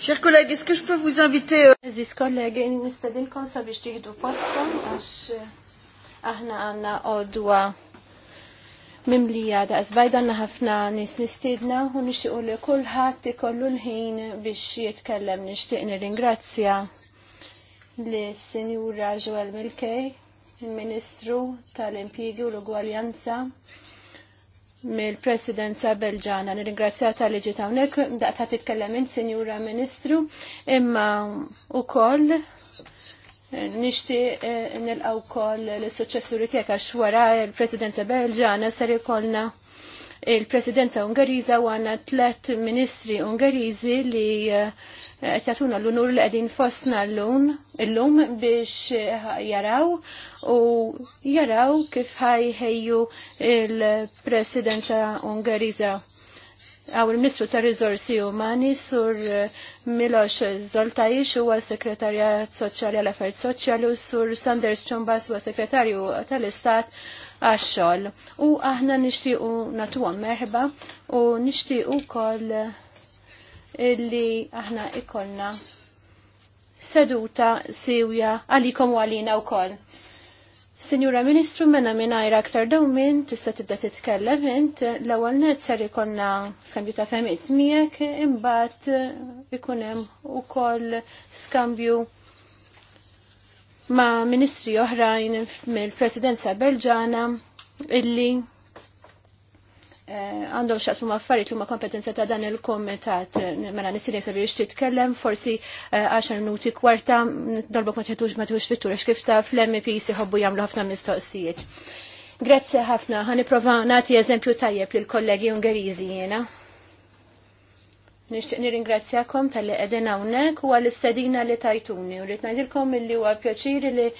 Chers collègues, est-ce que je peux vous inviter euh, Aziz kollegi, nistedilkom sabiex tiħdu postkom għax eh, aħna għanna odwa mimlija da' zbajda għanna ħafna nis mistidna u nixtiqu li kullħat ikollu l-ħin biex jitkellem nixtieq nirringrazzja li Sinjura Joel Milkej, Ministru tal-Impjigi u l-Ugwaljanza mill-Presidenza Belġana. Nirringrazzjaw tal-liġi ta' unek, ta' titkellem in, Sinjura Ministru, imma u koll nishti wkoll eh, eh, koll l-successuri tiegħek għax wara l-Presidenza Belġana sar ikollna il-Presidenza Ungeriża u għandna tlet ministri Ungeriżi li eh, qed eh, jagħtuna l-unur li qegħdin fostna llum illum biex eh, jaraw u jaraw kif ħajħejju il-Presidenza Ungariza għaw il-Ministru ta' Rizorsi Umani sur eh, Miloš Zoltajix huwa Sekretarjat Soċjali għal affarijiet Soċjali u sur Sanders Ċombas huwa Sekretarju tal-Istat għax-xogħol. U aħna nixtiequ nagħtuhom merħba u nixtiequ ukoll Illi aħna ikollna seduta siwja għalikom u għalina u koll. Sinjura Ministru, minna minajra aktar dawmin, tista tibda titkellem int, l-ewwel net ser ikonna skambju ta' femiet miek, imbagħad eh, ikun hemm ukoll skambju ma' ministri oħrajn mill-Presidenza Belġana illi għandhom xaqsmu maffariet li huma kompetenza ta' dan il-komitat mela nistinej sabi biex titkellem, forsi 10 eh, minuti kwarta, dolbok ma tħetux ma tħetux fittura xkif ta' fl mp siħobbu jagħmlu ħafna mistoqsijiet. Grazzi ħafna, prova nagħti eżempju tajjeb l kollegi Ungeriżi jiena. Nixtieq nirringrazzjakom tal-li qegħdin hawnhekk u għall istadina li tajtuni u rrid ngħidilkom illi huwa pjaċiri li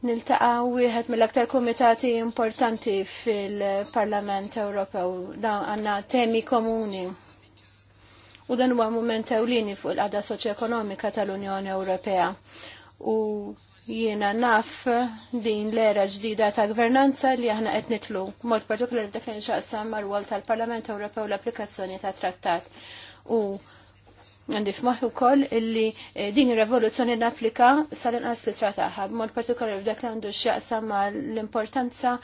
u wieħed mill-aktar komitati importanti fil-Parlament Ewropew dan għandna temi komuni. U dan huwa mument ewlieni fuq il-qada soċjoekonomika tal-Unjoni Ewropea. U jiena naf din l-era ġdida ta' gvernanza li aħna qed nitlu, mod partikolari dak li nxaqsam mar wol tal-Parlament Ewropew l-applikazzjoni ta' trattat. U għandi f'maħu kol illi eh, din il-revoluzzjoni n-applika sal-inqas li trataħħa, b'mod partikolari f'dak li għandu x'jaqsam l-importanza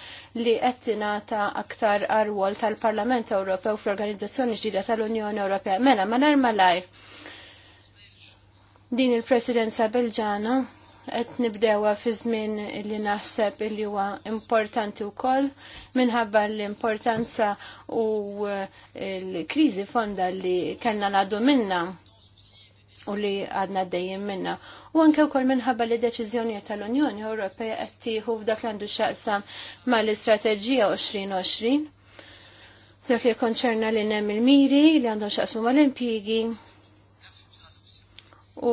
li qed ta' aktar arwol tal-Parlament Ewropew fl-Organizzazzjoni ġdida tal-Unjoni Ewropea. Mela, ma narma malajr. Din il-Presidenza Belġana qed nibdewa fi żmien li naħseb li huwa importanti wkoll minħabba l-importanza u eh, l-kriżi fonda li kellna ngħadu minnha u li għadna dejjem minna. U anke wkoll minħabba li deċiżjoni tal-Unjoni Ewropea qed tieħu f'dak li għandu x'aqsam mal-istrateġija 2020. Dak li konċerna li hemm il-miri li għandhom x'aqsmu mal-impjiegi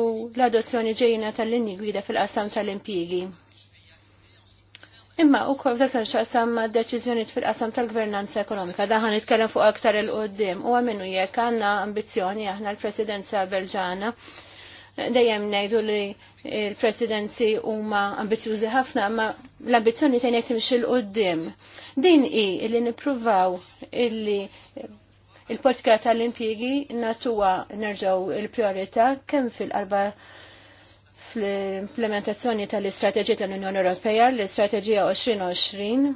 u l-adozzjoni ġejjina tal-linji gwida fil-qasam tal-impjiegi. Imma u kol dak xaqsam deċiżjoniet fil-qasam tal-gvernanza ekonomika, daħan nitkellem fuq aktar il-qoddim. U għaminu jek għanna ambizjoni aħna l-presidenza belġana. Dejjem nejdu li il-presidenzi huma ambizjużi ħafna, ma l-ambizjoni tajn jek il l-qoddim. Din i li nippruvaw illi il-politika tal-impjigi natuwa nerġaw il priorita kemm fil-qalba fl-implementazzjoni tal-istrateġija tal-Unjoni Ewropea, l-istrateġija 2020,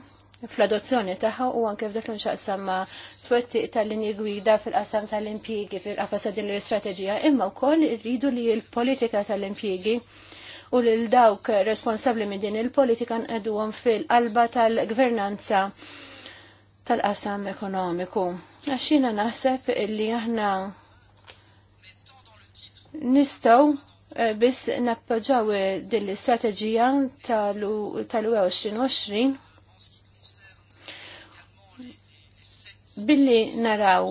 fl-adozzjoni tagħha u anke f'dak l-inxaqsam ma' twettiq tal-linji gwida fil-qasam tal-impjiegi fil-qafas din l-istrateġija, imma wkoll irridu li l-politika tal-impjiegi u lil dawk responsabbli minn din il-politika nqeduhom fil-qalba tal-gvernanza tal-qasam ekonomiku. Għaxina naħseb li aħna nistaw Eh, biss nappoġġaw eh, din l-istrateġija tal-2020 billi naraw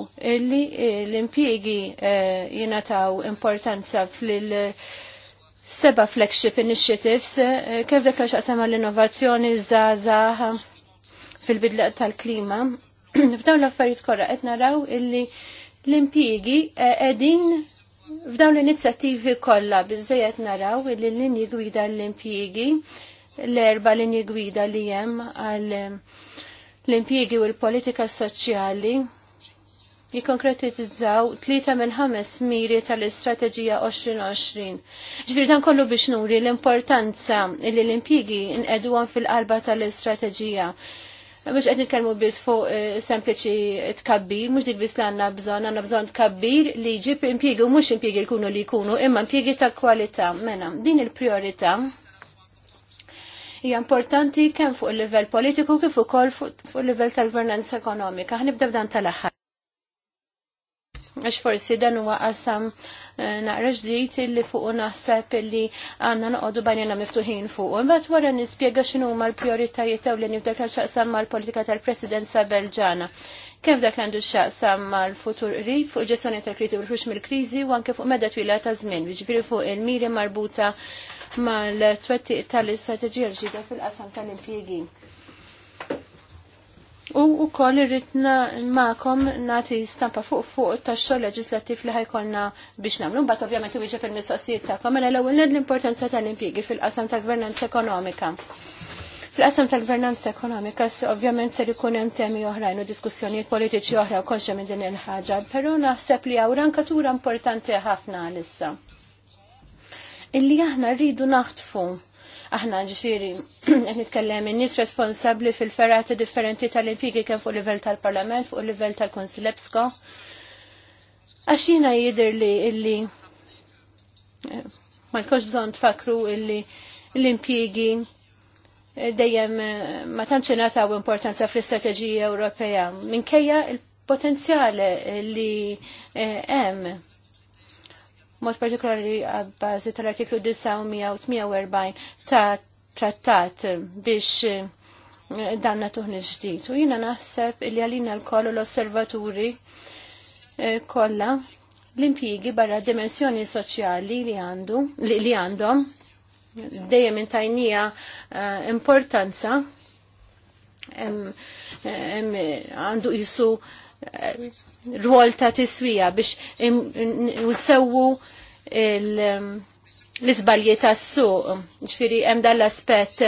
li eh, l-impjiegi jinataw importanza fil- seba flagship initiatives kif dak xaqsam l-innovazzjoni zaza fil-bidla tal-klima. F'dawn l-affarijiet korra qed naraw illi l-impjiegi qegħdin F'dawn l-inizjattivi kollha biżejjed naraw li l-linji gwida l-impjiegi l-erba linji gwida li hemm għal l-impjiegi u l-politika soċjali jikkonkretizzaw tlieta minn ħames miri tal-istrateġija 2020. Ġifieri dan kollu biex nuri l-importanza li l-impjiegi nqeduhom fil-qalba tal-istrateġija. Mux għed nitkelmu biz fuq eh, sempliċi tkabbir, mux dik biz li għanna bżon, għanna bżon tkabbir li ġib impiegi u mux impiegi l-kunu li jkunu, imma impiegi ta' kwalità. Mena, din il-priorita hija importanti kemm fuq il-livell politiku kif ukoll fuq il-livell tal-gvernanza ekonomika. Ħnibda b'dan tal-aħħar. Għax forsi dan huwa qasam naqra ġdid illi fuq naħseb illi għandna noqogħdu bajnina miftuħin fuq. Imbagħad wara nispjega x'inhu huma l-prijoritajiet u li nibdel xaqsam mal-politika tal-Presidenza Belġana. Kemm dak għandu xaqsam mal-futur qrib fuq ġestjoni tal-kriżi u l-ħux mill-kriżi u anke fuq medda twila ta' żmien, jiġifieri fuq il-miri marbuta mal-twettiq tal-istrateġija l-ġdida fil-qasam tal-impjiegi. U u koll irritna ma'kom nati stampa fuq fuq ta' xogħol leġislattiv li ħajkonna biex nagħmlu. Mbagħad ovvjament wieġeb il-mistoqsijiet tagħkom mela l-ewwel ned l-importanza tal-impjiegi fil-qasam tal-gvernanza ekonomika. Fil-qasam tal-gvernanza ekonomika ovvjament ser ikun hemm temi oħrajn u diskussjonijiet politiċi oħra u konxa minn din il-ħaġa, però naħseb li hawn rankatura importanti ħafna għalissa. Illi aħna rridu naħtfu Aħna ġifiri, għed nitkellem in-nies responsabbli fil ferati differenti tal-impjigi kemm fuq livell tal-Parlament, fuq livell tal-Kunsil EBSCO. Għaxina jidir li illi eh, ma jkunx bżonn tfakru illi l-impjigi eh, dejjem eh, ma tantx ingħataw importanza fl-istrateġija Ewropea minkejja il-potenzjal li hemm. Eh, mod partikolari għabbażi tal-artiklu 948 ta' trattat biex eh, danna tuħni ġdijt. U jina naħseb il għalina l-kollu l-osservaturi eh, kolla l-impjigi barra dimensjoni soċjali li għandu li għandhom dejjem intajnija tajnija eh, importanza għandu jisu Eh, rwol ta' tiswija biex nsewwu um, l-izbalji ta' s-suq, ġifiri hemm dan l-aspett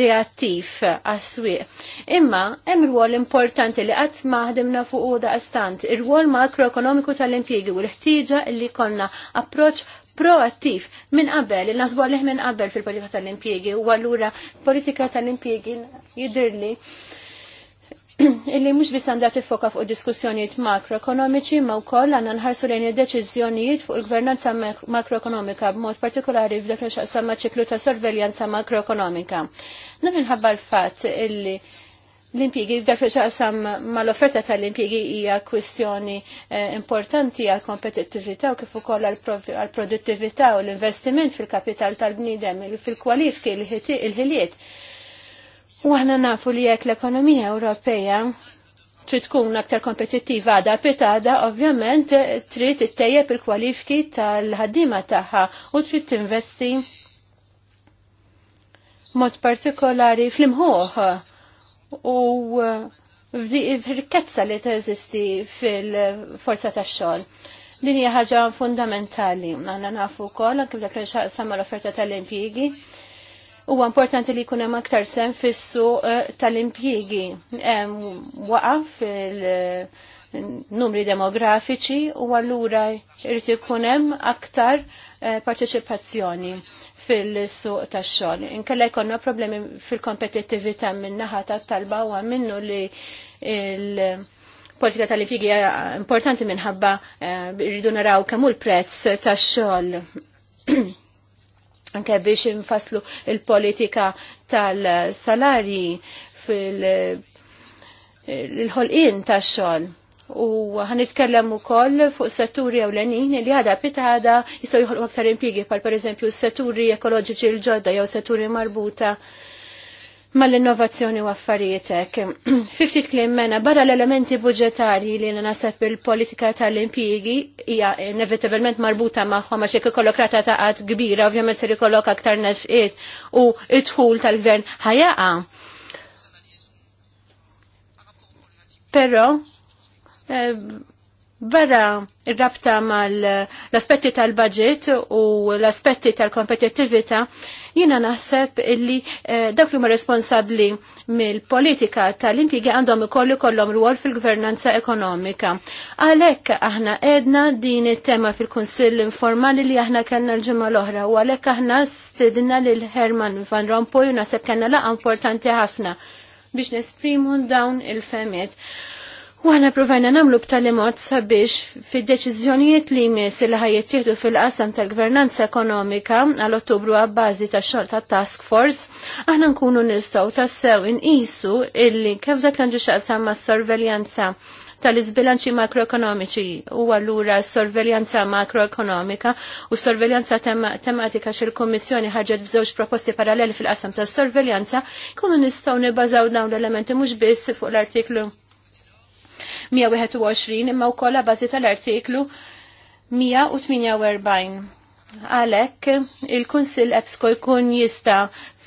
reattiv għas-swieq. Imma hemm rwol importanti li qatt maħdimna fuq da stant, ir-rwol makroekonomiku tal-impjiegi u l-ħtieġa li konna approċ proattiv minn qabel, il-nasbu għalih minn qabel fil-politika tal-impjiegi u għallura politika tal-impjiegi jidirli. illi mhux biss għandha tiffoka fuq diskussjonijiet makroekonomiċi ma wkoll għandna nħarsu lejn id-deċiżjonijiet fuq il-gvernanza makroekonomika b'mod partikolari f'dak li xaqsamma ċiklu ta' sorveljanza makroekonomika. Dan minħabba l-fatt illi l-impjegi, f'dak li xaqsam mal-offerta tal-impjegi hija kwistjoni eh, importanti għal kompetittività u kif ukoll għal produttività u l-investiment fil-kapital tal-bniedem, fil-kwalifki, il-ħiliet. il ħiliet U aħna nafu li jekk l-ekonomija Ewropea trid tkun aktar kompetittiva għada pitada, ovvjament trid ittejjeb il-kwalifiki tal-ħaddima tagħha u trid tinvesti mod partikolari fl-imħuħ u f'rikkezza li teżisti fil-forza tax-xogħol. Din hija ħaġa fundamentali. Għandna nafu wkoll anke dak li nxaqsam l-offerta tal-impjiegi Huwa importanti li jkun hemm aktar sem fissu eh, tal-impjiegi. Waqaf il-numri demografiċi u allura jrid ikun hemm aktar eh, parteċipazzjoni fil-suq tax xogħol. Inkella jkollna problemi fil-kompetittività min-naħa tat-talba u għamminnu li il- politika tal-impjigi importanti minħabba eh, irridu naraw kemm hu prezz tax-xogħol. anke biex infaslu il-politika tal-salarji fil-ħolqin tax-xogħol. U ħanitkellem ukoll fuq setturi ewlenin li għada pitada jistgħu jħolqu aktar impjiegi bħal pereżempju s-setturi ekoloġiċi l-ġodda jew setturi marbuta mal-innovazzjoni u affarijietek. Fiftit klim mena, barra l-elementi budġetarji li nasab il-politika tal impiegi hija inevitabilment marbuta magħhom għax jekk ikollok rata ta' għad kbira, ovvjament se kollok aktar nefqiet u id-dħul tal-gvern ħajaqa. Però eh, barra il-rabta mal-aspetti tal-budget u l-aspetti tal-kompetittività, tal budget u l aspetti tal tal budget u l aspetti tal kompetittività Jiena naħseb illi eh, dak li huma responsabbli mill-politika tal-impjiegi għandhom ikollu kollhom rwol fil-gvernanza ekonomika. Għalhekk aħna edna din it-tema fil-Kunsill informali li aħna kellna l-ġimgħa l-oħra u għalhekk aħna stidna lil Herman Van Rompuy u naħseb kellna laqgħa importanti ħafna biex nesprimu dawn il-femiet. U għana provajna namlu b'tali mod sabiex fid-deċizjonijiet li jmiss il ħajiet jihdu fil-qasam tal-gvernanza ekonomika għal ottubru għabbażi ta' xogħol ta' task force, aħna nkunu nistgħu tassew inqisu illi kif dak għandu xaqsam ma' sorveljanza tal-izbilanċi makroekonomiċi u għallura sorveljanza makroekonomika u sorveljanza tematika xil-Kommissjoni ħarġet f'żewġ proposti paralleli fil-qasam tas-sorveljanza, kunu nistgħu nibbażaw dawn l-elementi mhux biss fuq l-artiklu 121 imma wkoll bażi tal-artiklu 148. Għalhekk il-Kunsill Epsko jkun jista'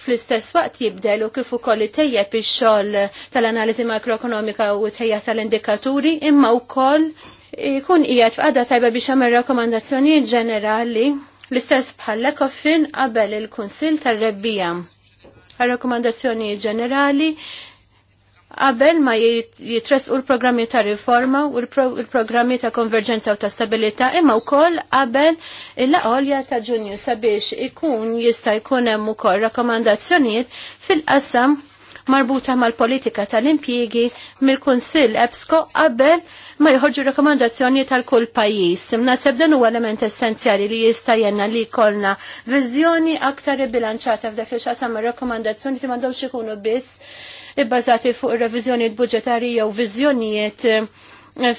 fl-istess waqt jibdel u kif ukoll itejjeb ix-xogħol tal-analiżi makroekonomika u tejja tal-indikaturi imma wkoll jkun qiegħed f'qagħda tajba biex jagħmel rakkomandazzjonijiet ġenerali l-istess u koffin qabel il-Kunsill tar-Rebbija għal-rekomandazzjoni ġenerali qabel ma jitresqu l-programmi ta' riforma u l-programmi ta' konverġenza u ta' stabilita' imma wkoll qabel il-laqolja ta' ġunju sabiex ikun jista' jkun hemm ukoll rakkomandazzjonijiet fil-qasam marbuta mal-politika tal-impjiegi mill-Kunsill EBSCO qabel ma jħorġu rakkomandazzjoni tal-kull pajjiż. Naseb dan huwa element essenzjali li jista' jenna li jkollna viżjoni aktar bilanċata f'dak li xasam rakkomandazzjoni li m'għandhomx ikunu biss ibbażati fuq ir-reviżjoni budġetarija u viżjonijiet eh,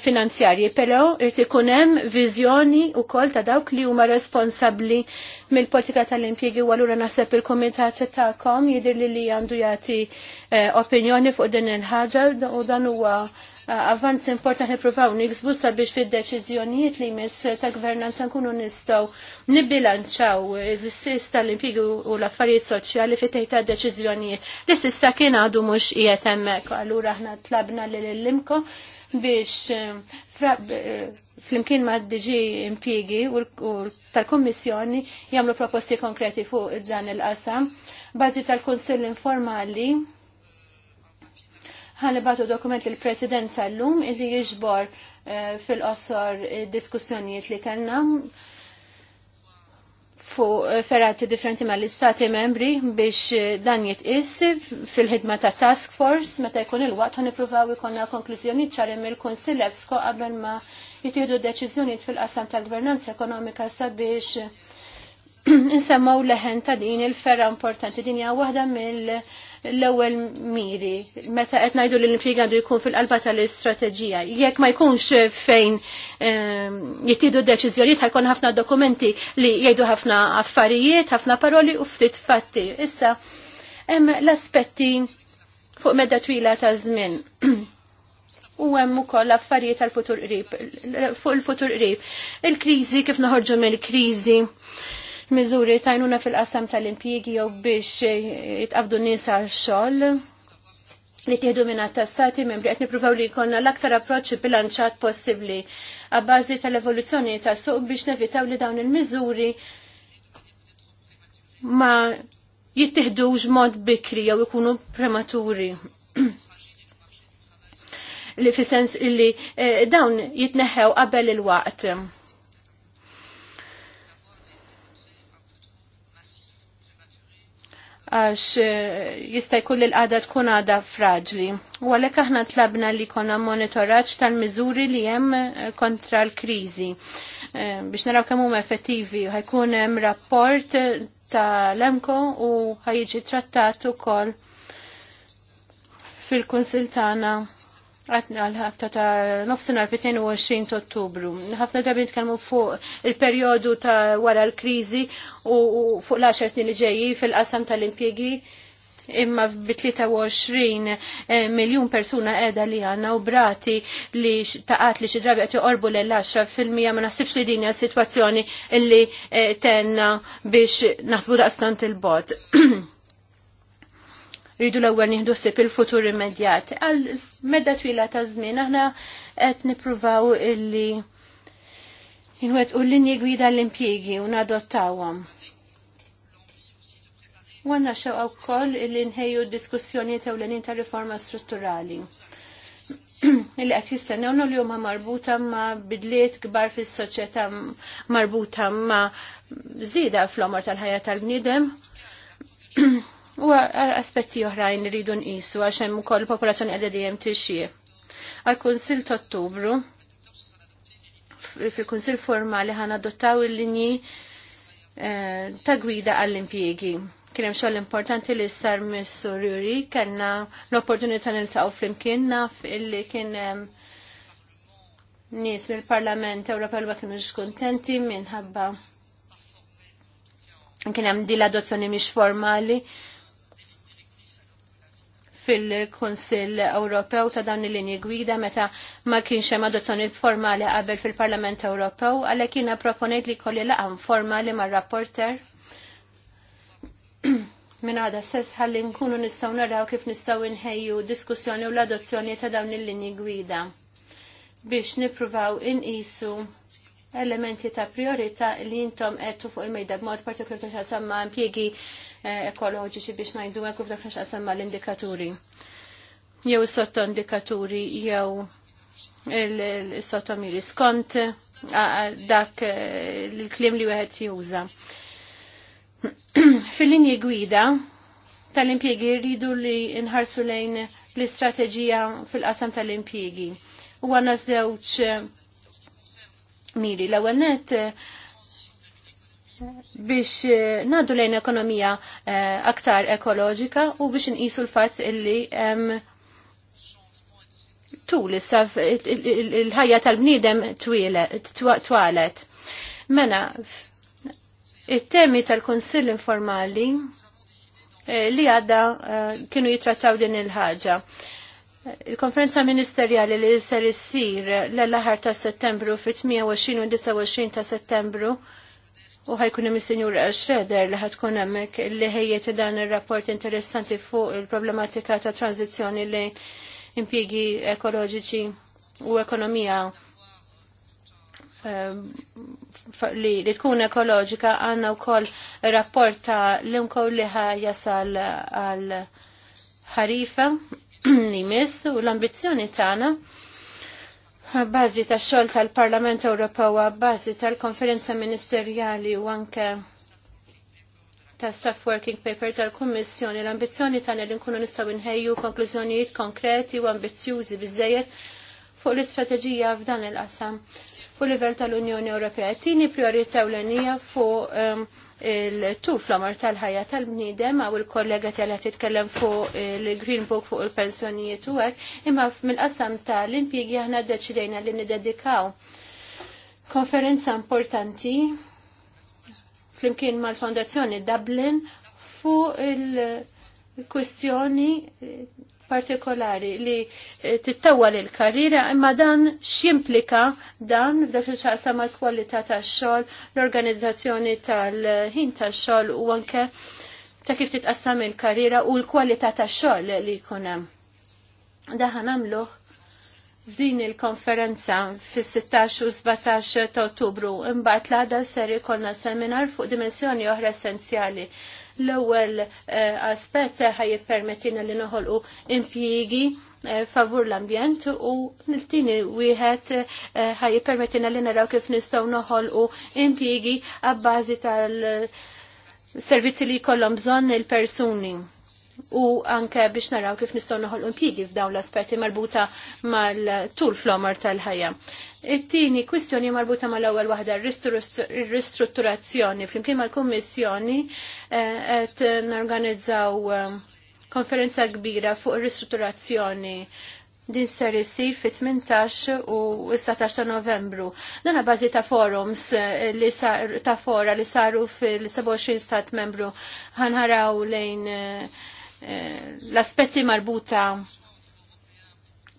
finanzjarji, però irti kunem vizjoni u kol ta' dawk li huma responsabli mill-politika tal-impjegi u għalura nasib il-komitat kom jidir li li għandu jati eh, opinjoni fuq din il-ħagġa u dan huwa Avanz importanti provaw niksbu sabiex fid-deċiżjonijiet li jmiss ta' gvernanza nkunu nistgħu nibilanċaw l-sis tal-impjiegi u l-affarijiet soċjali fit ta' deċiżjonijiet. Li s'issa kien għadu mhux qiegħed hemmhekk, allura aħna tlabna lil illimkom biex eh, eh, flimkien ma' diġi impiegi u tal-Kommissjoni jamlu proposti konkreti fuq dan il-qasam. Bazi tal-Konsill informali ħanibatu dokument il presidenza l-lum illi jiġbor eh, fil-qossor eh, diskussjonijiet li kellna fuq eh, ferrati differenti ma l-istati membri biex dan jitqis fil-ħidma ta' task force meta jkun il-waqt għan ipruvaw ikonna konklużjoni ċarim il-Konsil EBSCO qabel ma jitiedu deċiżjonijiet fil-qasam tal-gvernanza ekonomika sabiex nsemmaw leħen ta' din il-ferra importanti din hija waħda mill- l-ewwel miri. Meta qed ngħidu li l-impjieg għandu jkun fil-qalba tal-istrateġija. Jekk ma jkunx fejn ehm, jittiedu deċiżjonijiet ħajkun ħafna dokumenti li jgħidu ħafna affarijiet, ħafna paroli u ftit fatti. Issa hemm l-aspetti fuq medda twila ta' żmien. u hemm ukoll affarijiet tal-futur qrib, fuq il-futur qrib. Il-kriżi kif noħorġu mill-kriżi miżuri tajnuna fil-qasam tal-impjiegi jew biex eh, jitqabdu nisa xogħol li tieħdu minn ta' stati membri qed nippruvaw li jkollna l-aktar approċċ bilanċat possibbli għabbażi tal-evoluzzjoni tas suq biex nevitaw li dawn il-miżuri ma jittieħdux mod bikri jew ikunu prematuri. li fi sens li eh, dawn jitneħħew qabel il-waqt. għax eh, jista' jkun li l-qada tkun għada fraġli. U għalhekk aħna tlabna li konna monitoraġġ tal-miżuri li hemm eh, kontra l-kriżi eh, biex naraw kemm huma effettivi u ħajkun hemm rapport tal-emko u ħajġi trattat ukoll fil-kunsil tagħna għatna għal-ħabta ta' nofsinar fi 22 ottubru. ħafna drabi nitkellmu fuq il-periodu ta' wara l-krizi u fuq l-10 snin li ġejji fil-qasam tal-impjegi imma bi 23 miljon persuna edha li għanna u brati li taqat li xidrabi għati orbu l-10 fil-mija ma naħsibx li dinja situazzjoni illi eh, tenna biex nasbu daqstant il-bot. rridu l-ewwel nieħdu sib il-futur immedjat. Għal medda twila ta' żmien aħna qed nippruvaw illi jinwet u l-linji gwida l-impjiegi u nadottawhom. Għanna xew wkoll illi nħejju d-diskussjoni tewlenin ta' riforma strutturali. Illi qed jistennewnu li huma marbuta ma' bidliet kbar fis-soċjetà marbuta ma' żieda fl-omor tal-ħajja tal-bniedem U aspetti oħrajn li rridu nqisu għax hemm ukoll popolazzjoni qiegħda dejjem tixjie. Għal-Kunsill ta' Ottubru fil-Kunsill formali ħan adottaw il-linji eh, ta' gwida għall-impjiegi. Kien hemm xogħol importanti li sar missur Juri, kellna l-opportunità niltaqgħu flimkien naf illi kien nies mill-Parlament Ewropew ma kienux kuntenti minħabba kien hemm din l-adozzjoni mhix formali fil-Konsil Ewropew ta' dawn il-linji gwida meta ma kienx hemm adozzjoni formali qabel fil-Parlament Ewropew, għalhekk jiena proponejt li kolli laqam formali mar-rapporter minn għada sess ħalli nkunu nistgħu naraw kif nistgħu inħejju diskussjoni u l-adozzjoni ta' dawn il-linji gwida biex nippruvaw inqisu elementi ta' priorità li jintom qedtu fuq il-mejda b'mod partikolari ta' samma impjiegi Eh, ekoloġiċi biex najdu għek u f'dak nxaqsam l-indikaturi. Jew sottoindikaturi, jew il-sottomiri skont eh, dak eh, l-klim li wieħed juża. Fil-linji gwida, tal impiegi rridu li nħarsu lejn l-istrateġija fil-qasam tal impiegi U għanna zewċ miri. L-ewwel biex eh, naddu lejn ekonomija eh, aktar ekoloġika u biex nqisu l-fatt illi tul issa il-ħajja tal-bniedem twalet. Mena, it-temi tal-Konsill informali eh, li għadda kienu jitrattaw din il-ħaġa. Il-konferenza ministerjali li ser issir l aħħar ta' settembru fit-28 u 29 ta' settembru u ħajkun hemm is-Sinjur Schroeder li ħadkun hemmhekk li ħejjet dan ir-rapport interessanti fuq il-problematika ta' tranzizzjoni li impjiegi ekoloġiċi u ekonomija eh, li, li tkun ekoloġika għanna wkoll rapport ta' l-imko li jasal għal ħarifa li miss u l ambizzjoni tagħna ta Bazi ta' xogħol tal-Parlament Ewropew u tal-Konferenza Ministerjali u anke ta' staff working paper tal-Kummissjoni l-ambizzjoni tagħna li nkunu nistgħu nħejju konklużjonijiet konkreti u ambizzjużi biżejjed fuq l-istrateġija f'dan il-qasam fuq livell tal-Unjoni Ewropea. Tini priorità ewlenija fuq um, il-tuf l-omar tal-ħajja tal-bniedem għaw il-kollega tal titkellem fuq eh, il-Green Book fuq il-pensjonijiet u għek, imma mill-qasam tal-impjegi aħna deċidejna li nidedikaw konferenza importanti flimkien mal-Fondazzjoni Dublin fuq il-kwistjoni partikolari li eh, tittawa il karriera imma dan x'implika dan f'dak il ma' kwalità tax-xogħol, l-organizzazzjoni tal-ħin tax-xogħol u anke ta' kif titqassam il-karriera u l-kwalità tax-xogħol li jkun hemm. Daħan nagħmluh din il-konferenza fis-16 u 17 ta' Ottubru imbagħad l-għada ser ikolna seminar fuq dimensjoni oħra essenzjali L-ewwel eh, aspett ħaj jippermettina li noħolqu impjiegi eh, favur l-ambjent u l-tini wieħed eh, ħaj jippermettina li naraw kif nistgħu noħolqu impjiegi għabbażi tal-servizzi li jkollhom bżonn il-persuni u anke biex naraw kif nistgħu noħolqu impjiegi f'dawn l-aspetti marbuta mal-tul fl-omar tal-ħajja. It-tieni kwistjoni marbuta mal-ewwel waħda r-ristrutturazzjoni. Flimkien mal-Kummissjoni eh, qed narganizzaw eh, konferenza kbira fuq ir-ristrutturazzjoni din ser isir fit-18 u 19 ta' novembru. Dana bazi ta' forums eh, li ta' fora li saru fil-27 stat membru ħanħaraw lejn l-aspetti marbuta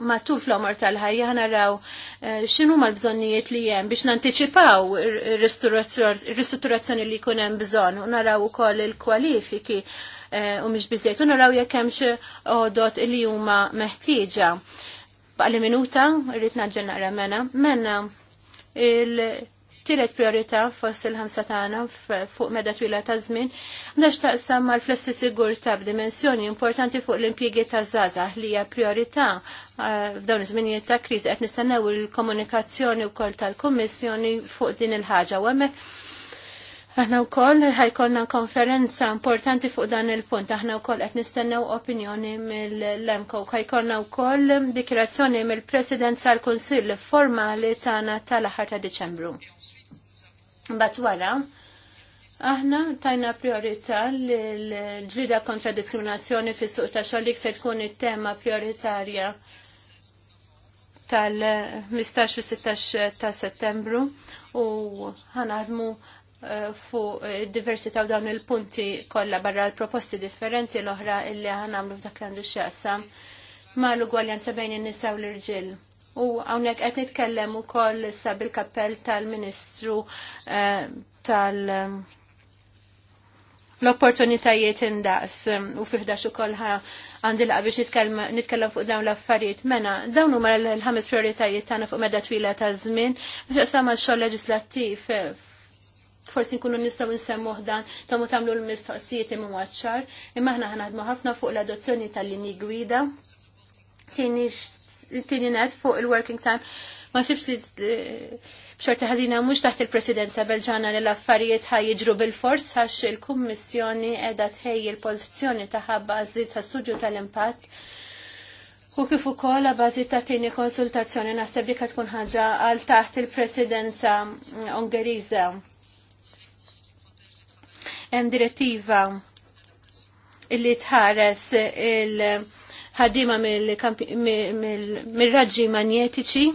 matul fl-omor tal-ħajja naraw eh, xinu ma l-bżonnijiet li jem biex nanticipaw il-ristrutturazzjoni li kunem bżon u naraw eh, u koll il-kwalifiki u miex bizzejt u naraw jek hemmx odot li huma meħtieġa. Baqli minuta rrid ġenna naqra mena. Menna il- tielet priorità fost il-ħamsa tagħna fuq meda twila ta' żmien għandax taqsam mal-flessi sigurtà b'dimensjoni importanti fuq l-impjiegi ta' żgħażagħ li hija priorità eh, f'dawn iż-żminijiet ta' kriżi qed nistennew il-komunikazzjoni wkoll tal-Kummissjoni fuq din il-ħaġa u hemmhekk Aħna wkoll ħajkolna konferenza importanti fuq dan il-punt. Aħna wkoll qed nistennew opinjoni mill-Lemko. Ħajkolna wkoll dikirazzjoni mill-President tal-Kunsill formali tagħna tal-aħħar ta' Diċembru. Mbagħad wara Aħna tajna priorità l-ġlida kontra diskriminazzjoni fis suq ta' xogħol se tkun it-tema prioritarja tal-15 u 16 ta' settembru u ħanaħdmu eh, fuq eh, diversità u dawn il-punti kollha barra l-proposti differenti l-oħra illi ħanamlu f'dak l-għandu x'jaqsam ma' l-ugwaljanza bejn in-nisa u l-irġiel U għawnek għet nitkellem u koll il kappell tal-Ministru eh, tal- eh, l-opportunitajiet indaqs u fiħdax u kollħa għandi laqa biex nitkellem fuq dawn l-affarijiet. Mena, dawn huma l-ħames prioritajiet tagħna fuq medda twila ta' żmien biex sama x-xogħol leġislattiv eh, forsi nkunu nistgħu nsemmu dan tamu tagħmlu l-mistoqsijiet imma maċċar, imma aħna ħanaħdmu ħafna fuq l-adozzjoni tal-linji gwida tini net fuq il-working time ma sibx li eh, bxorta ħazina mux taħt il-presidenza belġana li l-affarijiet jġru bil-fors għax il-kummissjoni edha tħej il-pozizjoni taħħa bażi ta' studju tal-impatt U kif ukoll a bażi ta' tieni konsultazzjoni naħseb dik tkun ħaġa għal taħt il-Presidenza Ungeriża. Hemm direttiva illi tħares il- ħaddima mill-raġġi manjetiċi.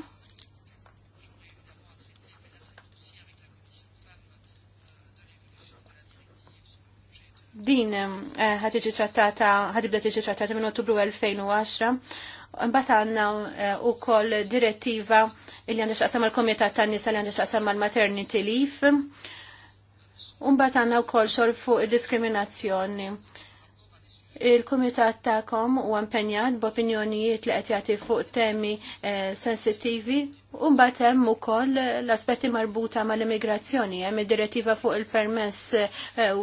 Din eh, ħatiġi trattata, ħatibda tiġi trattata minn Ottubru 2010. Eh, Mbagħad għandna wkoll direttiva li għandha x'qasam mal-Komitat tan-nisa li għandha x'qasam mal-maternity leave. U għanna u kol xogħol fuq diskriminazzjoni il-Kumitat ta'kom u impenjat b'opinjonijiet li qed jagħti fuq temi eh, sensittivi Umbat hemm ukoll l-aspetti marbuta mal-immigrazzjoni, hemm id-direttiva fuq il-permess eh,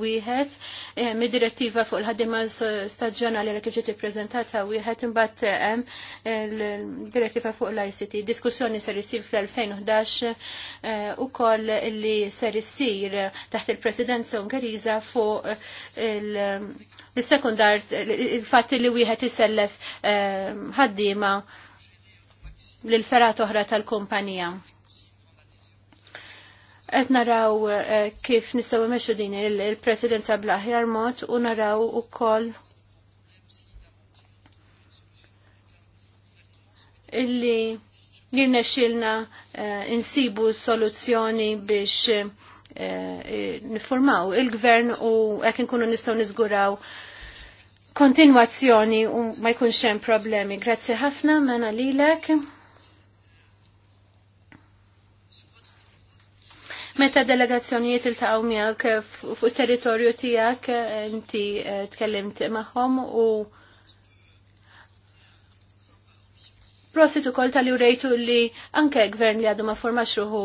wieħed, hemm id-direttiva fuq il-ħaddiema staġjonali li kif ippreżentata wieħed imbagħad hemm il-direttiva fuq l-ICT. Diskussjoni ser isir fl-2011 eh, ukoll li ser isir taħt il-Presidenza Ungeriża fuq il-sekundar il-fatt li wieħed isellef eh, ħaddiema lil ferat oħra tal-kumpanija. Et naraw eh, kif nistgħu meċu din il-presidenza bl-aħjar mod u naraw ukoll illi jirne xilna eh, insibu soluzzjoni biex eh, niformaw il-gvern u għek nkunu nistaw nizguraw kontinuazzjoni u ma jkunx hemm problemi. Grazzi ħafna mena lilek. Meta delegazzjonijiet il-taqaw miegħek eh, fuq it territorju tiegħek eh, inti eh, tkellimt magħhom u Prosit u kol tal li rejtu li anke gvern li għadu ma forma xruħu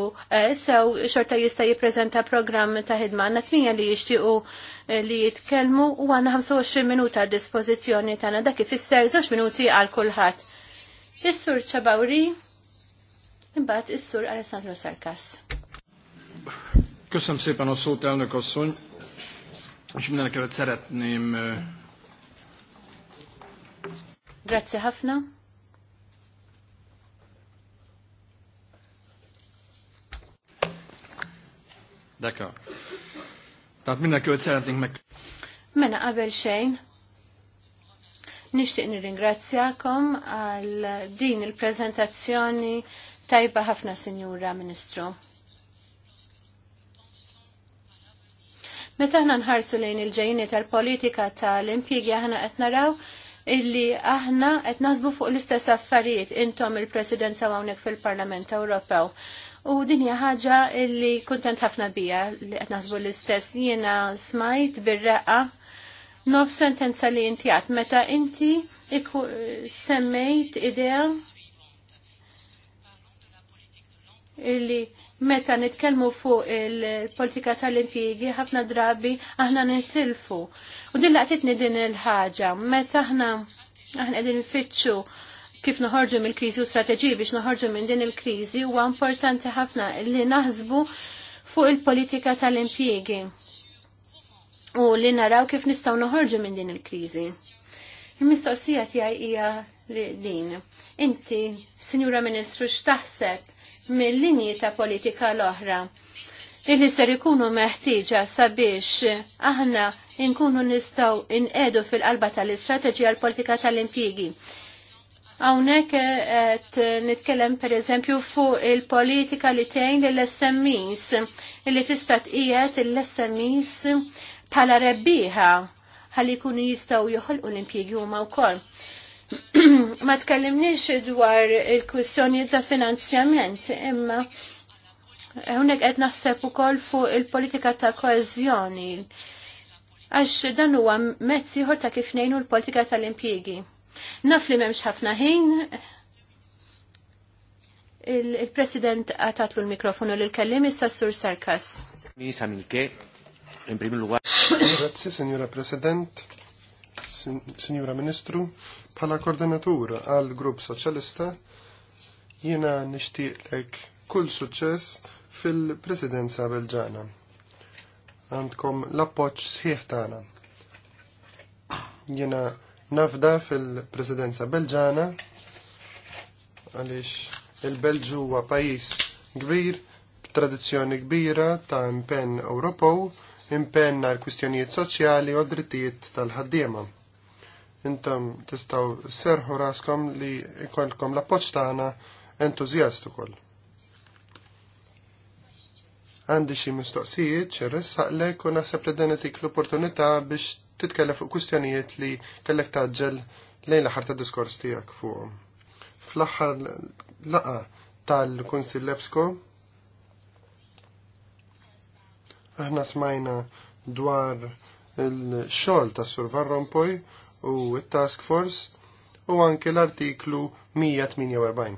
sew xorta jista jiprezenta program ta' ħidma għanna tmija li jishtiqu li jitkelmu u għanna 25 minuta għad dispozizjoni tagħna dak ifisser żewġ minuti għal kulħadd. Is-sur ċabawri, imbagħad is-sur Alessandro Sarkas. Köszönöm szépen a szót, elnök asszony, és mindenekelőtt szeretném... Grazie, Hafna. Deka. Tehát mindenkivel szeretnénk meg... Mena qabel xejn. Nixtieq nirringrazzjakom għal din il prezentazzjoni tajba ħafna Sinjura Ministru. Meta ħna nħarsu lejn il-ġejni tal-politika tal-impjegi aħna qed naraw illi aħna qed naħsbu fuq l-istess affarijiet intom il-Presidenza hawnhekk fil-Parlament Ewropew. U din hija ħaġa illi kuntent ħafna bija li qed naħsbu l-istess jiena smajt bir-reqqa nof sentenza li inti għat meta inti semmejt idea illi meta nitkellmu fuq il-politika tal-impjiegi ħafna drabi aħna nitilfu. U din laqtitni din il-ħaġa, meta aħna aħna qegħdin nfittxu kif noħorġu mill-kriżi u strateġiji biex noħorġu minn din il-kriżi huwa importanti ħafna li naħsbu fuq il-politika tal-impjiegi u li naraw kif nistgħu noħorġu minn din il-kriżi. Il-mistoqsija tiegħi hija li din. Inti, Sinjura Ministru, x'taħseb mill-linji ta' politika l-oħra illi ser ikunu meħtieġa sabiex aħna inkunu nistaw inqedu fil-qalba tal-istrateġija l-politika tal-impjigi. Hawnhekk qed nitkellem pereżempju fuq il-politika li tgħin lill-SMEs illi tista' tqiegħed il-SMEs bħala rebbieħa ħalli jkunu jistgħu joħolqu l-impjigi huma wkoll. Ma tkellimniex dwar il kwissjoni ta' finanzjament, imma hawnhekk qed naħseb ukoll fuq il-politika ta' koeżjoni. Għax dan huwa mezz ieħor ta' kif ngħinu l-politika tal-impjiegi. Naf li m'hemmx ħafna ħin, il-President għatatlu l-mikrofonu l-kellim issa sur Sarkas. Milke, in primu lugar. Grazie, Signora President, Signora Ministru, Bħala koordinatur għal grupp soċjalista jiena lek kull suċċess fil-presidenza belġana. Għandkom l-appoċ sħiħ tagħna. Jiena nafda fil-presidenza belġana għaliex il-Belġu huwa pajjiż kbir b'tradizzjoni kbira ta' impenn Ewropew, impenn għal kwistjonijiet soċjali u drittijiet tal-ħaddiema intom tistgħu serħu raskom li jkollkom la poċtana tagħna entużjast ukoll. Għandi xi mistoqsijiet ċerres lek u naħseb li dan l-opportunità biex titkellem fuq kwistjonijiet li kellek taġġel lejn l-aħħar ta' diskors tiegħek fuqhom. Fl-aħħar laqa tal-Kunsill Lebsko aħna smajna dwar il xogħol ta' Sur Van Rompuy u task force u anke l-artiklu 148.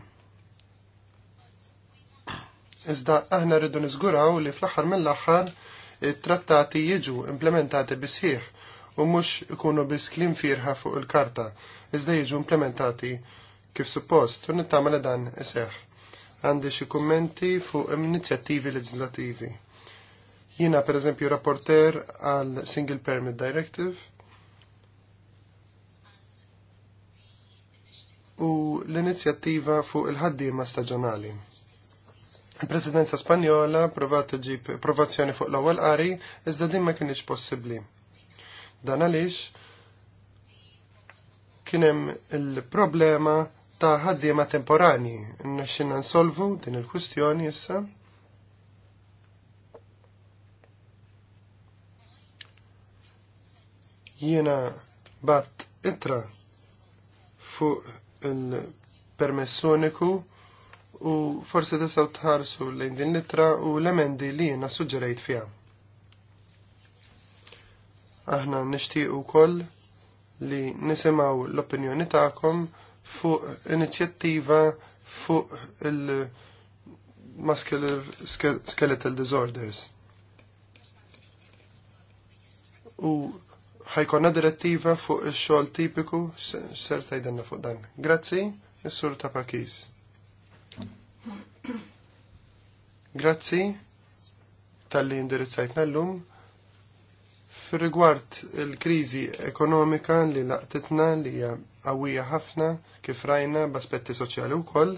Iżda aħna rridu niżguraw li fl-aħħar mill-aħħar it-trattati jiġu implementati bisħiħ u mhux ikunu biss klim firħa fuq il-karta, iżda jiġu implementati kif suppost u nittama li dan iseħ. Għandi xi kummenti fuq inizjattivi leġislativi. Jiena pereżempju rapporter għal Single Permit Directive u l-inizjattiva fuq il-ħaddiema staġjonali. Il-Presidenza Spanjola provat ġib provazzjoni fuq l-ewwel qari iżda din ma kienx possibbli. Dan għaliex kien hemm il-problema ta' ħaddiema temporani. Nxinna nsolvu din il-kwistjoni issa. Jiena bat itra fuq il-permess uniku u forsi tistgħu tħarsu lejn din litra u l-emendi li jiena suġġerejt fiha. Aħna nixtiequ wkoll li nisimgħu l-opinjoni tagħkom fuq inizjattiva fuq il-muscular skeletal disorders. U ħajkonna direttiva fuq ix-xogħol tipiku ser tajdenna fuq dan. Grazzi, jessur sur Tapakis. Grazzi tal-li indirizzajtna llum. Fir-rigward il-kriżi ekonomika li laqtitna li hija ħafna kif rajna b'aspetti soċjali wkoll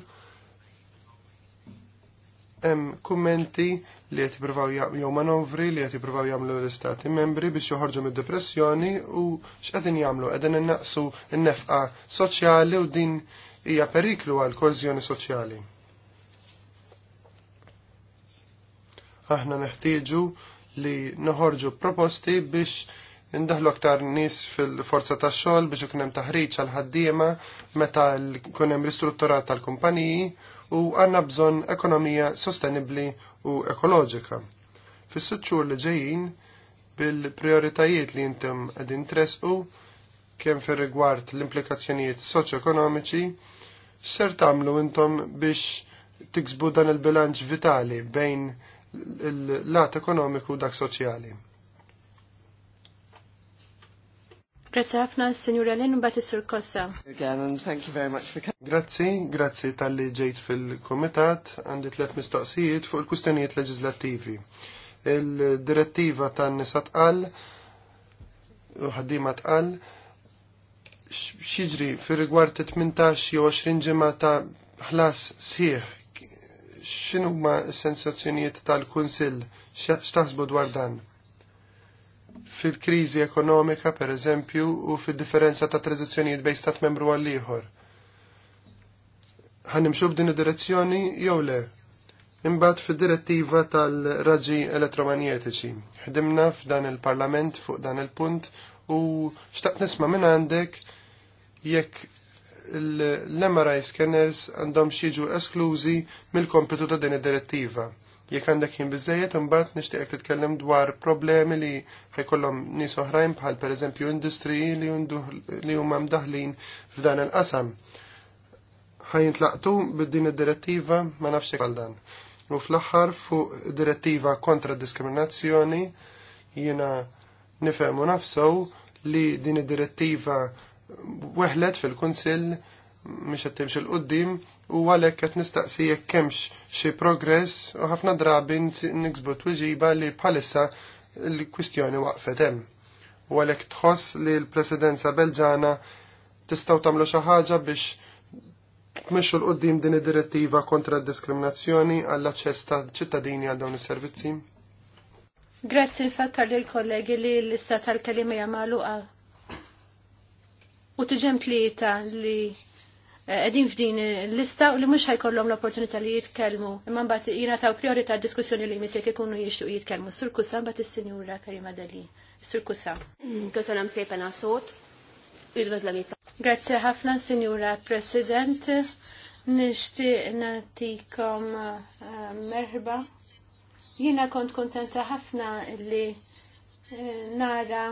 hemm kummenti li qed jippruvaw jew manovri li qed jippruvaw jagħmlu l-istati membri biex joħorġu mid-depressjoni u x'qegħdin jagħmlu qegħdin innaqsu n-nefqa soċjali u din hija periklu għal koeżjoni soċjali. Aħna neħtieġu li noħorġu proposti biex Indaħlu aktar nis fil-forza ta' xogħol biex ikun hemm taħriġ għal ħaddiema meta jkun hemm ristrutturat tal-kumpaniji u għanna bżonn ekonomija sostenibbli u ekoloġika. Fis-sitxur li ġejjin bil-prioritajiet li intom interess u kemm fir-rigward l-implikazzjonijiet ekonomiċi ser tagħmlu intom biex tiksbu dan il-bilanċ vitali bejn il-lat ekonomiku u dak soċjali. Grazie ħafna, Signora Lin, bat Kossa. Again, and thank you very much for coming. Grazie, grazie tal-li ġejt fil-komitat, għandi tlet mistoqsijiet fuq il-kustenijiet leġislattivi. Il-direttiva tan nisa tqal, u ħaddima tqal, xieġri fi rigward 18 jew 20 ġimgħa ta' ħlas sħiħ, x'inhuma s-sensazzjonijiet tal-Kunsill, x'taħsbu dwar dan? fil-kriżi ekonomika, per eżempju, u fil-differenza ta' traduzzjonijiet bejn stat membru għall ieħor. Ħanimxu f'din id-direzzjoni jew le? Imbagħad fid-direttiva tal-raġi elettromagnetiċi. Ħdimna f'dan il-Parlament fuq dan il-punt u xtaqt nisma' minn għandek jekk l-MRI scanners għandhom xieġu esklużi mill-kompetu ta' din id-direttiva jek għandek jien biżejjed imbagħad nixtieqek titkellem dwar problemi li ħajkollhom nies oħrajn bħal pereżempju industriji li huma mdaħlin f'dan il-qasam. Ħajintlaqtu bid-din id-direttiva ma nafx għal dan. U fl-aħħar fuq direttiva kontra diskriminazzjoni jiena nifhem u nafsew li din id-direttiva weħlet fil-Kunsill mhix qed timxi l-qudiem u għalhekk qed nistaqsi jekk kemx xi progress u ħafna drabi niksbu t-wġiba li bħalissa l-kwistjoni waqfet hemm. U għalhekk tħoss li l-Presidenza Belġana tistgħu tagħmlu xi ħaġa biex tmexxu l qoddim din id-direttiva kontra d-diskriminazzjoni għall-aċċess ta' ċittadini għal dawn is-servizzi? Grazzi nfakkar lil kollegi li l istat tal-kelima jagħmaluqa. U tiġem tlieta li edin f'din l-lista u li mhux ħajkollhom l-opportunità li jitkellmu. Imma mbagħad jingħataw priorità diskussjoni li jmiss jekk ikunu jitkelmu. jitkellmu. Sur Kusa bat is-Sinjura Karima Dali. Sur Kusa. Köszönöm szépen a Udvaz la mita. Grazie ħafna, senjura President. Nixtieq nagħtikom eh, merħba. Jiena kont kontenta ħafna li eh, nara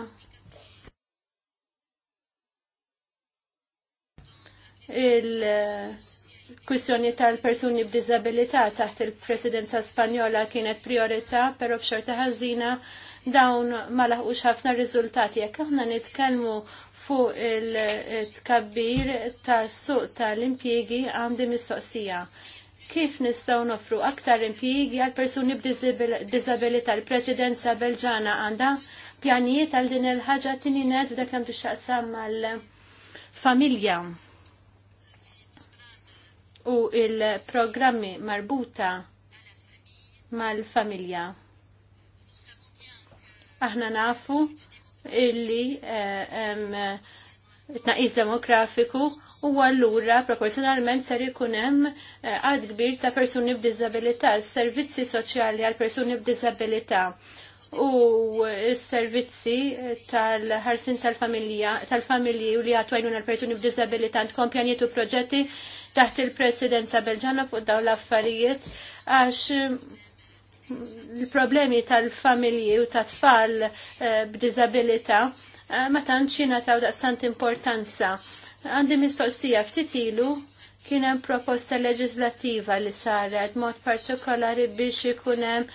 il-kwissjoni tal-persuni b'dizabilità taħt il-presidenza spanjola kienet priorità, pero b'xorta ħażina dawn ma laħqux ħafna riżultati. Jekk aħna nitkellmu fuq il-tkabbir tas-suq tal-impjiegi għandi mistoqsija kif nistaw nofru aktar impjiegi għal persuni b'Diżabilità, Il-Presidenza Belġana għandha pjanijiet għal din il-ħaġa tininet kemm li tixtaqsam mal-familja u il-programmi marbuta mal-familja. Aħna nafu illi eh, tnaqis demografiku u għallura proporzjonalment ser ikun hemm eh, għad kbir ta' persuni b'diżabilità, servizzi soċjali għal persuni b'diżabilità u s-servizzi tal-ħarsin tal-familja tal-familji u li għatwajnuna l-persuni b'disabilità għandkom kompjanietu u proġetti taħt il-presidenza belġana fuq dawn l-affarijiet għax il-problemi mm, tal-familji u tat-tfal eh, b'dizabilita eh, ma tantx jingħataw daqstant importanza. Għandi mistoqsija ftit ilu kien hemm proposta leġislattiva li saret mod partikolari biex ikun hemm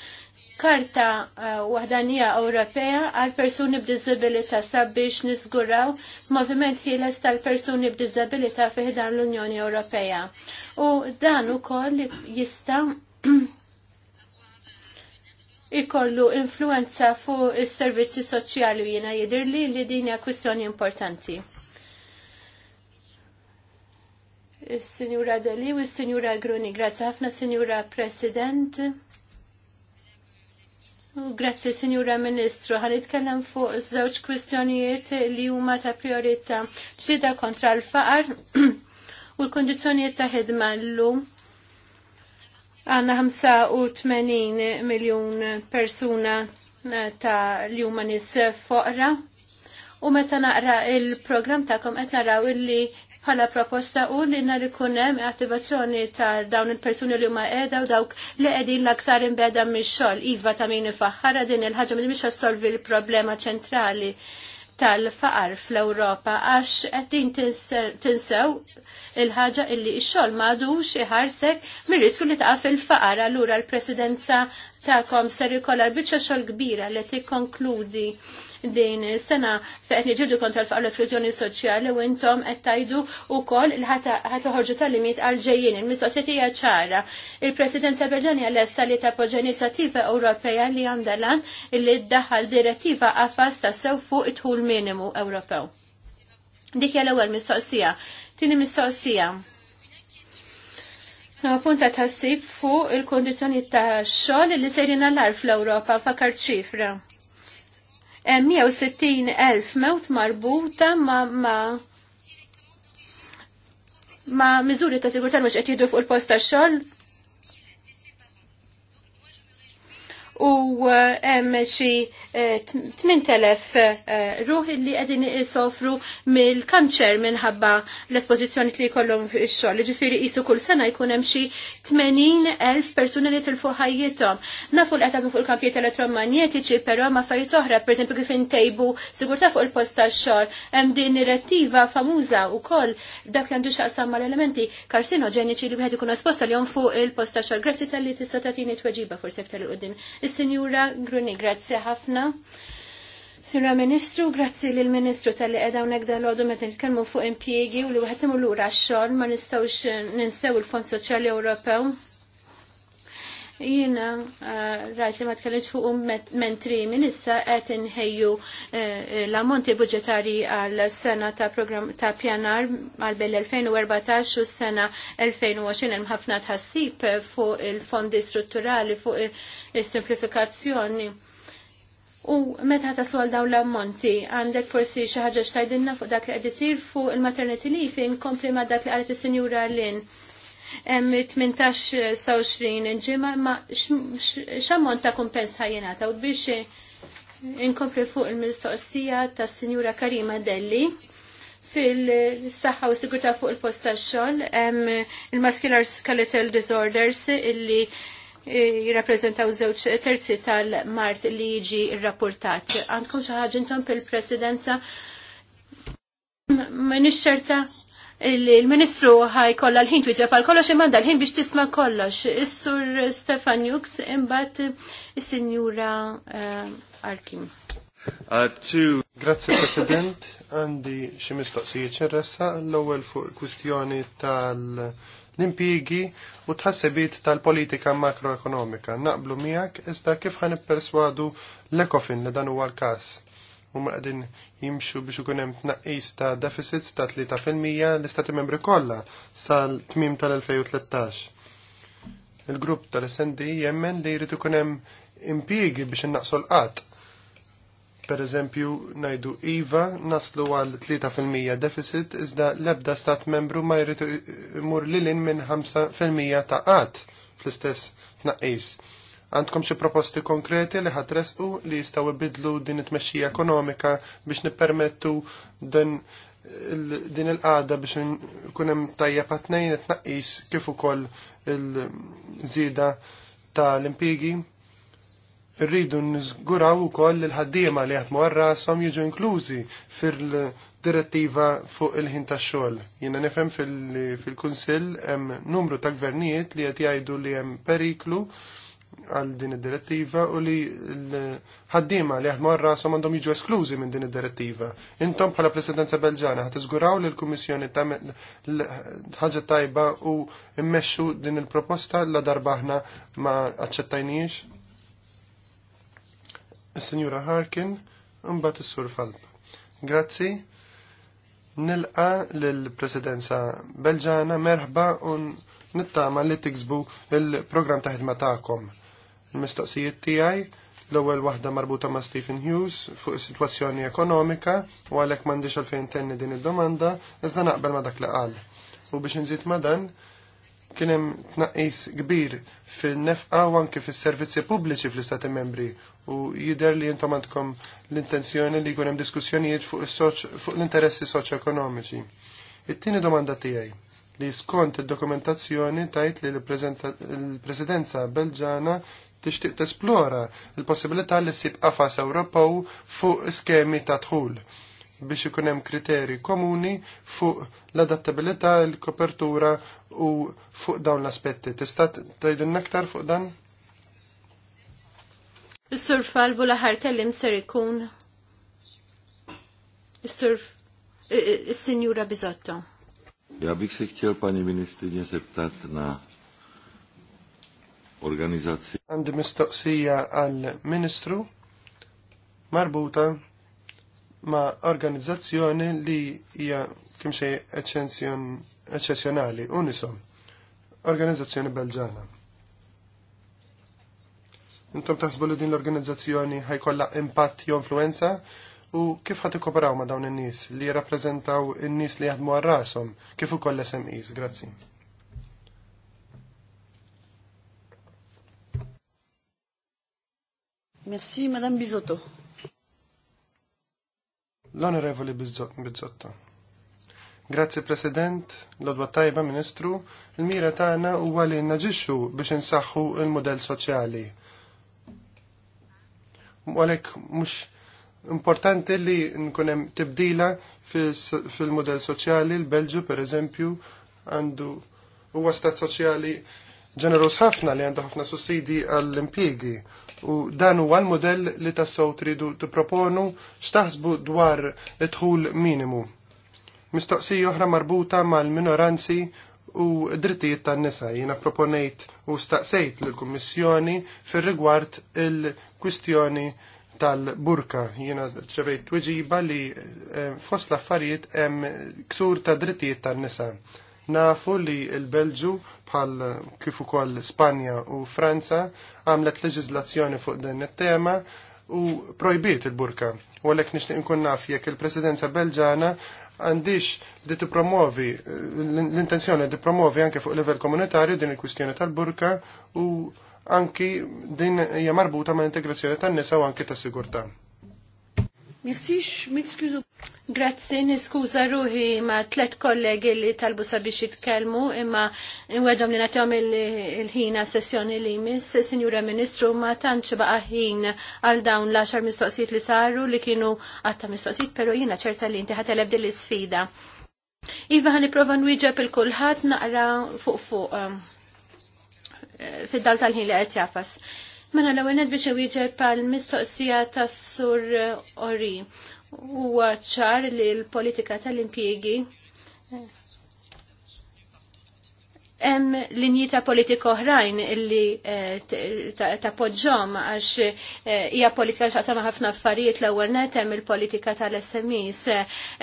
karta eh, wahdanija Ewropea għal persuni b'diżabilità sabiex nisguraw moviment ħieles tal-persuni b'diżabilità fih dan l-Unjoni Ewropea. U dan ukoll jista' ikollu influenza fuq is-servizzi soċjali jiena jidirli li din hija kwistjoni importanti. il sinjura Deli u s-Sinjura Gruni, grazzi ħafna Sinjura President. Grazzi, Sinjura Ministru. Għan itkellem fuq żewġ kwistjonijiet li huma ta' priorità ċlida kontra l-faqar u l-kondizjonijiet ta' ħidma l-lum. Għanna 85 miljon persuna ta' li huma nis foqra. U meta naqra il-program ta'kom qed naraw illi bħala proposta u li nar ikun hemm attivazzjoni ta' dawn il-persuni li huma qiegħda u dawk li qegħdin l-aktar imbeda mix-xogħol iva ta' min ifaħħara din il-ħaġa li mhix solvi l-problema ċentrali tal-faqar fl-Ewropa għax qegħdin tinsew il-ħaġa illi x-xogħol m'għadux iħarsek mir-risku li taqa' fil-faqar allura l-presidenza ta'kom ser jkollha biċċa xogħol kbira li tikkonkludi din sena fejn niġġieldu kontra l l-esklużjoni soċjali u intom qed tajdu wkoll ħata ħatoħorġu tal-limit għal ġejjin. Il-mistoqsijiet ċara. Il-President Berġani għal essa li tappoġġa inizjattiva Ewropea li għandha lan li ddaħħal direttiva qafas ta' sew fuq it tul minimu Ewropew. Dik l-ewwel mistoqsija. Tieni mistoqsija punta tassib fuq il-kondizjoni ta' xogħol li sejrin għallar fl-Ewropa fakar ċifra. 160 elf mewt marbuta ma' ma' ma' miżuri ta' sigurtar mhux qed fuq il-post ta' xogħol u eh, hemm xi 8000 eh, eh, ruħ li qegħdin isofru mill-kanċer minħabba l-espożizzjoni li jkollhom fix-xogħol. Ġifieri qisu kull sena jkun hemm xi 80,000 persuna li tilfu ħajjithom. Nafu l qed fuq il-kampjiet elettromagnetiċi però ma' affarijiet oħra, pereżempju kif intejbu sigurtà fuq il-post tax-xogħol, hemm din direttiva famuża wkoll dak li għandu x'aqsam mal-elementi karsinoġeniċi li wieħed ikun esposta li fuq il-post tax-xogħol. Grazzi tal-li tista' tagħtini tweġiba forsi aktar il-qudiem. Signora sinjura Gruni, grazzi ħafna. Sinjura Ministru, grazzi lil ministru tal-li edha unek dal-għodu meta nitkellmu fuq impjiegi u li wieħed l lura x-xogħol ma nistgħux ninsew il-Fond Soċjali Ewropew Jiena eh, rajt li ma tkellimx fuq um mentri minn issa qed inħejju eh, l-ammonti budġetari għal sena ta' program ta' pjanar għal bel 2014 u s-sena 2020 hemm ħafna tħassib fuq il-fondi strutturali fuq il-simplifikazzjoni. U meta taslu għal dawn l-ammonti, għandek forsi xi ħaġa xtajdilna fuq dak li qed isir fuq il-maternity leave inkompli ma' dak li qalet is-Sinjura Lin 18 sa 20 il-ġimma ma xammont ta' kumpens ħajjenata u biex eh, inkompli fuq il-mistoqsija tas Sinjura Karima Delli fil-saħħa u sigurta fuq il-post tax-xogħol hemm il-muscular skeletal disorders illi eh, jirrappreżentaw żewġ terzi tal-mart li jiġi rrapportat. Għandkom xi ħaġa intom fil-presidenza ma nix nixxerta il-ministru ħaj kolla l-ħin twiġġa għal kollox imanda l-ħin biex tisma kollox. Is-sur Stefan Jux imbagħad is-Sinjura eh, Arkin. Uh, Grazie President, għandi xi mistoqsijiet ċerressa l-ewwel fuq kwistjoni tal-impjigi u tħassibiet tal-politika makroekonomika. Naqblu miegħek iżda kif ħan ipperswadu l-ekofin li dan huwa l-każ U maqdin jimxu biex ikun hemm tnaqqis ta' deficit ta' 3% l-istati membri kollha sal-tmim tal-2013. Il-grupp tal-SND jemmen li jrid ikun hemm impjiegi biex innaqsu l qat Per eżempju, najdu IVA naslu għal 3% deficit iżda l-ebda stat membru ma jrid imur lilin minn 5% ta' qatt fl-istess tnaqqis Għandkom xi proposti konkreti li ħatresqu li jistgħu ibidlu din it mexxija ekonomika biex nippermettu din il-qada biex kunem hemm tajjeb it-tnaqqis kif ukoll il ta' tal-impigi rridu nżguraw ukoll il-ħaddiema li għatmu għar-rashom jiġu inklużi fil-direttiva fuq il-ħin tax-xogħol. Jiena nifhem fil-Kunsill hemm numru ta' gvernijiet li qed jgħidu li hemm periklu għal din id-direttiva u li l-ħaddima li għarra sa għandhom jiġu esklużi minn din id-direttiva. Intom bħala presidenza Belġana ħat izguraw li l-Kummissjoni tagħmel ħaġa tajba u mmexxu din il-proposta la darbaħna ma aċċettajniex. Il-Senjura Harkin, mbagħad is-Sur Falb. Grazzi. Nilqa lill-Presidenza Belġana merħba un nittama li tiksbu il-program ta' ħidma ta'kom il-mistoqsijiet tiegħi l-ewwel waħda marbuta ma' Stephen Hughes fuq is-sitwazzjoni ekonomika u għalhekk m'għandix għalfejn tenni din id-domanda iżda naqbel ma' dak li qal. U biex inżid ma' dan kien hemm tnaqqis kbir fin-nefqa u anke fis-servizzi pubbliċi fl-Istati Membri u jidher li intom għandkom l-intenzjoni li jkun hemm diskussjonijiet fuq fuq l-interessi soċjoekonomiċi. It-tieni domanda tiegħi li skont id-dokumentazzjoni tajt li l-Presidenza Belġana tixtieq tesplora l-possibilità li sib qafas Ewropew fuq skemi ta' dħul biex ikun hemm kriterji komuni fuq l-adattabilità, l-kopertura u fuq dawn l-aspetti. Tista' tgħidilna aktar fuq dan? is surf falbu l-aħħar kellim ser ikun is surf is-sinjura Bizotto. Ja bik se pani ministri nje septat na organizzazzjoni. Għandi mistoqsija għal-Ministru marbuta ma' organizzazzjoni li hija kemm eccezjonali, eċċezzjonali, organizzazzjoni Belġana. Intom taħsbu li din l-organizzazzjoni ħajkolla impatt jew influenza u kif ħad ikkoperaw ma' dawn in-nies li jirrappreżentaw in-nies li jaħdmu għal rashom kif ukoll SMEs, grazzi. Merci, Madame Bizotto. L-Onorevoli Bizotto. Grazzi President, l'odwa Tajba Ministru, il-mira tagħna huwa li naġiċu biex insaħħu il model soċjali. Għalhekk mhux importanti li nkun hemm tibdila fil model soċjali, l-Belġu pereżempju għandu huwa stat soċjali ġeneros ħafna li għandu ħafna sussidi għall-impjiegi U dan huwa l-modell li tassew tridu tipproponu x'taħsbu dwar dħul minimu. Mistoqsija oħra marbuta mal-minoranzi u drittijiet tan-nisa. Jiena proponejt u staqsejt lill-Kummissjoni fir-rigward il-kwistjoni tal-burka. Jiena ċevejt tweġiba li eh, fost l-affarijiet hemm ksur ta' drittijiet tan-nisa. Nafu li l-Belġu bħal kif ukoll Spanja u Franza għamlet leġiżlazzjoni fuq din it-tema u projbiet il-burka. U għalhekk nixtieq nkun naf jekk il-Presidenza Belġana għandix li tipromovi l-intenzjoni di promovi anke fuq livell komunitarju din il-kwistjoni tal-burka u anki din hija marbuta ma' integrazzjoni tan-nisa u anke tas-sigurtà. Merci, m'exkużu. Grazzi, niskuża ruħi ma tlet kollegi li talbu sabiex jitkellmu imma nwedhom li nagħtihom il-ħina sessjoni li jmiss, Sinjura Ministru, ma tantx baqa' ħin għal dawn l-għaxar mistoqsijiet li saru li kienu għatta mistoqsijiet, però jiena ċerta li inti ħateleb din l-isfida. Iva ħani prova nwieġeb il-kulħadd naqra fuq fuq um, eh, fid-dal tal-ħin li qed jafas. Mela l-ewwel biex iwieġeb pal mistoqsija tas-sur Ori. Huwa ċar li l-politika tal-impjiegi hemm linji ta' politika oħrajn illi eh, tappoġġhom għax eh, hija politika l-ħasam ħafna affarijiet l-ewwel net hemm il-politika tal-SMEs,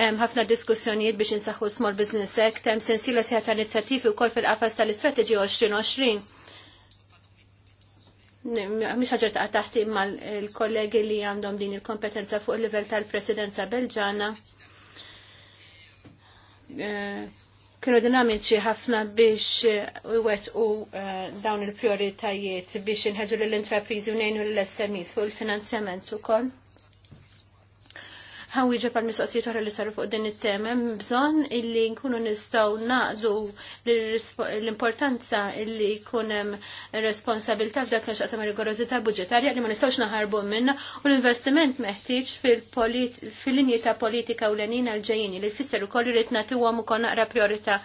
hemm ħafna diskussjonijiet biex insaħħu small business act, hemm sensiela sieħa ta' inizjattivi wkoll fil-qafas tal-istrateġi 2020 mhix ħaġa taqa' taħt imma l-kollegi li għandhom din il-kompetenza fuq il level tal-Presidenza Belġana eh, kienu dinamiċi ħafna biex eh, wet u eh, dawn il-prioritajiet biex inħeġu l-intrapriżi u nejnu l-SMEs fuq il-finanzjament ukoll ħawieġa pal mistoqsijiet oħra li saru fuq din it-tema, bżonn illi nkunu nistgħu naqdu l-importanza illi jkun hemm responsabilità f'dak li xaqsam rigorozita budġetarja li ma nistgħux naħarbu minna u l-investiment meħtieġ fil-linji ta' politika u l-għanin għal-ġejjini li jfisser ukoll irid nagħtihom ukoll naqra priorità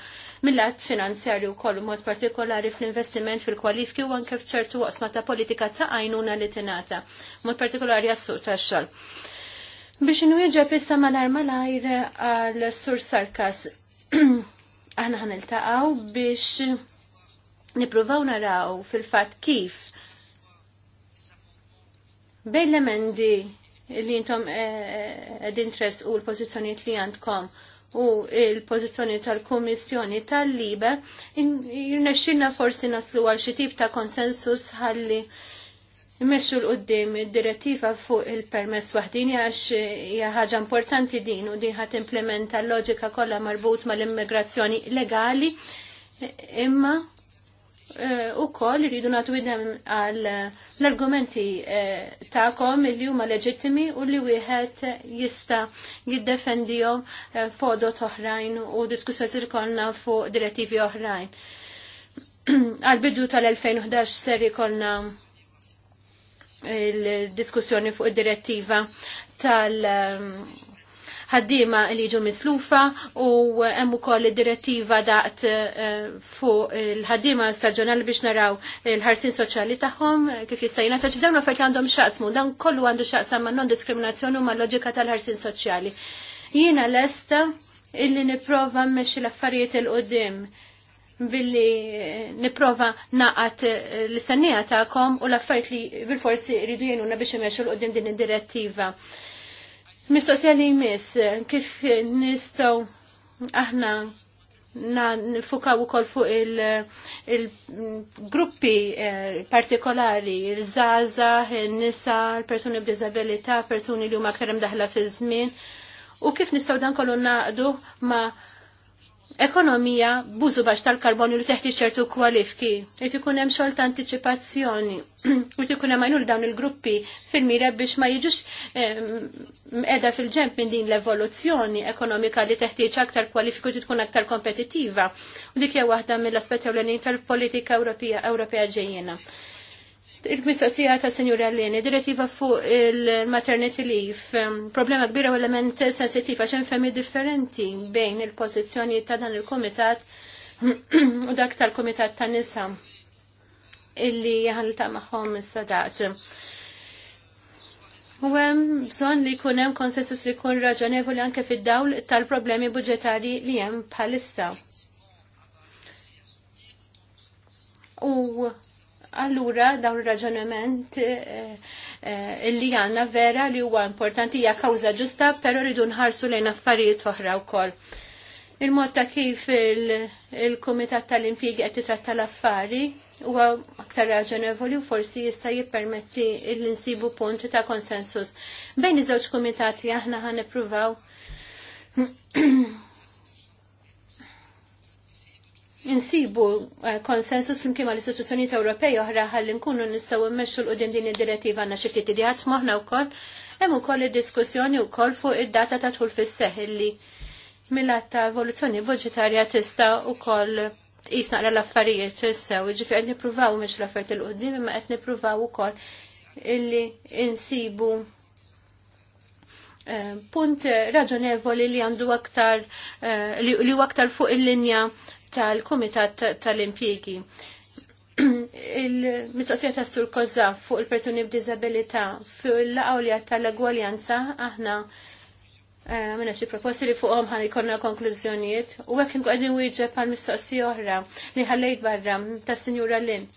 mill-att finanzjarju kollu mod partikolari fl-investiment fil-kwalifki u anke fċertu waqsma ta' politika ta' għajnuna li tinata, mod partikolari għas-suq ta' xol. Biex nwieġeb issa malar malajr għal sur sarkas. Aħna il-taqaw biex nipruvaw naraw fil-fat kif bej l-emendi li jintom ed eh, eh, eh, interess u l-pozizjoniet li għandkom u l pozizjoni tal-Komissjoni tal-Libe, jirnexxilna forsi naslu għal xi tip ta' konsensus ħalli Immexxu l-qoddim id-direttiva fuq il-permess waħdini għax hija ħaġa importanti din u din ħadd implementa l-loġika kollha marbut mal-immigrazzjoni legali imma e, u koll rridu natu idem għal l-argumenti e, tagħkom li huma leġittimi u li wieħed jista' jiddefendihom e, fodot oħrajn u diskussjoni kollna fuq direttivi oħrajn. Għal bidu tal-2011 ser ikolna il-diskussjoni fuq id-direttiva tal- um, ħaddima li ġu mislufa u hemm ukoll id-direttiva daqt uh, fuq il-ħaddima staġjonali biex naraw il-ħarsin soċjali tagħhom kif jista' jingħatax dawn affarijiet li għandhom xaqsmu dan kollu għandu xaqsam ma' non-diskriminazzjoni u ma' loġika tal-ħarsin soċjali. Jiena lesta illi nipprova mmexxi l-affarijiet il-qudiem billi niprofa naqat eh, l-istennija ta'kom u l-affert li bil-forsi rridu jenuna biex imexu l-qoddim din id-direttiva. Mistoqsija li jmiss, kif nistaw aħna na nifukaw u kol fuq il-gruppi eh, partikolari, il-żaza, il-nisa, il-personi b'dizabilita, personi li huma aktar daħla fi żmien u kif nistaw dan kollu naqdu ma' ekonomija bużu baċ tal-karbonju li teħti ċertu kwalifki. Li kun hemm xogħol ta' anticipazzjoni. Irti kun hemm għajnul dawn il-gruppi fil-mira biex ma jiġux edha fil-ġemp minn din l-evoluzzjoni ekonomika li teħtieġ aktar kwalifiku li tkun aktar kompetittiva. U dik hija waħda mill-aspetti ewlenin tal-politika Ewropea Ewropea ġejjena. Il-mistoqsija ta' Senjur Lini, direttiva fuq il-maternity leave, um, problema kbira u element sensitiv għax femi differenti bejn il-pozizjoni ta' dan il-komitat u dak tal-komitat ta' nisa illi ta' maħom s-sadat. U hemm bżonn li jkun hemm konsensus li jkun raġonevoli anke fid-dawl tal-problemi budġetari li hemm bħalissa. U Allura dawn ir-raġunament eh, eh, illi għandna vera li huwa importanti hija kawża ġusta, però rridu nħarsu lejn affarijiet oħra wkoll. Il-mod ta' kif il-Kumitat tal-Impjiegi qed titratta l-affari huwa aktar raġonevoli u forsi jista' jippermetti l-insibu punti ta' konsensus. Bejn iż-żewġ kumitati aħna ħan nippruvaw insibu eh, konsensus flimkien mal istituzzjonijiet Ewropej oħra ħalli nkunu nistgħu mmexxu l qudiem din id-direttiva għandna xi ftit idejat moħħna wkoll hemm ukoll id-diskussjoni wkoll fuq id-data ta' tħul fis-seħ li mill-att ta' evoluzzjoni budġetarja tista' ukoll tqis naqra l-affarijiet sew, ġifier qed nippruvaw mhix l-affarijiet il qudiem imma qed nippruvaw ukoll illi insibu eh, punt raġonevoli li għandu aktar eh, li huwa aktar fuq il-linja tal-Kumitat tal-Impjegi. Il-mistoqsija ta' Sur Kozza fuq il-persuni b'diżabilità fuq l-għawlija tal-egwaljanza aħna eh, minna xie proposti li fuqom ħan ikonna konklużjonijiet u għek nqedin wieġeb għal mistoqsija oħra li ħallejt barra ta' Sinjura Lin.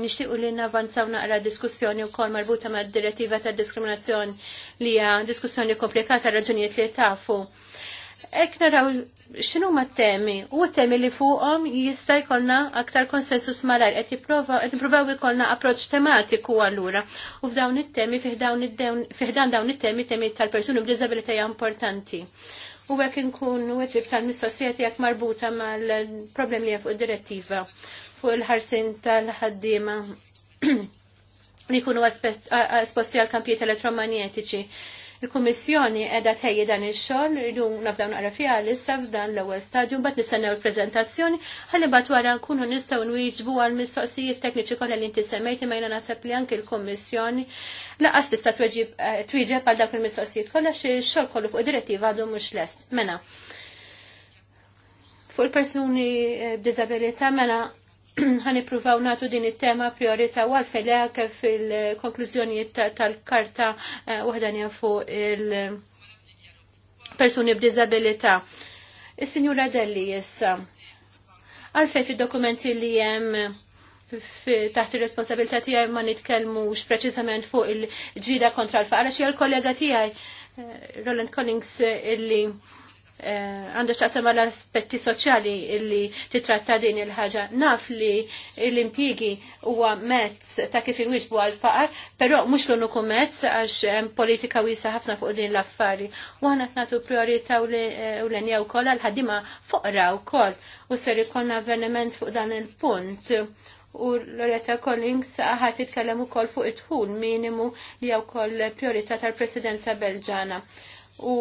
Nixtiequ li navanzaw naqra diskussjoni wkoll marbuta mad direttiva tad diskriminazzjoni li hija diskussjoni komplikata raġunijiet li tafu ek naraw xinu ma temi u temi li fuqom jista jkollna aktar konsensus malar et jiprovaw jkollna approċ tematiku għallura u f'dawn it-temi fiħdan dawn it-temi temi tal-persuni b'dizabilità importanti. U għek nkun weċib tal-mistoqsijiet jek marbuta mal-problem li fuq direttiva fuq il-ħarsin tal-ħaddima li kunu esposti għal kampijiet elettromagnetiċi. Il-Kummissjoni qiegħda tejji dan ix-xogħol irdu nafdaw naqra l issa f'dan l-ewwel stadju mbagħad nistennew il-preżentazzjoni ħalli bagħad wara nkunu nistgħu nwieġbu għal mistoqsijiet tekniċi kollha li inti semmejt ma jina naħseb li anki l-Kummissjoni laqas tista' twieġeb eh, għal dak il-mistoqsijiet kollha xi xogħol kollu fuq id-direttiva għadu mhux lest. Mena. Fuq il-persuni eh, b'diżabilità mela pruvaw natu din it-tema priorita għal felek fil-konklużjonijiet tal-karta eh, waħdanija fuq il-persuni b'dizabilità. Is-Sinjura Delli jessa. Għalfej fil-dokumenti li jem taħt il-responsabilità tiegħi ma nitkellmux preċizament fuq il-ġida kontra l-faqra xi l-kollega tiegħi eh, Roland Collings illi Eh, għandu xtaqsam għal aspetti soċjali illi titratta din il-ħaġa. Naf li l-impjigi huwa mezz ta' kif inwiġbu għal faqar, però mhux l-uniku mezz għax politika wiesa ħafna fuq din l-affari. U għana nagħtu priorita eh, u l-enja wkoll għal ħaddiema foqra wkoll u ser ikun avveniment fuq dan il-punt. U Loretta Collins ħat u ukoll fuq it-tħul minimu li għaw koll priorita tal-Presidenza Belġana u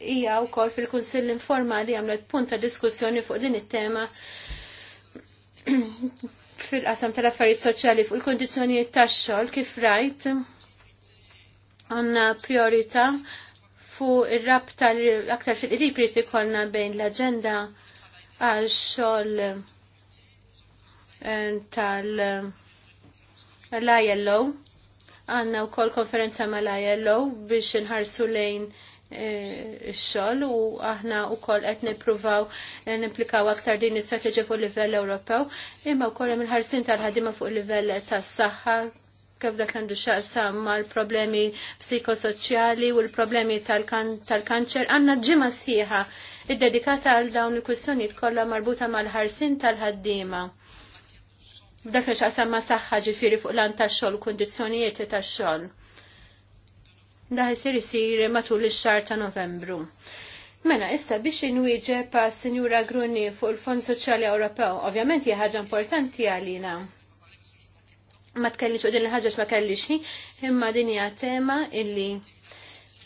hija wkoll fil-Kunsill informali għamlet punt ta' diskussjoni fuq din it-tema fil-qasam tal-affarijiet soċjali fuq il kondizjonijiet tax-xogħol kif rajt għandna priorità fuq ir-rabta aktar fil-qrib li tikolna bejn l-aġenda għal xogħol eh, tal-ILO għanna u kol konferenza mal-ILO biex nħarsu lejn Eh, xogħol u aħna wkoll qed nippruvaw eh, nimplikaw aktar din l-istrateġija fuq livell Ewropew, imma wkoll hemm il-ħarsin tal-ħadima fuq livell tas-saħħa kif dak għandu xaqsam l problemi psikosoċjali u l-problemi tal-kanċer għanna ġima sħiħa id-dedikata għal dawn il-kwistjonijiet kollha marbuta mal-ħarsin tal ħaddima Dak li ma' saħħa ġifiri fuq lan tax-xogħol, kundizzjonijiet tax-xogħol. Da isir isir matul ix-xar ta' Novembru. Mena issa biex inwieġeb pa' Sinjura Gruni fuq il-Fond Soċjali Ewropew, ovvjament hija ħaġa importanti għalina. Ma tkellix u din il-ħaġa ma kellix imma din hija tema illi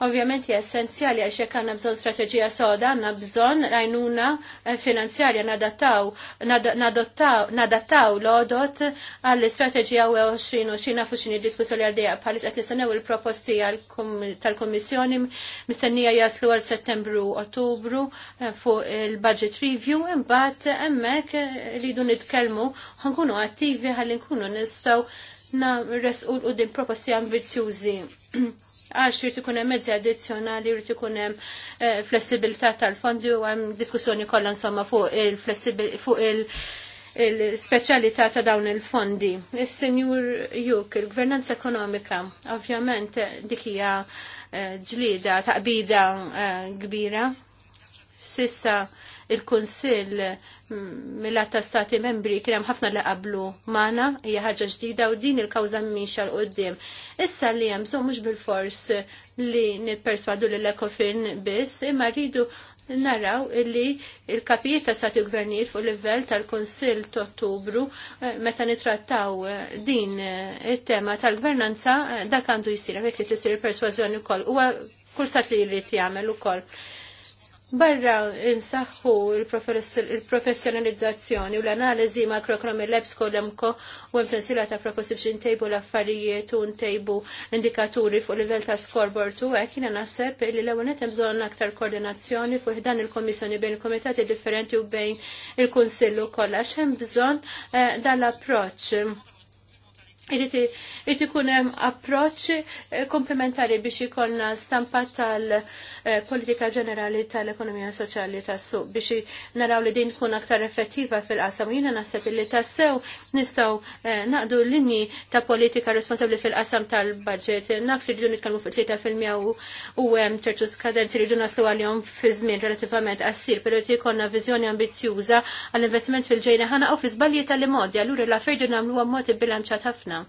Ovvjament hija essenzjali għax hekk għandna bżonn strateġija soda, għandna bżonn għajnuna eh, finanzjarja nadattaw, nadattaw l-odot għall-istrateġija u 20 nafu x'inhi diskussjoni għaldejja bħalis qed nistennew il-proposti tal-Kummissjoni mistennija jaslu għal Settembru Ottubru eh, fuq il-budget review imbagħad hemmhekk rridu nitkellmu ħankunu attivi ħalli nkunu nistgħu na resqu l-qudin proposti ambizjużi. Għax rrit ikun hemm mezzi addizzjonali, rrit ikun hemm eh, flessibilità tal-fondi u hemm diskussjoni kollha insomma fuq il il- speċjalità ta' dawn il-fondi. Is-Senjur Juk, il-Gvernanza Ekonomika, ovvjament dik hija eh, ġlida, taqbida eh, kbira. Sissa il-Kunsill mill-atta stati membri kien hemm ħafna li qablu Mana hija ħaġa ġdida u din il-kawża mhix għal qudiem. Issa li hemm so mhux bil-fors li nipperswadu lil ekofin biss imma rridu naraw li il-kapijiet ta' stati gvernijiet fuq livell tal-Kunsill ta' Ottubru eh, meta nitrattaw eh, din eh, it-tema tal-gvernanza dak għandu jsir hekk li tisir persważjoni wkoll. Huwa kull stat li jrid jagħmel ukoll barra insaħħu il-professjonalizzazzjoni u l-analizi makroekonomi l-EBSCO kolemko u sensila ta' proposition biex l-affarijiet u ntejbu indikaturi fuq livell ta' scoreboard u għek jina nasib li l-ewwel hemm bżonn aktar koordinazzjoni fuq dan il-Komissjoni bejn il-Komitati differenti u bejn il-Kunsillu kolla x'hemm bżonn eh, dan l-approċċ Irrit ikun hemm approċċ eh, komplementari biex ikollna stampa tal- Eh, politika ġenerali tal-ekonomija soċjali tas-suq biex naraw li din tkun aktar effettiva fil-qasam. Jiena naħseb li tassew nistaw eh, naqdu l linji ta' politika responsabbli fil-qasam tal-budget. Naf li rridu nitkellmu fuq 3% u hemm ċertu skadenzi li rridu naslu għalihom fi żmien relattivament qassir, però jkollna viżjoni ambizjuża għall-investiment fil-ġejna ħana u fl-iżbalji tal imodja allura l-affarijiet nagħmluha mod ibbilanċat ħafna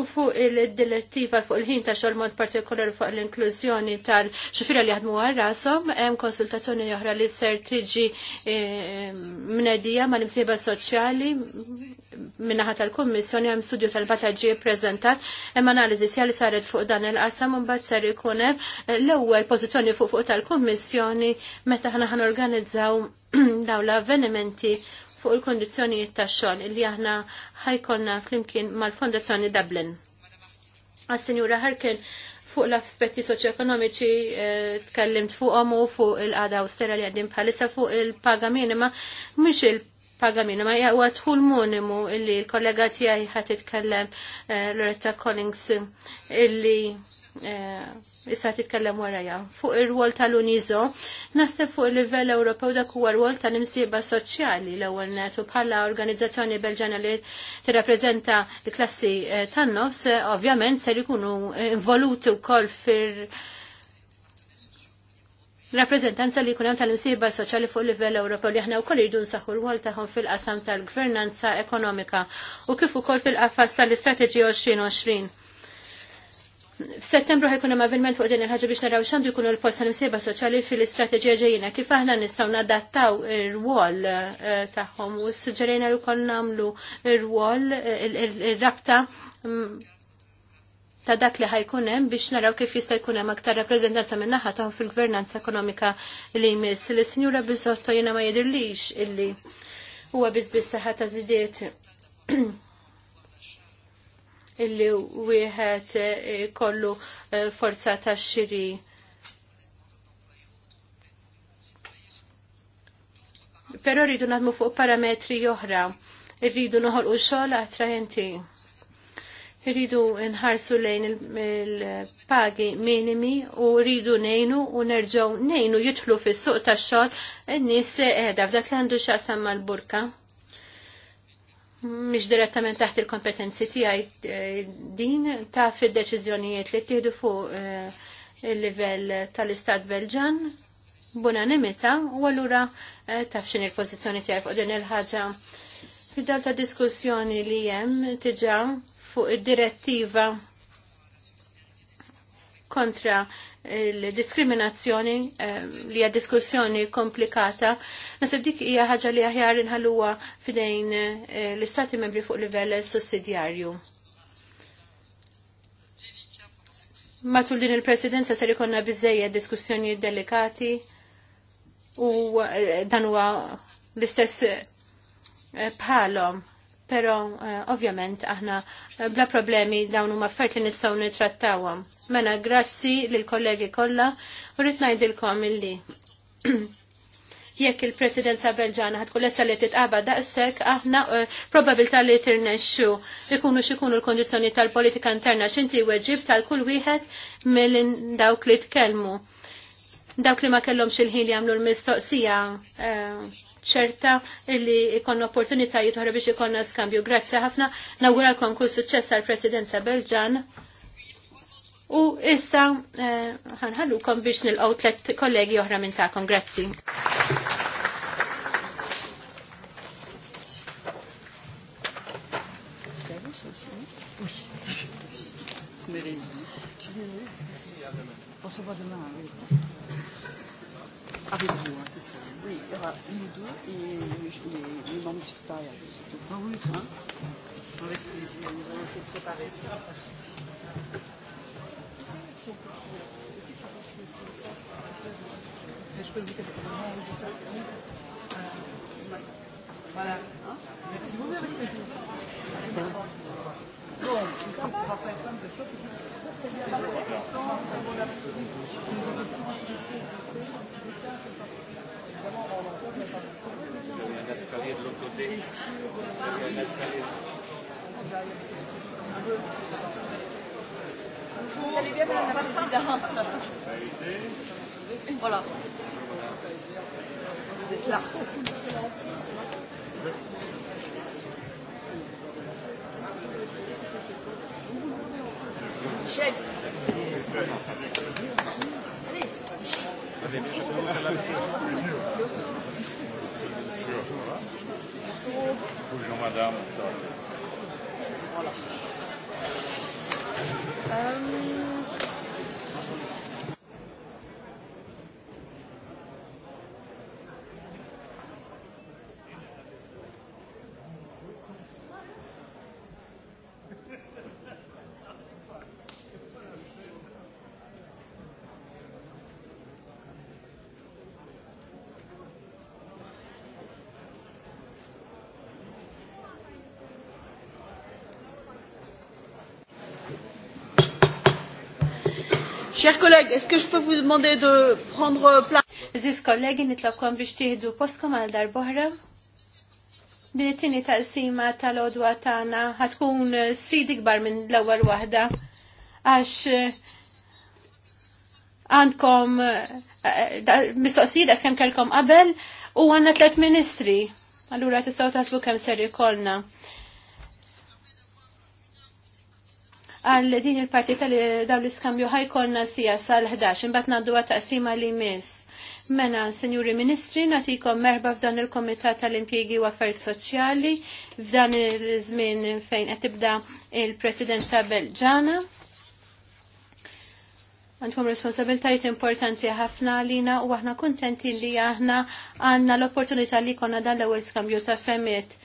u fuq il-direttiva fuq il-ħin ta' xogħol mod partikolari fuq l-inklużjoni tal-xifira li għadmu għarrasom, rashom hemm konsultazzjoni oħra li ser tiġi eh, mnedija ma' l imsiba soċjali minnaħat tal-Kommissjoni hemm studju tal bataġi ppreżentat hemm analizi sja li saret fuq dan il-qasam u mbagħad ser ikun hemm l-ewwel pożizzjoni fuq fuq tal-Kummissjoni meta aħna ħanorganizzaw dawn l-avvenimenti fuq il kondizjoni tax-xogħol li aħna ħajkolna flimkien mal-Fondazzjoni Dublin. Għas-Sinjura Harkin, fuq l-aspetti soċjoekonomiċi eh, tkellimt fuq u fuq il-qada austera li għaddim bħalissa fuq il-paga minima mux il Pagamina. Ma jaqwa huwa l-monimu illi l-kollega tiegħi ħat titkellem eh, Loretta Collins illi eh, issa titkellem warajja. Fuq ir-rwol tal-Unizo, naħseb fuq il-livell Ewropew dak huwa rwol tal imsiba soċjali l-ewwel netu bħala organizzazzjoni Belġana li tirrappreżenta l-klassi eh, tan-nofs, ovvjament se jkunu involuti wkoll fir- Rappresentanza li jkun hemm tal-insiba soċjali fuq livell Ewropew li aħna wkoll irdu nsaħħu rwol tagħhom fil-qasam tal-gvernanza ekonomika u kif ukoll fil-qafas tal istrateġija 2020. F'Settembru ħajkun hemm avviment fuq din il-ħaġa biex naraw x'għandu jkunu l-post tal-imsiba soċjali fil-istrateġija ġejjina kif aħna nistgħu nadattaw ir-rwol eh, tagħhom u suġġerejna li kon nagħmlu ir-rwol eh, ir-rabta mm, ta' dak li ħajkun hemm biex naraw kif jista' jkun hemm aktar rappreżentanza minn naħa tagħhom fil-gvernanza ekonomika li jmiss. Li sinjura Biżotto jiena ma jidirlix illi huwa biss biss saħħa ta' żidiet illi wieħed eh, kollu eh, forza ta' xiri. Però rridu nadmu fuq parametri oħra, rridu noħolqu xogħol attrajenti rridu nħarsu lejn il-pagi minimi u rridu nejnu u nerġaw nejnu jitħlu fis-suq tax-xogħol in-nies qiegħda f'dak li għandu x'aqsam mal-burka Mix direttament taħt il-kompetenzi tiegħi eh, din ta' fid-deċiżjonijiet li ttieħdu fuq eh, il level tal-Istat Belġan nimita u allura eh, taf x'in il-pożizzjoni tiegħi fuq din il-ħaġa. Fid-dal ta' diskussjoni li hemm tiġa fuq id-direttiva kontra l-diskriminazzjoni eh, li hija diskussjoni komplikata. Nasib dik hija ħaġa li aħjar inħalluha fidejn eh, l-istati membri fuq livell sussidjarju. Matul din il-presidenza ser ikonna bizzejja diskussjoni delikati u eh, dan huwa l-istess bħalhom Pero uh, ovvjament aħna eh, bla problemi dawn huma affarijiet li nistgħu nitrattawhom. Mela grazzi lil kollegi kollha u rrid ngħidilkom illi jekk il-presidenza belġana ħadku lesa li titqaba daqshekk aħna uh, probabilità li tirnexxu ikunu x'ikunu l-kondizzjoni tal-politika interna x'inti weġib tal-kull wieħed mill dawk li tkellmu. Dawk li ma kellhomx il-ħin li jagħmlu l-mistoqsija uh, ċerta li ikonna opportunitajiet oħra biex ikonna skambju. Grazzi ħafna, nawguralkom konkur suċċess għal presidenza Belġan. U issa eh, ħanħallukom biex nil outlet kollegi oħra minn takom. Grazie. Posso Oui, il y aura deux et les, membres du Avec plaisir, nous allons préparer Je peux Voilà. Merci beaucoup, avec plaisir. l'escalier de l'autre côté. Voilà. Vous êtes là. Michel. Bonjour madame. Voilà. Euh, um... Chers collègues, est-ce que je peux vous demander de prendre place Ziz kollegi nitlobkom biex tieħdu poskom għal darbohra. Din it-tieni taqsima tal-odwa tagħna ħatkun sfidi kbar minn l-ewwel waħda għax eh, għandkom eh, mistoqsija kemm kellkom qabel u għandna tliet ministri. Allura tistgħu taslu kemm ser ikollna. għal din il-parti tal daw l-iskambju ħajkolna sija sal-11, imbagħad ngħaddu għat-taqsima li miss. Mena, Senjuri Ministri, natikom merba f'dan il-Komitat tal-Impjegi u Affarijiet Soċjali f'dan il-żmien fejn qed tibda il-Presidenza Belġana. Għandkom responsabiltajiet importanti ħafna għalina u aħna kuntenti li aħna għandna l-opportunità li konna dan l-ewwel skambju ta' femmiet.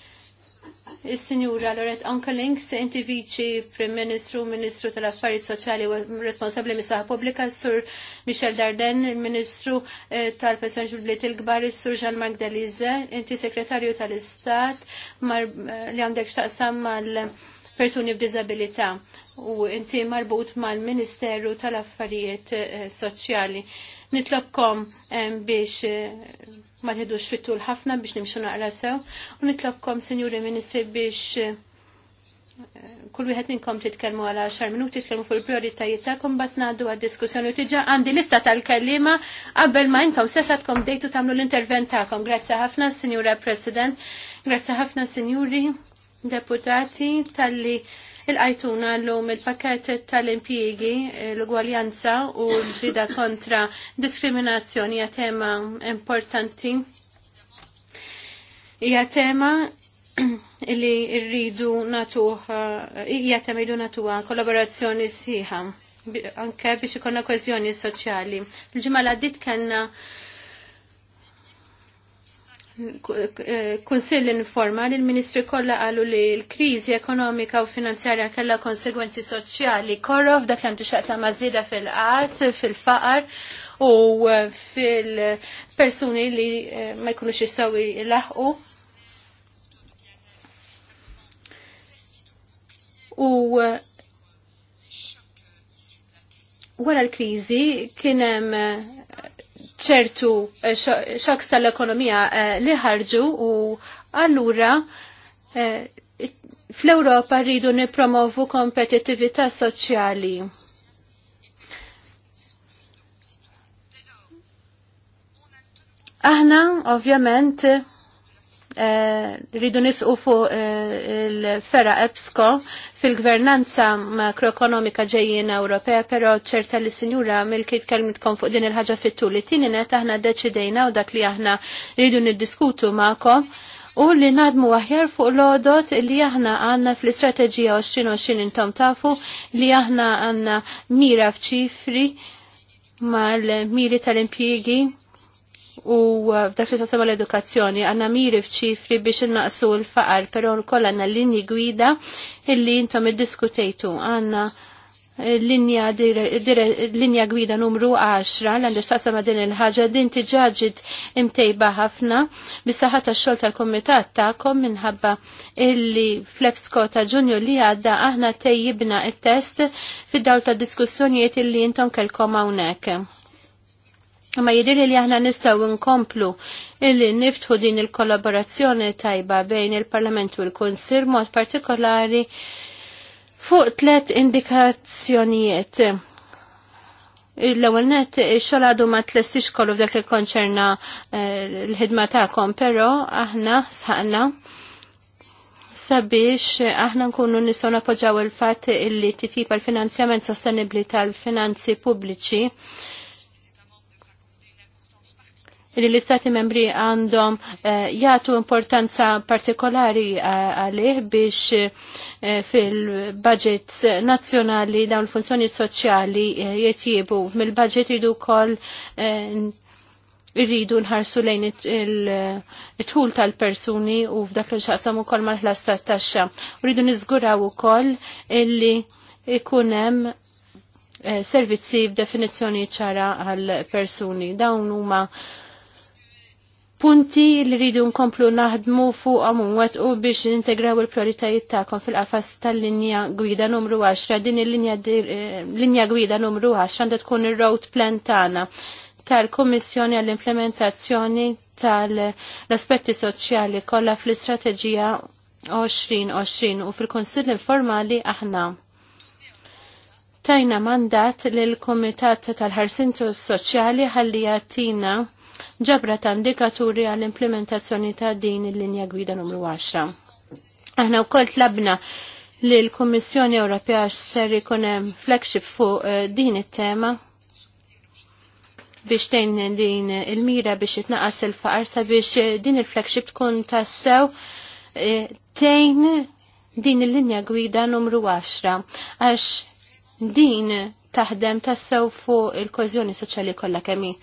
Is-Sinjura Loret Onkelink, se inti viċi Prim Ministru, Ministru tal-Affarijiet Soċjali u responsabbli mis-saħħa pubblika, Sur Michel Darden, il-Ministru eh, tal-Pensjoni Ġubliet il-Kbar, Sur Jean Marc Delize, inti Sekretarju tal-Istat eh, li għandek xtaqsam mal persuni b'dizabilità u inti marbut mal-Ministeru tal-Affarijiet eh, Soċjali. Nitlobkom biex ma tħedux fit ħafna biex nimxu naqra sew u nitlobkom, Sinjuri Ministri, biex eh, kull wieħed minnkom titkellmu għal 10 minuti titkellmu fuq il-prioritajiet tagħkom bat ngħaddu għad-diskussjoni u tiġa għandi lista tal-kellima qabel ma intom sesatkom dejtu tagħmlu l-intervent tagħkom. Grazzi ħafna, Sinjura President, grazzi ħafna, Sinjuri Deputati, tal-li il-qajtuna l-lum il-pakket tal-impjiegi, l gwaljanza u l ġida kontra diskriminazzjoni hija tema importanti. Hija tema li rridu natuħ, hija tema rridu kollaborazzjoni sħiħa anke biex ikonna kweżjoni soċjali. Il-ġimgħa l kanna kellna kunsill li il-ministri kollha qalu li l-kriżi ekonomika u finanzjarja kellha konsegwenzi soċjali korrof dak li tixaqsa mażida fil qat fil-faqar u fil-persuni li eh, ma jkunux jistgħu laħu. U eh, wara l-kriżi kien hemm eh, ċertu eh, xoks tal-ekonomija eh, li ħarġu u allura eh, fl-Europa rridu nipromovu kompetitività soċjali. Aħna, ovvjament, Eh, rridu nisqu fuq eh, il-fera EBSCO fil-gvernanza makroekonomika ġejjin Ewropea, pero ċerta li sinjura milki tkellmitkom fuq din il-ħaġa fit-tul. It-tieni net aħna deċidejna u dak li aħna rridu niddiskutu magħkom u li nadmu aħjar fuq l-odot li aħna għanna fl-istrateġija 2020 intom tafu li aħna għanna mira fċifri mal-miri tal impjiegi u eh, f'dak li tasema l-edukazzjoni għanna miri f'ċifri biex innaqsu l-faqar, pero nkoll għanna linji gwida illi intom id-diskutejtu għanna eh, l linja gwida numru 10 l-għandix tasema din il-ħagġa din tiġaġit imtejba ħafna bis-saħħa x xogħol tal-kumitat tagħkom minħabba illi fl-EFSCO ta' Ġunju li għadda aħna tejjibna il test fid-dawl ta' diskussjonijiet illi intom kelkom hawnhekk Ma jidir li aħna nistaw nkomplu illi niftħu din il-kollaborazzjoni tajba bejn il-Parlament u l-Konsil mod partikolari fuq tlet indikazzjonijiet. L-ewwel net xogħol għadu ma tlestix kollu f'dak li konċerna eh, l-ħidma tagħkom, però aħna saqna sabiex aħna nkunu nistgħu nappoġġaw il-fatt illi titjib għall finanzjament sostenibbli tal-finanzi pubbliċi li l-istati membri għandhom eh, jagħtu importanza partikolari eh, għalih biex eh, fil-budgets nazzjonali dawn il-funzjoni soċjali jitjiebu. mil budget jridu wkoll jridu nħarsu lejn it-tħul tal-persuni u f'dak li xaqsam ukoll mal-ħlas tat-taxxa. Rridu niżguraw ukoll illi ikun hemm servizzi b'definizzjoni ċara għal persuni. Dawn huma punti li rridu nkomplu naħdmu fuq għamunwet u biex integraw il-prioritajiet ta'kom fil-qafas tal-linja gwida numru 10. Din il-linja eh, gwida numru 10 għandha tkun ir-road plan tagħna tal-Kummissjoni għall-implementazzjoni tal-aspetti soċjali kollha fl-istrateġija 2020 u fil-Konsill informali aħna tajna mandat lill kumitat tal-ħarsintu soċjali ħalli jatina ġabra ta' indikaturi għall-implementazzjoni ta' din il-linja gwida numru 10. Aħna wkoll tlabna li l kummissjoni Ewropea ser ikun hemm flagship fuq eh, din it-tema biex tejn din il-mira biex itnaqas il-faqar sabiex eh, din il-flagship tkun tassew eh, tejn din il-linja gwida numru 10 għax din taħdem tassew fuq il-kozjoni soċjali kollha kemm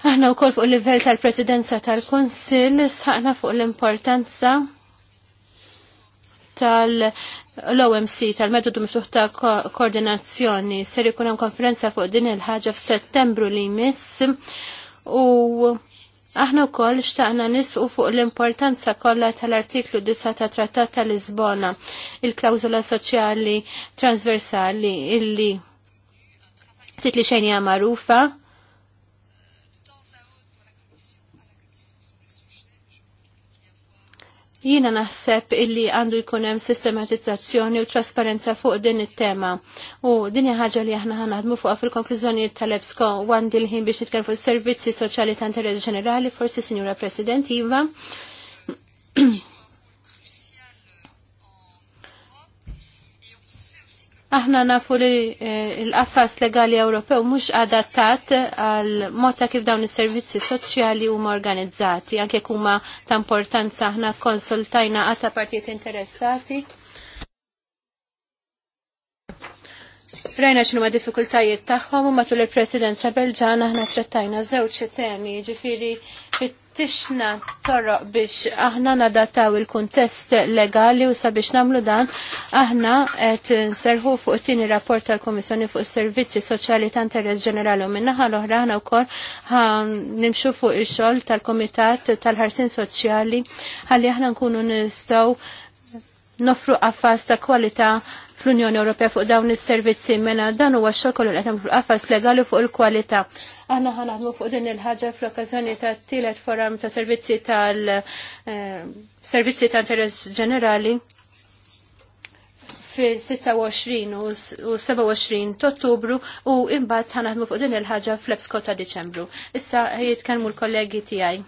Aħna wkoll fuq livell tal-Presidenza tal-Kunsill saqna fuq l-importanza tal- l-OMC tal-metodu miftuħ ta' koordinazzjoni ser ikun hemm konferenza fuq din il-ħaġa f'Settembru li jmiss u aħna wkoll xtaqna nisqu fuq l-importanza kollha tal-artiklu 9 ta' Trattat ta' Lisbona, il-klawżola soċjali transversali illi titli xejn hija magħrufa Jiena naħseb illi għandu jkun hemm sistematizzazzjoni u trasparenza fuq din it-tema. U din hija ħaġa li aħna ħanaħdmu fuqha fil-konklużjonijiet tal-EBSCO għandi l-ħin biex nitkellem fuq is-servizzi soċjali ta' interess ġenerali, forsi Sinjura President Iva. Aħna nafu li eh, l-qafas legali Ewropew mhux adattat eh, għal mod ta' kif dawn is-servizzi soċjali huma organizzati, anke huma ta' importanza aħna konsultajna għata partijiet interessati. Rajna x'inhuma diffikultajiet tagħhom u matul il-Presidenza Belġana aħna trattajna żewġ temi, ġifieri fit tixna torroq biex aħna nadataw il-kuntest legali u sabiex namlu dan aħna qed nserħu fuq tini rapport tal-Komissjoni fuq is-Servizzi Soċjali ta' Interess Ġenerali u minnaħa l-oħra aħna wkoll nimxu fuq ix-xogħol tal-Komitat tal-Ħarsin Soċjali ħalli aħna nkunu nistgħu nofru qafas ta' kwalità fl-Unjoni Ewropea fuq dawn is-servizzi mena dan huwa x-xogħol kollu qed fil affas legali fuq il-kwalità. Aħna ħanaħdmu fuq din il-ħaġa fl-okkażjoni ta' tielet forum ta' servizzi tal-servizzi eh, ta' interess ġenerali fil-26 u 27 ta' ottubru u imbagħad ħanaħdmu fuq din il-ħaġa fl-Epsko ta' Diċembru. Issa jitkellmu l-kollegi tiegħi.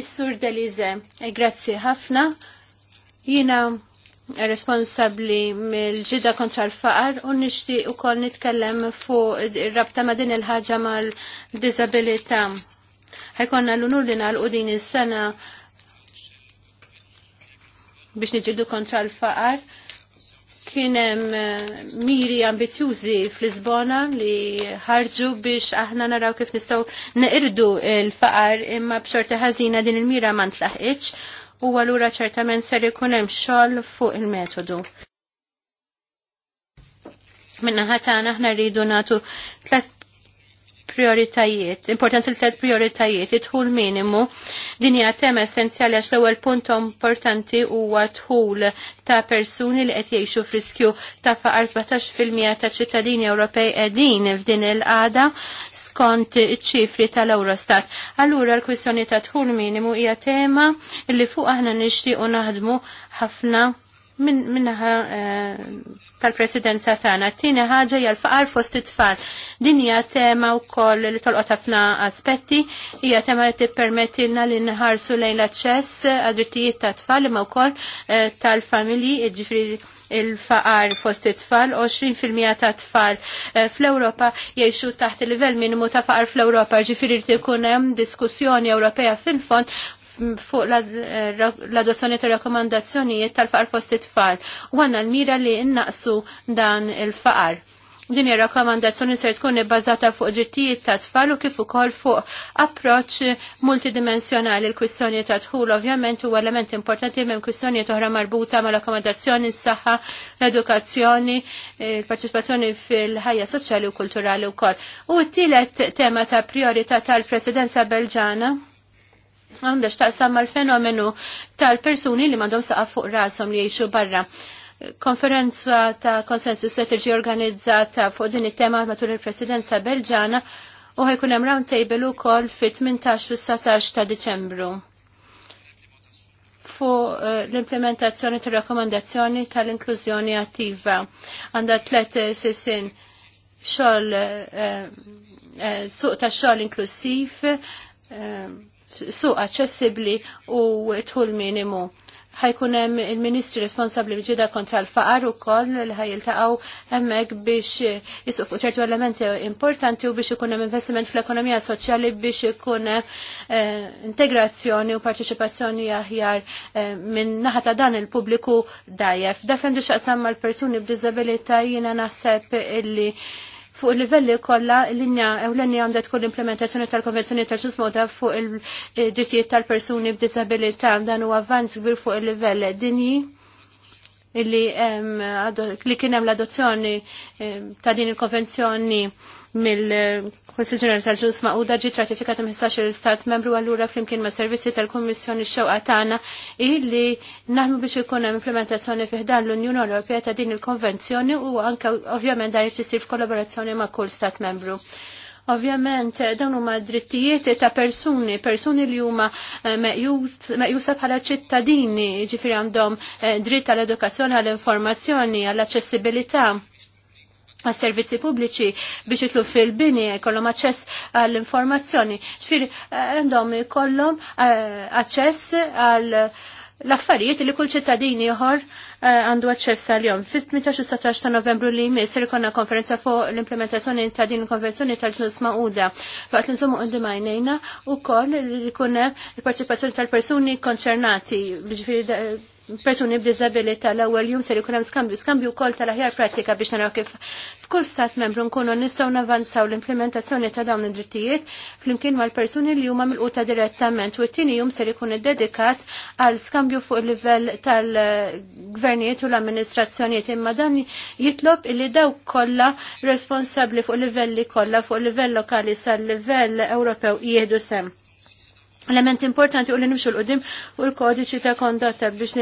Is-Sur Delize, eh, grazzi ħafna. Jina responsabli mill-ġida kontra l-faqar u nixtieq ukoll nitkellem fuq rabta ma' din il-ħaġa mal-disabilità. Ħekonna l-unur li nagħlqu din is-sena biex niġildu kontra l-faqar kienem eh, miri ambizjużi fl-Lisbona li ħarġu biex aħna naraw kif nistgħu neqirdu l-faqar imma bxorta ħażina din il-mira ma ntlaħqitx u allura ċertament ser ikun hemm xogħol fuq il-metodu. Minna ħatana aħna rridu natu tlet prioritajiet, importanza li tlet prioritajiet, idħul minimu, din hija tema essenzjali għax l-ewwel punt importanti huwa dħul ta' persuni li qed jgħixu friskju ta' faqar 17% ta' ċittadini Ewropej qegħdin f'din il għada skont ċifri tal-Eurostat. Allura l-kwissjoni ta' dħul minimu hija tema li fuq aħna nixtiequ naħdmu ħafna minnaħa min eh, tal-presidenza tagħna. Tieni ħaġa jgħal l-faqar fost it-tfal. Din hija tema wkoll li tolqot ħafna aspetti, hija tema li tippermettilna li nħarsu lejn l-aċċess għad-drittijiet ta' tfal imma wkoll eh, tal-familji, ġifri il-faqar fost it-tfal, 20% ta' tfal eh, fl-Europa jgħixu taħt il-livell minimu ta' faqar fl-Europa, ġifiri ikun hemm diskussjoni Ewropea fil-fond fuq eh, l-adozzjoni ta' rakkomandazzjonijiet tal-faqar fost it-tfal u għanna l-mira li innaqsu dan il-faqar. Din ir-rakkomandazzjoni ser tkun ibbażata fuq ġittijiet ta' tfal u kif ukoll fuq approċċ multidimensjonali l-kwistjoni ta' dħul ovvjament huwa element importanti minn kwistjonijiet oħra marbuta ma' rakkomandazzjoni s-saħħa, l-edukazzjoni, l parċipazzjoni fil-ħajja soċjali u kulturali wkoll. U t-tielet tema ta' priorità tal-Presidenza Belġana għandax taqsam mal-fenomenu tal-persuni li mandom saqaf fuq rasom li jiexu barra. Konferenza ta' konsensus tiġi organizzata fuq din it-tema matul il-presidenza belġana u ħajkun hemm round table ukoll fit-18 u 19 ta' Diċembru fuq eh, l-implementazzjoni tal rakkomandazzjoni tal-inklużjoni attiva. Għandha tlet eh, sisin xogħol eh, suq ta' xogħol inklusiv, suq aċċessibbli u tħul minimu. Ħajkun hemm il-Ministri responsabbli ġida kontra l-faqar ukoll li ħajiltaqgħu hemmhekk biex jisuq fuq ċertu elementi importanti u biex ikun hemm investiment fl-ekonomija soċjali biex ikun eh, integrazzjoni u parteċipazzjoni aħjar eh, minn naħa ta' dan il-pubbliku dajjef. Dak għandu x'aqsam mal-persuni b'diżabilità jiena naħseb illi fuq il-livelli kollha l-linja l-linja għandha tkun implementazzjoni tal-Konvenzjoni tal-Ġus Moda fuq il-drittijiet tal-persuni b'disabilità dan huwa avvanz kbir fuq il-livell dinji li kien hemm l-adozzjoni ta' din il-konvenzjoni mill-Konsil Ġenerali tal-Ġus Maquda ġiet ratifikata mistax il-Stat membru għallura flimkien ma' servizzi tal-Kummissjoni xewqa tagħna illi naħmu biex ikun hemm implementazzjoni fih dan l-Unjoni Ewropea ta' din il-konvenzjoni u anke ovvjament dan jtisir f'kollaborazzjoni ma' kull Stat membru. Ovvjament dawn huma drittijiet ta' persuni, persuni li huma eh, meqjusa bħala ċittadini, ġifieri għandhom eh, dritt għall-edukazzjoni, għall-informazzjoni, għall-aċċessibilità ma' servizzi pubbliċi biex jitlu fil-bini, kollom aċċess għall-informazzjoni. ċfir għandhom eh, kollom eh, aċċess għall l-affarijiet li kull ċittadini ieħor eh, għandu aċċess għal-jom. Fis-18 17 ta' novembru li jmiss ikonna konferenza fuq l-implementazzjoni ta' din il-konvenzjoni tal-ġnus ma'uda. Waqt li nżommu għandu majnejna u koll li kunem il-parċipazzjoni tal-persuni konċernati, persuni b'dizabilita l-ewwel jum ser ikun hemm skambju, skambju wkoll tal-aħjar pratika biex naraw kif f'kull stat membru nkunu nistgħu navanzaw l-implementazzjoni ta' dawn id-drittijiet flimkien mal-persuni li huma milquta direttament u t-tieni jum ser ikun iddedikat għal skambju fuq il-livell tal-gvernijiet u l-amministrazzjonijiet imma dan jitlob illi daw kollha responsabbli fuq livelli kollha fuq livell lokali sal-livell Ewropew jieħdu sem. Element importanti u li nimxu l-qoddim fuq il-kodiċi ta' kondotta biex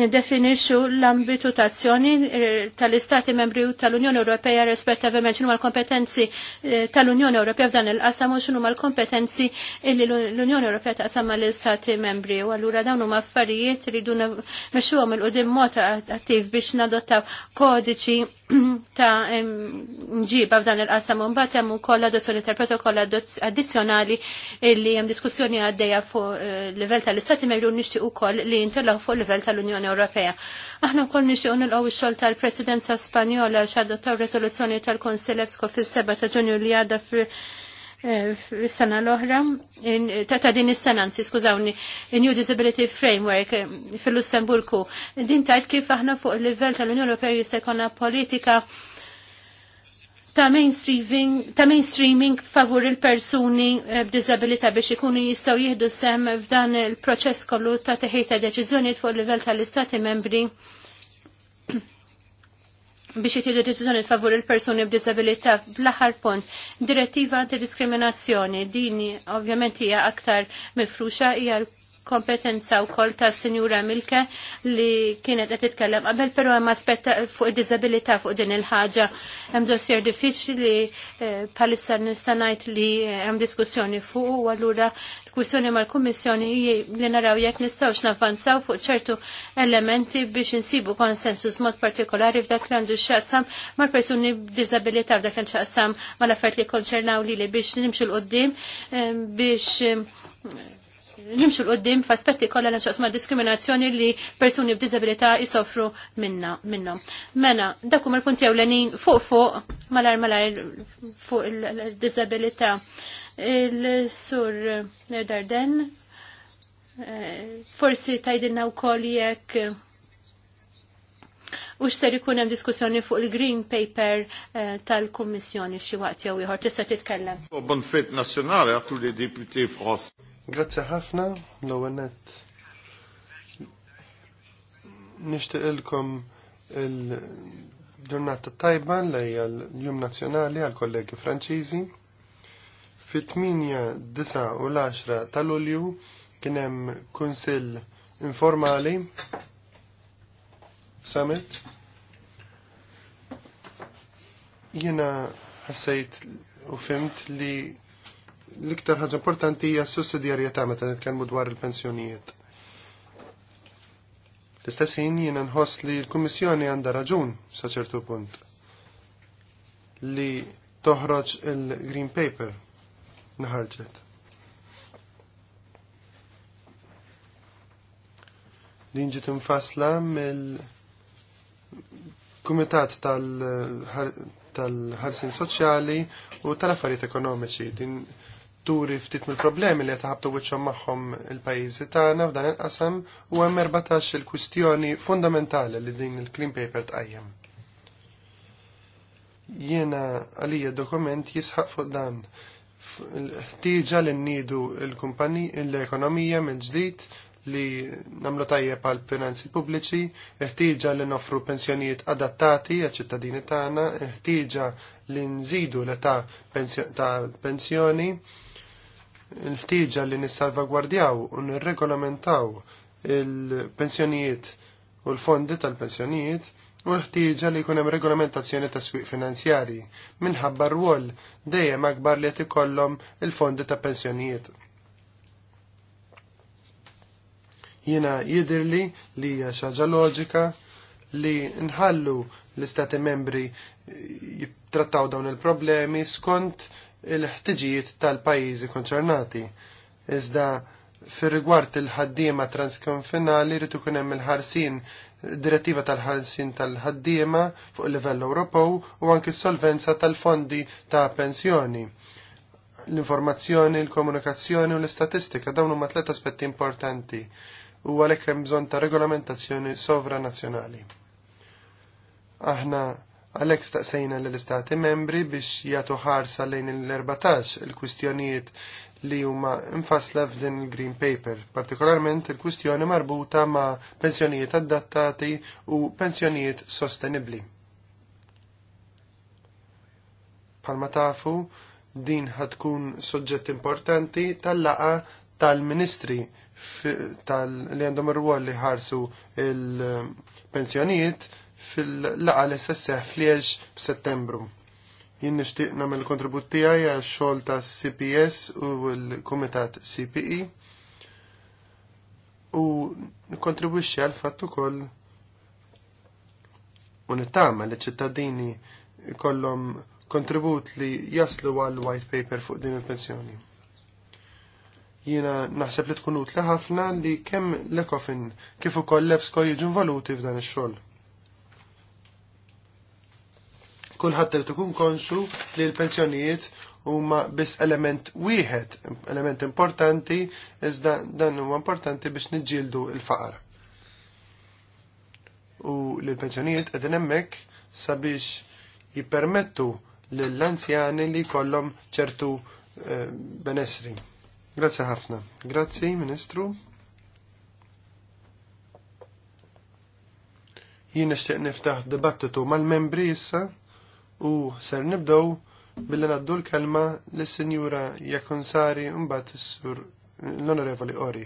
nidefinixxu l-ambitu ta' azzjoni eh, tal-Istati membri tal-Unjoni Ewropea rispettivament x'inhuma l-kompetenzi eh, tal-Unjoni Ewropea f'dan il-qasam u x'inhuma l-kompetenzi li l-Unjoni Ewropea taqsam mal-Istati membri. U allura dawn huma affarijiet nimxu għom il-qudiem mod attiv biex nadottaw kodiċi ta' nġiba f'dan il-qasam un bat jemmu koll adozzjoni tal protokoll addizjonali illi jem diskussjoni għaddeja fuq eh, level tal-Istati Membri u koll li jintilaw fuq level tal-Unjoni Ewropea. Aħna koll nixtiqu nilqaw ix-xogħol tal-Presidenza Spanjola x'adottaw rezoluzzjoni tal-Konsil EFSCO fis-7 ta' Ġunju li għadda fil- Eh, fis-sena l-oħra, ta' din is-sena, nsi skużawni, New Disability Framework eh, fil-Lussemburku. Din tajt kif aħna fuq il-livell tal-Unjoni jista' jistekona politika ta' mainstreaming, ta mainstreaming favur il-persuni eh, b'diżabilità biex ikunu jistaw jihdu sem f'dan il-proċess kollu ta' teħita deċiżjonijiet fuq il-livell tal-Istati membri biex jtidu deċiżjoni favur il-persuni b'disabilità bl-aħħar punt. Direttiva antidiskriminazzjoni din ovvjament hija aktar mifruxa hija l kompetenza wkoll ta' Sinjura Milke li kienet qed titkellem qabel pero hemm aspett fuq id-diżabilità fuq din il-ħaġa hemm dossier diffiċli li eh, palissa nista' ngħid li eh, hemm diskussjoni fuq u allura l-kwistjoni mal-Kummissjoni li naraw jekk nistgħux navvanzaw fuq ċertu elementi biex insibu konsensus mod partikolari f'dak li għandu x'aqsam mal-persuni b'diżabilità f'dak li x'aqsam mal affert li konċernaw li li biex nimxu l-qoddim eh, biex nimxu l-qoddim f'aspetti kollha nixaqs ma' diskriminazzjoni li persuni b'diżabilità jisofru minna minnhom. Mena, dakum il-punti ewlenin fuq fuq malar malar fuq il-diżabilità. Il-sur Darden eh, forsi tajdinna wkoll jekk u x'ser ikun hemm diskussjoni fuq il-green paper eh, tal-Kummissjoni f'xi waqt jew ieħor tista' titkellem. Bonfit nazzjonali għattu li deputi Frost. Grazzi ħafna l-ewwel nett. Nixtieq ilkom il-ġurnata tajba lejja l-Jum Nazzjonali għall kollegi Franċiżi fit-8, 9 u l-10 ta' Lulju kien hemm kunsill informali Summit. Jena ħassejt u fimt li l-iktar ħaġa importanti hija s-sussidjarjetà meta nitkellmu dwar il-pensjonijiet. L-istess ħin jiena nħoss li l-Kummissjoni għandha raġun sa ċertu punt li toħroġ il-Green Paper naħarġet. Din ġiet infasla mill- kumitat tal-ħarsin soċjali u tal-affarijiet ekonomiċi. Din turi ftit mill-problemi li taħabtu wiċċhom magħhom il-pajjiżi tagħna f'dan il-qasam u hemm 14 il-kwistjoni fundamentali li din il-clean paper tqajjem. Jiena għalija dokument jisħaq fuq dan ħtieġa li nnidu l-ekonomija mill-ġdid li namlu tajjeb għal finanzi pubbliċi, ħtieġa li noffru pensjonijiet adattati għal ċittadini tagħna, ħtieġa li nżidu l-età ta' pensjoni, ħtieġa li nissalvagwardjaw u nirregolamentaw il-pensjonijiet u l-fondi tal-pensjonijiet, u l-ħtieġa li jkun hemm regolamentazzjoni ta' swieq finanzjarji minħabba rwol dejjem akbar li qed ikollhom il-fondi ta' pensjonijiet. Jiena jidirli li hija xaġa loġika li nħallu l-istati membri jittrattaw dawn il-problemi skont il-ħtiġijiet tal-pajjiżi konċernati. Iżda fir rigward il-ħaddiema transkonfinali rritu ikun hemm il-ħarsin direttiva tal-ħarsin tal-ħaddiema fuq il-livell Ewropew u anki s-solvenza tal-fondi ta' pensjoni. L-informazzjoni, l-komunikazzjoni u l-istatistika dawn huma tliet aspetti importanti u għalhekk hemm bżonn ta' regolamentazzjoni sovranazzjonali. Aħna għalhekk staqsejna lill-Istati membri biex jagħtu ħarsa lejn il 14 il-kwistjonijiet li huma infasla f'din il-Green Paper, partikolarment il-kwistjoni marbuta ma' pensjonijiet adattati u pensjonijiet sostenibli. Palma tafu, din ħatkun soġġett importanti tal-laqa tal-Ministri li għandhom ir-rwol li ħarsu il-pensjonijiet fil-laqa li s-seħ fliex b'Settembru. Jien nixtieq nagħmel kontribut tiegħi għax-xogħol ta' CPS u l-Kumitat CPE u nikkontribwixxi għal fatt ukoll u nittama li ċittadini kollom kontribut li jaslu għal white paper fuq din il-pensjoni. Jiena naħseb li tkun utli ħafna li kemm l-ekofin kif ukoll l-EBSCO jiġu valuti f'dan ix-xogħol. Kulħadd irid ikun konxu li l-pensjonijiet huma biss element wieħed, element importanti, iżda dan huwa importanti biex niġġieldu l-faqar. U li l-pensjonijiet qegħdin hemmhekk sabiex jippermettu lill-anzjani li jkollhom ċertu eh, benessri. Grazzi ħafna. Grazzi, Ministru. Jien nixtieq niftaħ dibattitu mal-membri issa u ser nibdew billi naddu l-kelma lis-Sinjura Jakonsari mbagħad is-Sur l-Onorevoli Ori.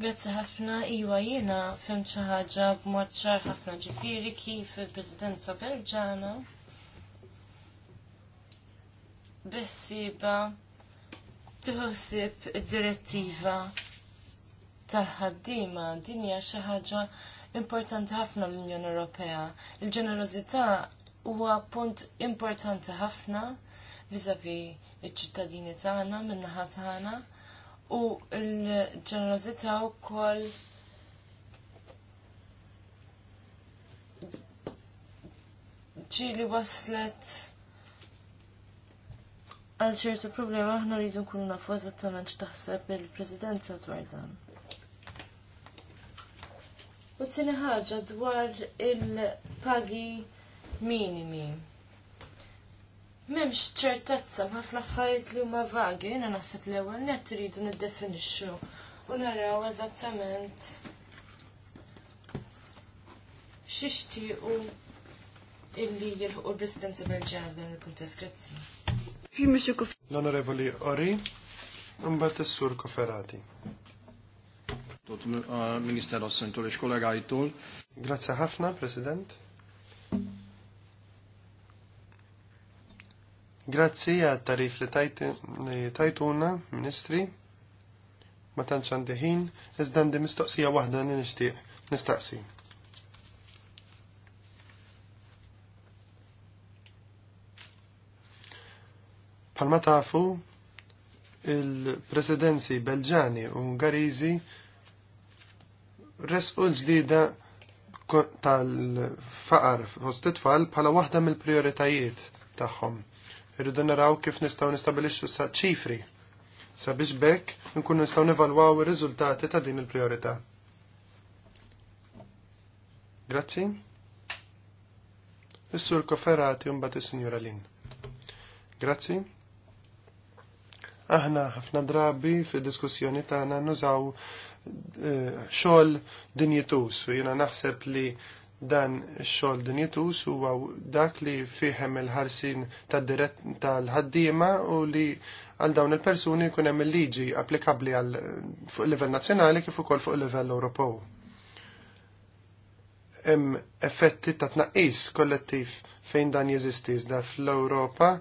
Grazzi ħafna, iwa jiena fim xi ħaġa b'mod ħafna ġifiri kif il-Presidenza Belġana biħsiba tħossib id-direttiva tal-ħaddima din hija xi ħaġa importanti ħafna l-Unjoni Ewropea. Il-ġenerożità huwa punt importanti ħafna viżavi iċ-ċittadini tagħna min-naħa tagħna u l-ġenerożità wkoll ġieli waslet għal ċertu problema aħna rridu nkunu nafu eżattament x'taħseb il-Presidenza dwar dan. U tieni ħaġa dwar il-pagi minimi. M'hemmx ċertezza ħafna affarijiet li huma vagi, jiena naħseb l-ewwel nett iridu niddefinixxu u naraw eżattament x'ixtiequ illi jilħu l-Presidenza Belġana f'dan il-kuntest. Grazzi. L-Onorevoli Ori, mbagħad is-Sur Koferati. Tot uh, Minister Assentur ix kollegajtul. Grazzi ħafna, President. Grazzi għat tarif li tajtuna, Ministri, ma tantx għandi ħin, iżda għandi mistoqsija waħda li nixtieq nistaqsi. Palma tafu, il-presidenzi belġani u ungarizi resqu l-ġdida tal-faqar fost tfal bħala waħda mill-prioritajiet tagħhom. Irridu naraw kif nistgħu nistabilixxu sa ċifri sabiex bekk nkun nistgħu nevalwaw ir-riżultati ta' din il-priorità. Grazzi. Is-sur Koferati u mbagħad is-Sinjura Lin. Grazzi. Aħna ħafna drabi fi diskussjoni tagħna nużaw eh, xogħol dinjitus u jiena naħseb li dan xogħol dinjitus huwa dak li fihem il-ħarsin tal-ħaddiema u li għal dawn il-persuni jkun hemm il-liġi applikabbli għal fuq livell nazzjonali kif ukoll fuq livell Ewropew. Hemm effetti ta' tnaqqis kollettiv fejn dan jeżisti iżda fl-Ewropa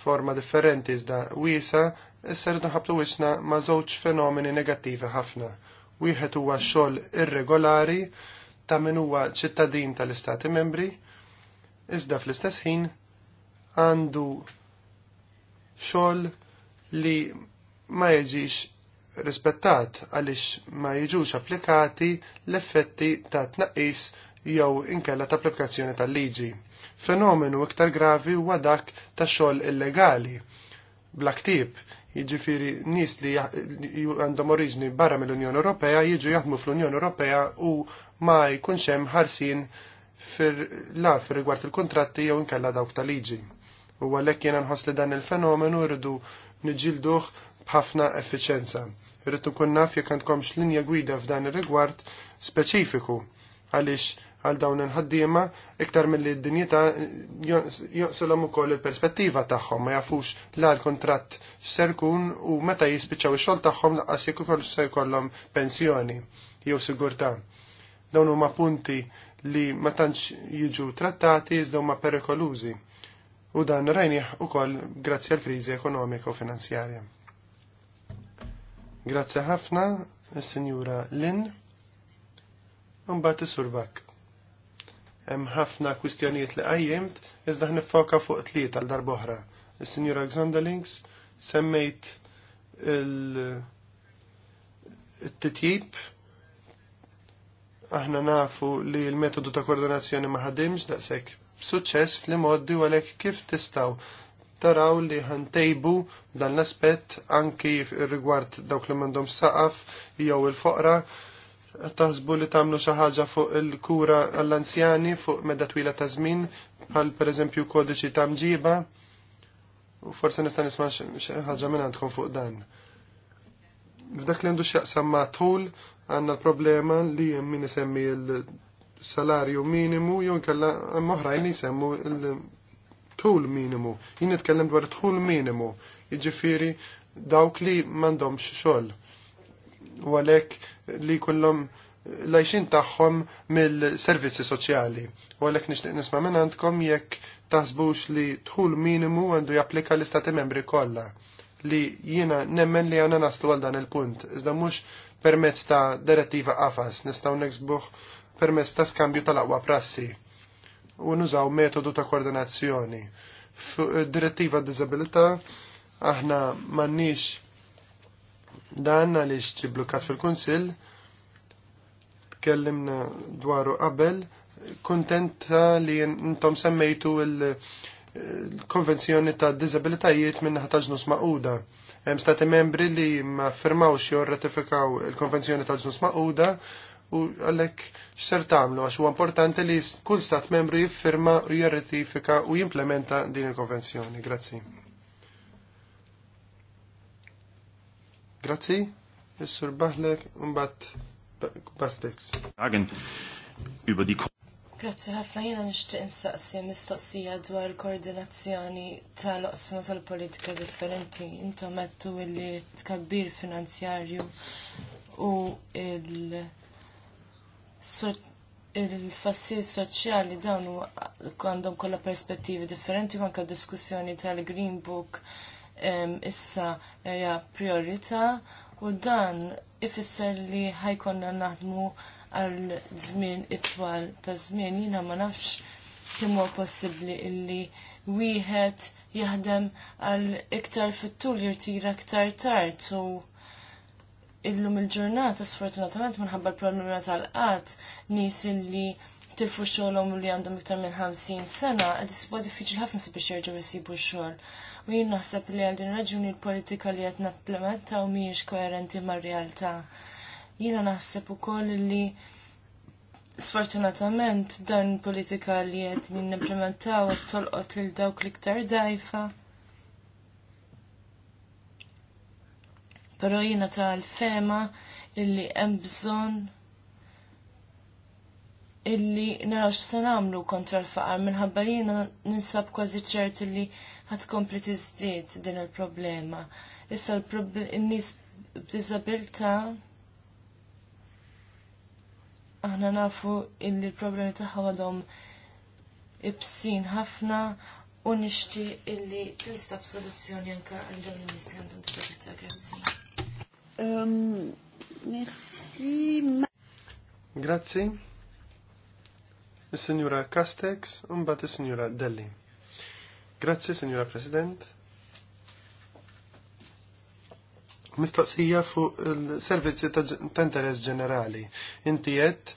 forma differenti iżda wiesa issa rridu nħabtu wisna ma' żewġ fenomeni negattivi ħafna. Wieħed huwa xogħol irregolari ta' min huwa ċittadin tal-Istati membri, iżda fl-istess ħin għandu xogħol li ma jiġix rispettat għaliex ma jiġux applikati l-effetti ta' tnaqqis jew inkella ta' applikazzjoni tal-liġi. Fenomenu iktar gravi huwa dak ta' xogħol illegali blaktib jiġifieri nies li għandhom oriġni barra mill-Unjoni Ewropea jiġu jaħdmu fl-Unjoni Ewropea u ma jkunx hemm ħarsin la fir rigward il-kontratti jew inkella dawk tal-liġi. U għalhekk jiena nħoss li dan il-fenomenu rridu niġilduh b'ħafna effiċenza. Irrid nkun naf jekk għandkomx linja gwida f'dan ir-rigward speċifiku għaliex għal dawn il-ħaddiema iktar mill dinjità joqsolhom ukoll il-perspettiva tagħhom ma jafux la l kontrat serkun u meta jispiċċaw ix-xogħol tagħhom laqas ukoll se jkollhom pensjoni jew sigurtà. Dawn huma punti li ma tantx jiġu trattati iżda huma perikolużi. U dan u ukoll grazzi għall kriżi ekonomika u finanzjarja. Grazzi ħafna, is-Sinjura Lin mbagħad is-surbak. Hemm ħafna kwistjonijiet li qajjimt iżda ħnifoka fuq tliet għal darb'oħra. Is-Sinjura Gzondelings semmejt il-titjib aħna nafu li l-metodu ta' koordinazzjoni ma ħadimx daqshekk b'suċċess fl-imoddi għalhekk kif tistgħu taraw li ħantejbu dan l-aspett anki rigward dawk li m'għandhom saqaf jew il-foqra taħsbu li tagħmlu xi ħaġa fuq il-kura għall-anzjani fuq medda twila ta' żmien bħal pereżempju kodiċi ta' mġiba u forse nista' nisma' xi ħaġa minn għandkom fuq dan. F'dak li għandu x'jaqsam ma' tul għandna l-problema li hemm min isemmi l-salarju minimu jew inkella hemm oħrajn li jsemmu l-tul minimu. Jien nitkellem dwar tħul minimu, jiġifieri dawk li m'għandhomx xogħol u għalhekk li kullum lajxin tagħhom mill-servizzi soċjali. U għalhekk nixtieq nisma' minn għandkom jekk taħsbux li tħul minimu għandu japplika l-istati membri kollha li jiena nemmen li għana naslu għal dan il-punt. Iżda mhux permezz ta' direttiva għafas, nistgħu neksbuh permezz ta' skambju tal-aqwa prassi u nużaw metodu ta' koordinazzjoni. Direttiva disabilita, aħna mannix Dan għaliex xċi blokat fil-Kunsill, tkellimna dwaru qabel, kontenta li intom semmejtu il-konvenzjoni ta' disabilitajiet minn ħataġ nus Hemm stati membri li ma firmawx jew ratifikaw il-konvenzjoni ta' ġnus maquda u għalhekk x'ser tagħmlu għax huwa importanti li kull stat membru jiffirma u jirratifika u jimplementa din il-konvenzjoni. Grazzi. Grazzi, Mr. Bahlek, mbatt Bastex. Agen, über die Grazzi ħafna jena nixtieq insaqsi mistoqsija dwar koordinazzjoni tal-oqsma tal-politika differenti. Intom għedtu li tkabbir finanzjarju u il-fassil soċjali dawn għandhom kolla perspettivi differenti u anke diskussjoni tal-Green Book issa hija priorità u dan ifisser li ħajkonna naħdmu għal żmien itwal ta' żmien jiena ma nafx kemm huwa possibbli illi wieħed jaħdem għal iktar fit-tul jirtira iktar tard u illum il-ġurnata sfortunatament minħabba l-problema tal-qatt nies illi tilfu xogħolhom li għandhom iktar minn 50 sena qed isibu diffiċli ħafna sabiex jerġgħu jsibu x-xogħol. U jien naħseb li għal din raġuni l-politika li qed napplementa u mhijiex koerenti mar-realtà. Jiena naħseb ukoll li sfortunatament dan politika li qed nimplementaw qed tolqot lil dawk l-iktar dajfa. Però jiena ta' l-fema illi hemm bżonn illi naraw x'se nagħmlu kontra l-faqar minħabba jiena ninsab kważi ċert illi ħad kompli tiżdied din il-problema. Issa l-nies b'diżabilità aħna nafu illi l-problemi tagħha għadhom ibsin ħafna u nixtieq illi tinstab soluzzjoni anka għal dawn in-nies li għandhom disabilità. Grazzi. Ehm, merci. Grazzi. is Castex u mbagħad il-Signora Delli. Grazzi, Signora President. Mistoqsija fuq il-servizzi ta' interess ġenerali. Inti qed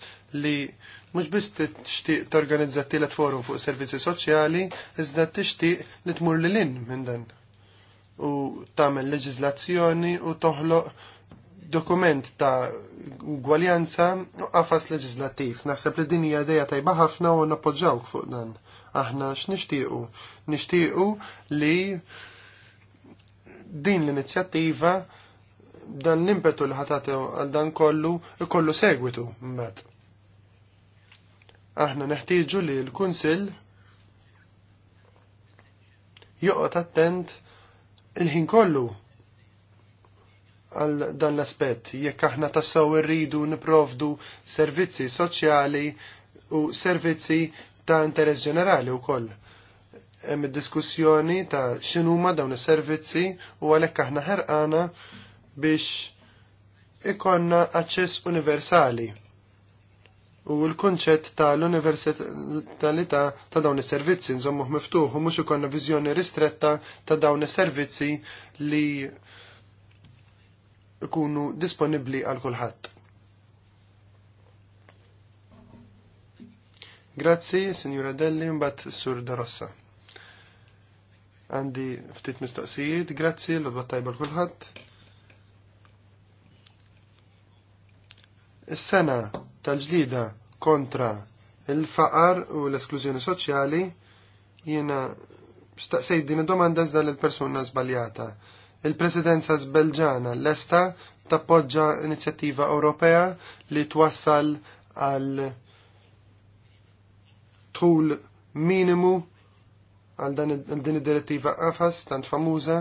li mhux biss tixtieq torganizza tielet forum fuq servizzi soċjali, iżda tixtieq li tmur lil in minn dan u tagħmel leġiżlazzjoni u toħloq dokument ta' gwaljanza u qafas leġislattiv. Naħseb li din hija idea tajba ħafna u nappoġġawk fuq dan. Aħna x'nixtiequ? Nixtiequ li din l-inizjattiva dan l-impetu li ħatatew għal dan kollu ikollu segwitu mbagħad. Aħna neħtieġu li l-Kunsill joqgħod attent il-ħin kollu għal dan l-aspett jekk aħna tassaw irridu niprovdu servizzi soċjali u servizzi ta' interess ġenerali wkoll. Hemm id-diskussjoni ta' x'inhuma dawn is-servizzi u għalhekk aħna ħerqana biex ikonna aċċess universali u l kunċett tal universalità ta' dawn is-servizzi nżommuh miftuħ u mhux ikonna viżjoni ristretta ta' dawn is-servizzi li ikunu disponibbli għal kulħadd. Grazzi, Signora Delli, mbagħad Sur Darossa. Għandi ftit mistoqsijiet, grazzi l-odba l-kulħadd. Is-sena tal-ġlida kontra il-faqar u l-esklużjoni soċjali jiena staqsejt din id-domanda iżda il persuna żbaljata. Il-Presidenza Sbelġana l-esta tappoġġa inizjattiva Ewropea li twassal għal tul minimu għal din id-direttiva qafas tant famuża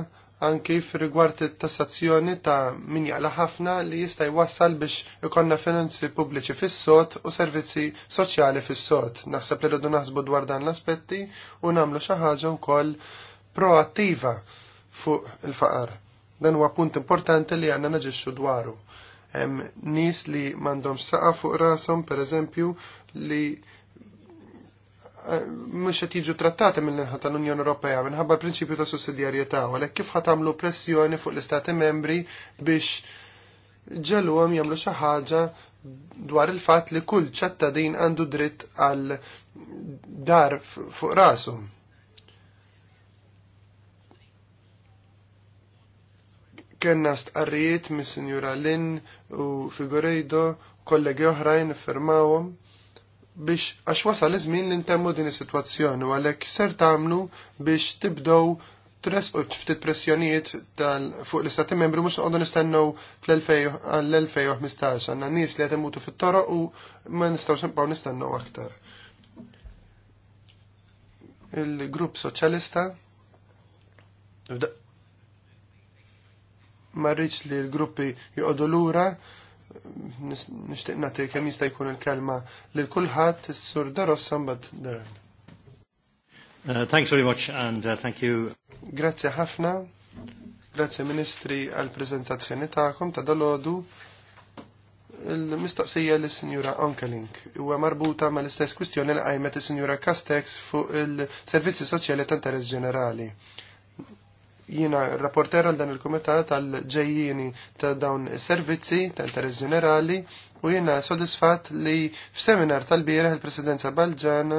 anki f'rigward it-tassazzjoni ta' min jaqla ħafna li jista' jwassal biex ikonna finanzi pubbliċi fis-sod u servizzi soċjali fis-sod. Naħseb li rridu naħsbu dwar dan l-aspetti u nagħmlu xi ħaġa wkoll proattiva fuq il-faqar. Dan huwa punt importanti li għandna naġixxu dwaru hemm nies li m'għandhomx saqa fuq rashom pereżempju li mhux qed jiġu trattati mill-inħa tal-Unjoni Ewropea minħabba l-prinċipju ta' sussidjarjetà, għalhekk kif ħatamlu pressjoni fuq l-Istati membri biex ġelhom jagħmlu xi ħaġa dwar il-fatt li kull ċattadin għandu dritt għal dar fuq rasu. Kenna stqarrijiet mis-Sinjura Lin u Figurejdo kollegi oħrajn firmawhom biex għax wasal iż-żmien li ntemmu din is-sitwazzjoni u għalhekk ser tagħmlu biex tibdew tres u ftit pressjonijiet fuq l-istati membri mhux noqogħdu nistennew fl-2015 għandna nies li qed imutu fit-toroq u ma nistaw xempaw nistennu aktar. Il-grupp soċjalista ma rridx li l-gruppi joqogħdu lura nixtieq nagħti kemm jista' jkun il-kelma lil kulħadd is-sur Darossa Sambad Daran. Uh, thanks very much and uh, thank you. Grazie ħafna. Grazie Ministri għal prezentazzjoni ta'kom ta' dalodu. Il-mistoqsija l sinjura Onkelink huwa marbuta ma l-istess kwistjoni l qajmet is-Sinjura Castex fuq il-Servizzi Soċjali ta' Interess Ġenerali. Jiena rapporter għal dan il-Kumitat tal ġejjini ta' dawn servizzi ta' interess ġenerali u jiena sodisfat li f'seminar tal-bieraħ il-Presidenza Balġana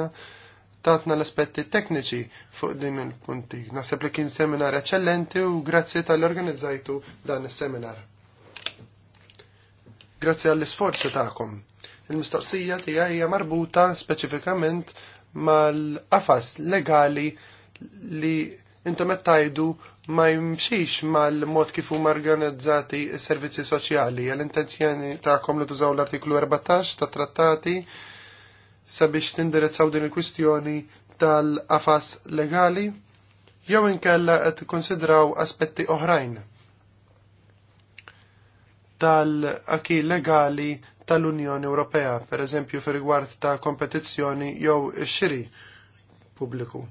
tatna l-aspetti tekniċi fuq din il-punti. Naħseb li kien seminar eccellenti u grazzi tal-organizzajtu dan is-seminar. Grazzi għall-isforzi tagħkom. Il-mistoqsija tiegħi hija marbuta speċifikament mal-qafas legali li intomettajdu ma jimxiex mal-mod kif huma organizzati s-servizzi soċjali. L-intenzjoni ta' li tużaw l-artiklu 14 ta' trattati sabiex tindirizzaw din il-kwistjoni tal afas legali jew inkella qed konsidraw aspetti oħrajn tal-aki legali tal-Unjoni Ewropea, per eżempju fir rigward ta' kompetizzjoni jew ix-xiri pubbliku.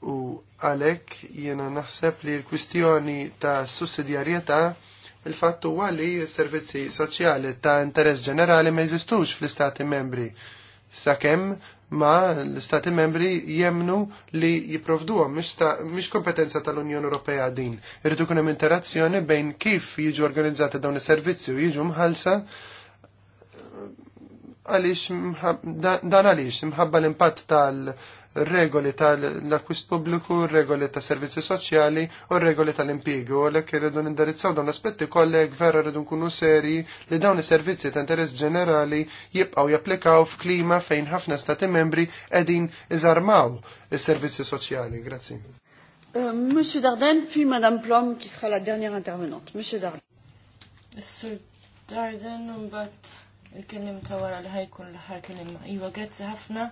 U għalek jena naħseb li l-kwistjoni ta' sussidjarjetà il-fatt huwa li s-servizzi soċjali ta' interess ġenerali ma jeżistux fl-istati membri sakemm ma l-istati membri jemnu li jiprovduhom mhix kompetenza tal-Unjoni Ewropea din. Irridu kunem interazzjoni bejn kif jiġu organizzati dawn is-servizzi u jiġu mħalsa għaliex dan għaliex imħabba l-impatt tal- regoli tal-akwist pubbliku, regoli ta' servizzi soċjali u regoli tal-impiegu. Għalek irridu nindirizzaw dawn l-aspetti kollek vera rridu nkunu seri li dawn is-servizzi ta' interess ġenerali jibqaw japplikaw f'klima fejn ħafna stati membri edin iżarmaw is-servizzi soċjali. Grazzi. Monsieur Darden, puis Madame Plom, qui sera la dernière intervenante. Monsieur Darden. Monsieur Darden, on un bat il-kellim ta' wara li ħajkun l-ħar kellim. Iwa, grazzi ħafna.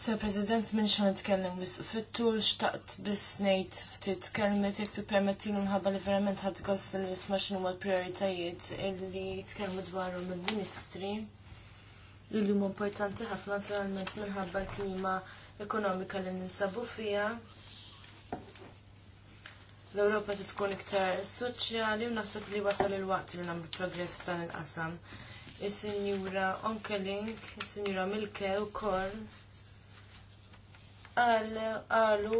Sir President, minn xan nitkellem bis fit-tul xtaqt bis nejt ftit kelmet jekk tippermettilu nħabba li verament ħadd gost li nisma' x'inhu l prioritajiet illi tkellmu dwarhom mill-Ministri illi huma importanti ħafna naturalment minħabba l-klima ekonomika li ninsabu fija. L-Ewropa tkun iktar soċjali u naħseb li wasal il-waqt li nagħmlu progress f'dan il-qasam. Is-Sinjura Onkeling, is-Sinjura Milke u Korn għalu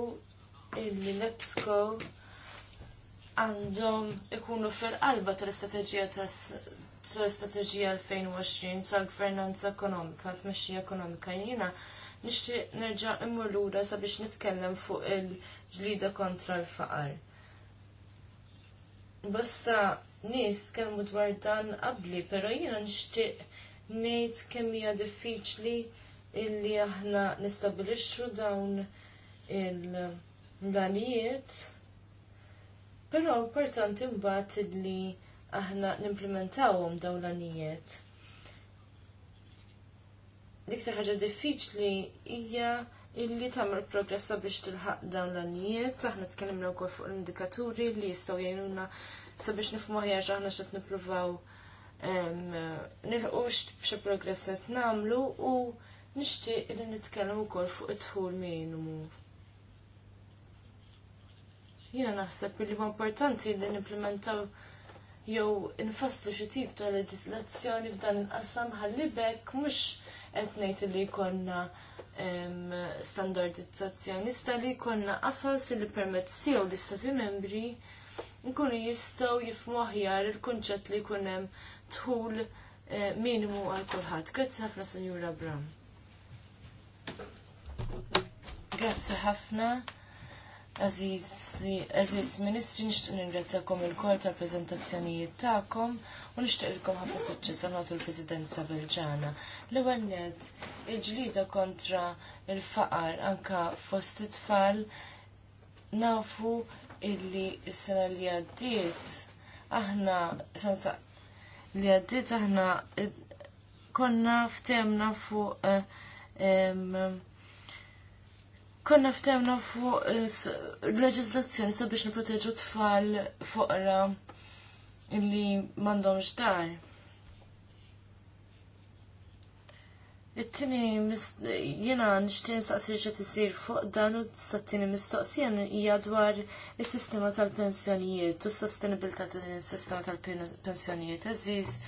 illi l-EPSCO għandhom ikunu fil-qalba tal-istrateġija tal-istrateġija 2020 tal-gvernanza ekonomika, t-mexxija ekonomika jina nixtieq nerġa' immur lura sabiex nitkellem fuq il-ġlida kontra l-faqar. Bosta nies tkellmu dwar dan qabli, però jiena nixtieq ngħid kemm hija diffiċli illi aħna nistabilixxu dawn il-danijiet, però importanti mbagħad illi aħna nimplementawhom dawn l-anijiet. L-iktar ħaġa diffiċli hija illi tagħmel progress sabiex tilħaq dawn l-anijiet, aħna tkellimna wkoll fuq l-indikaturi li jistgħu jgħinuna sabiex nifhmu ħjar aħna x'qed nippruvaw nilħu x'progress qed nagħmlu u nixtieq li nitkellem ukoll fuq it dħul minimu. Jiena naħseb li huwa importanti li nimplementaw jew infasslu xi tip ta' leġislazzjoni f'dan il-qasam ħalli bekk mhux qed ngħid li jkollna standardizzazzjoni sta li jkollna qafas li permezz tiegħu l-istati membri nkunu jistgħu jifhmu aħjar il-kunċett li jkun hemm tħul eh, minimu għal kulħadd. Grazzi ħafna Sinjura Bram. Grazzi ħafna. Aziz Ministri, nishtuq ningrazzjakom il-kol tal-prezentazzjonijiet ta'kom u nishtuq ilkom ħafna suċċess għanwatu l-Presidenza Belġana. L-ewwel ned, il-ġlida kontra il-faqar anka fost it-tfal nafu illi s-sena li għaddiet aħna sanza li għaddiet aħna eh, konna ftemna fuq eh, Konna ftemna fuq leġislazzjoni sabiex niproteġu tfal foqra illi m'għandhomx dar. It-tini jena nishtin saqsir xa tisir fuq dan u s-sattini mistoqsijan hija dwar il-sistema tal-pensjonijiet u s-sostenibilità ta' din sistema tal-pensjonijiet. Aziz,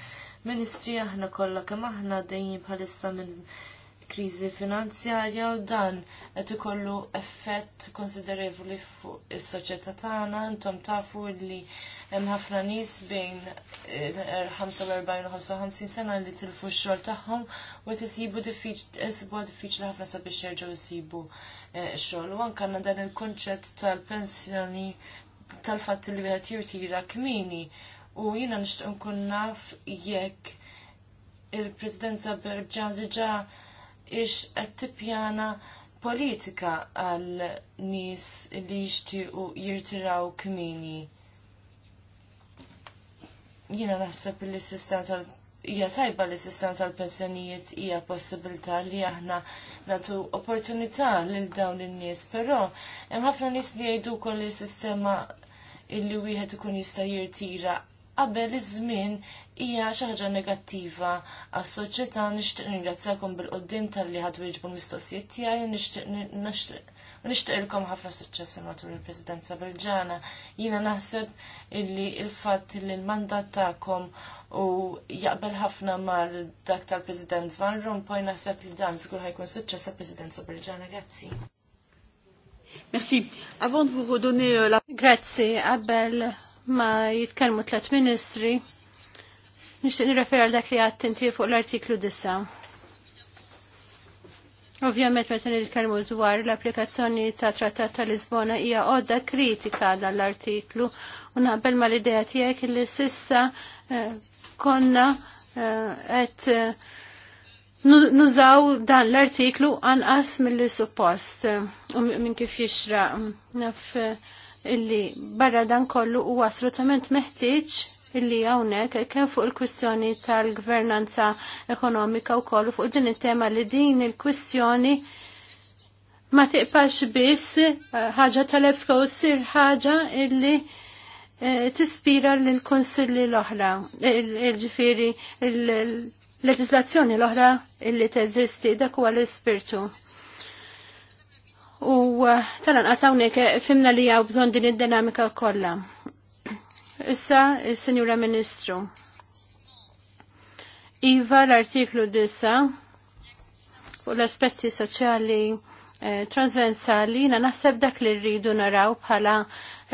ministri aħna kollha kemm aħna dejjin bħalissa minn kriżi finanzjarja u dan qed ikollu effett konsiderevoli fuq is-soċjetà tagħna intom tafu li hemm ħafna nies bejn 45 eh, u 55 sena li tilfu x-xogħol tagħhom u qed isibu diffiċli ħafna sabiex jerġgħu isibu eh, x-xogħol. U anke għandna dan il konċett tal-pensjoni tal-fatt li wieħed jirtira kmini u jiena nixtieq nkun naf jekk il-Presidenza Berġan diġà ix qed tippjana politika għal nies li jixtiequ jirtiraw kmini. Jiena naħseb li sistema tal hija tajba li s-sistema tal-pensjonijiet hija possibilità li aħna natu opportunità lil dawn in-nies, però hemm ħafna nies li jgħidu li is-sistema illi wieħed ikun jista' jirtira qabel iż-żmien hija xi ħaġa negattiva għas-soċjetà nixtieq ningrazzjakom bil-qoddim tal-li ħad wieġbu l-mistoqsijiet tiegħi nixtieqilkom ħafna suċċess matul il-Presidenza Belġana. Jiena naħseb illi il-fatt li l-mandat tagħkom u jaqbel ħafna mal dak tal-President Van Rompuy naħseb li dan żgur ħajkun suċċess għall-Presidenza Belġana. Grazzi. Merci. Avant de vous redonner euh, la... Grazie, Abel, ma jitkellmu tlet ministri Nixtieq għal dak li għadt fuq l-artiklu 9. Ovvjament meta nitkellmu dwar l-applikazzjoni ta' Trattat ta' Lisbona hija għodda kritika dan l-artiklu u naqbel ma l-idea tiegħek li sissa eh, konna eh, qed eh, nużaw dan l-artiklu anqas mill suppost u minn kif jixra naf illi barra dan kollu huwa assolutament meħtieġ illi hawnhekk kien fuq il-kwistjoni tal-gvernanza ekonomika wkoll fuq din it-tema li din il-kwistjoni ma tiqpax biss eh, ħaġa tal-EBSCO ssir ħaġa illi eh, tispira l-konsilli l-oħra, il-ġifiri, l-leġislazzjoni l-oħra illi teżisti, dak huwa l-ispirtu. U eh, tal-anqas hawnhekk fimna li hawn bżonn din id-dinamika kollha. Issa, il-Senjura Ministru. Iva l-artiklu disa u l-aspetti soċjali eh, transversali na naħseb dak li rridu naraw bħala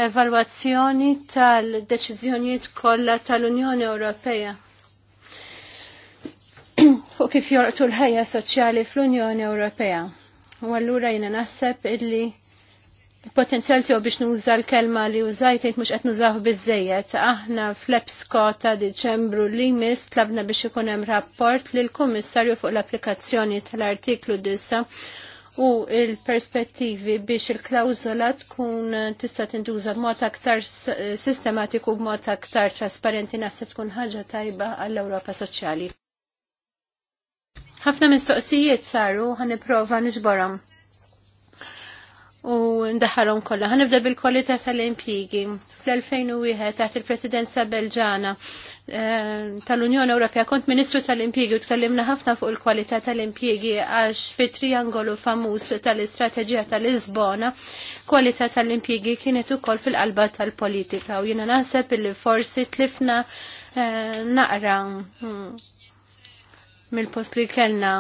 evalwazzjoni tal-deċiżjonijiet kollha tal-Unjoni Ewropea. Fuq kif jorqtu l-ħajja soċjali fl-Unjoni Ewropea. U allura jiena naħseb illi potenzjal tiegħu biex nuża l-kelma li użajt jgħid mhux qed nużaw biżejjed. Aħna fl-EBSCO ta' Diċembru li mis tlabna biex ikun hemm rapport lil kummissarju fuq l-applikazzjoni tal-artiklu 9 u il-perspettivi biex il-klawżola tkun tista' tintuża b'mod aktar sistematiku b'mod aktar trasparenti naħseb tkun ħaġa tajba għall-Ewropa Soċjali. Ħafna mistoqsijiet saru ħaniprofa nġborhom u ndaħħalhom kollha. Ħanibda bil-kwalità tal-impjigi. Fl-2001 taħt il-Presidenza Belġana eh, tal-Unjoni Ewropea kont Ministru tal-Impjigi u tkellimna ħafna fuq il-kwalità tal-impjigi għax fi triangolu famuż tal-istrateġija tal-Lisbona kwalità tal-impjigi kienet ukoll fil-qalba tal-politika u jiena naħseb illi forsi tlifna eh, naqra hmm, mill-post li kellna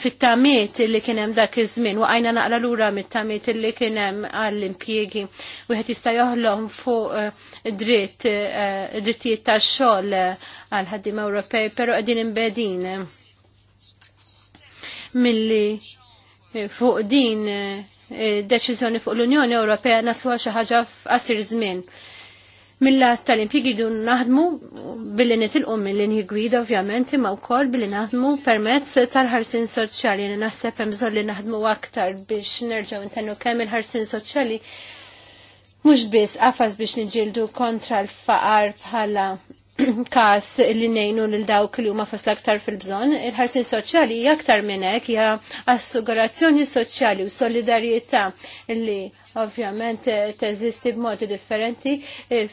fit-tamiet illi kienem dak iż-żmien waqajna naqra lura mit-tamiet illi kienem għall-impjiegi wieħed jista' joħlom fuq eh, dritt eh, drittijiet tax-xogħol eh, għal ħaddim Ewropej, però qegħdin imbedin milli fuq din deċiżjoni fuq l-Unjoni Ewropea naslu xi ħaġa f'qasir żmien mill-lat tal-impjegi dun naħdmu billi nitilqu mill-linji gwida ovvjament imma wkoll billi naħdmu permezz tal-ħarsin soċjali li naħseb hemm bżonn li naħdmu aktar biex nerġgħu intennu kemm il-ħarsin soċjali mhux biss qafas biex niġildu kontra l-faqar bħala kas li nejnu lil dawk li huma fas aktar fil-bżonn, il-ħarsin soċjali hija aktar minn hekk hija assigurazzjoni soċjali u solidarjetà li ovvjament teżisti b'modi differenti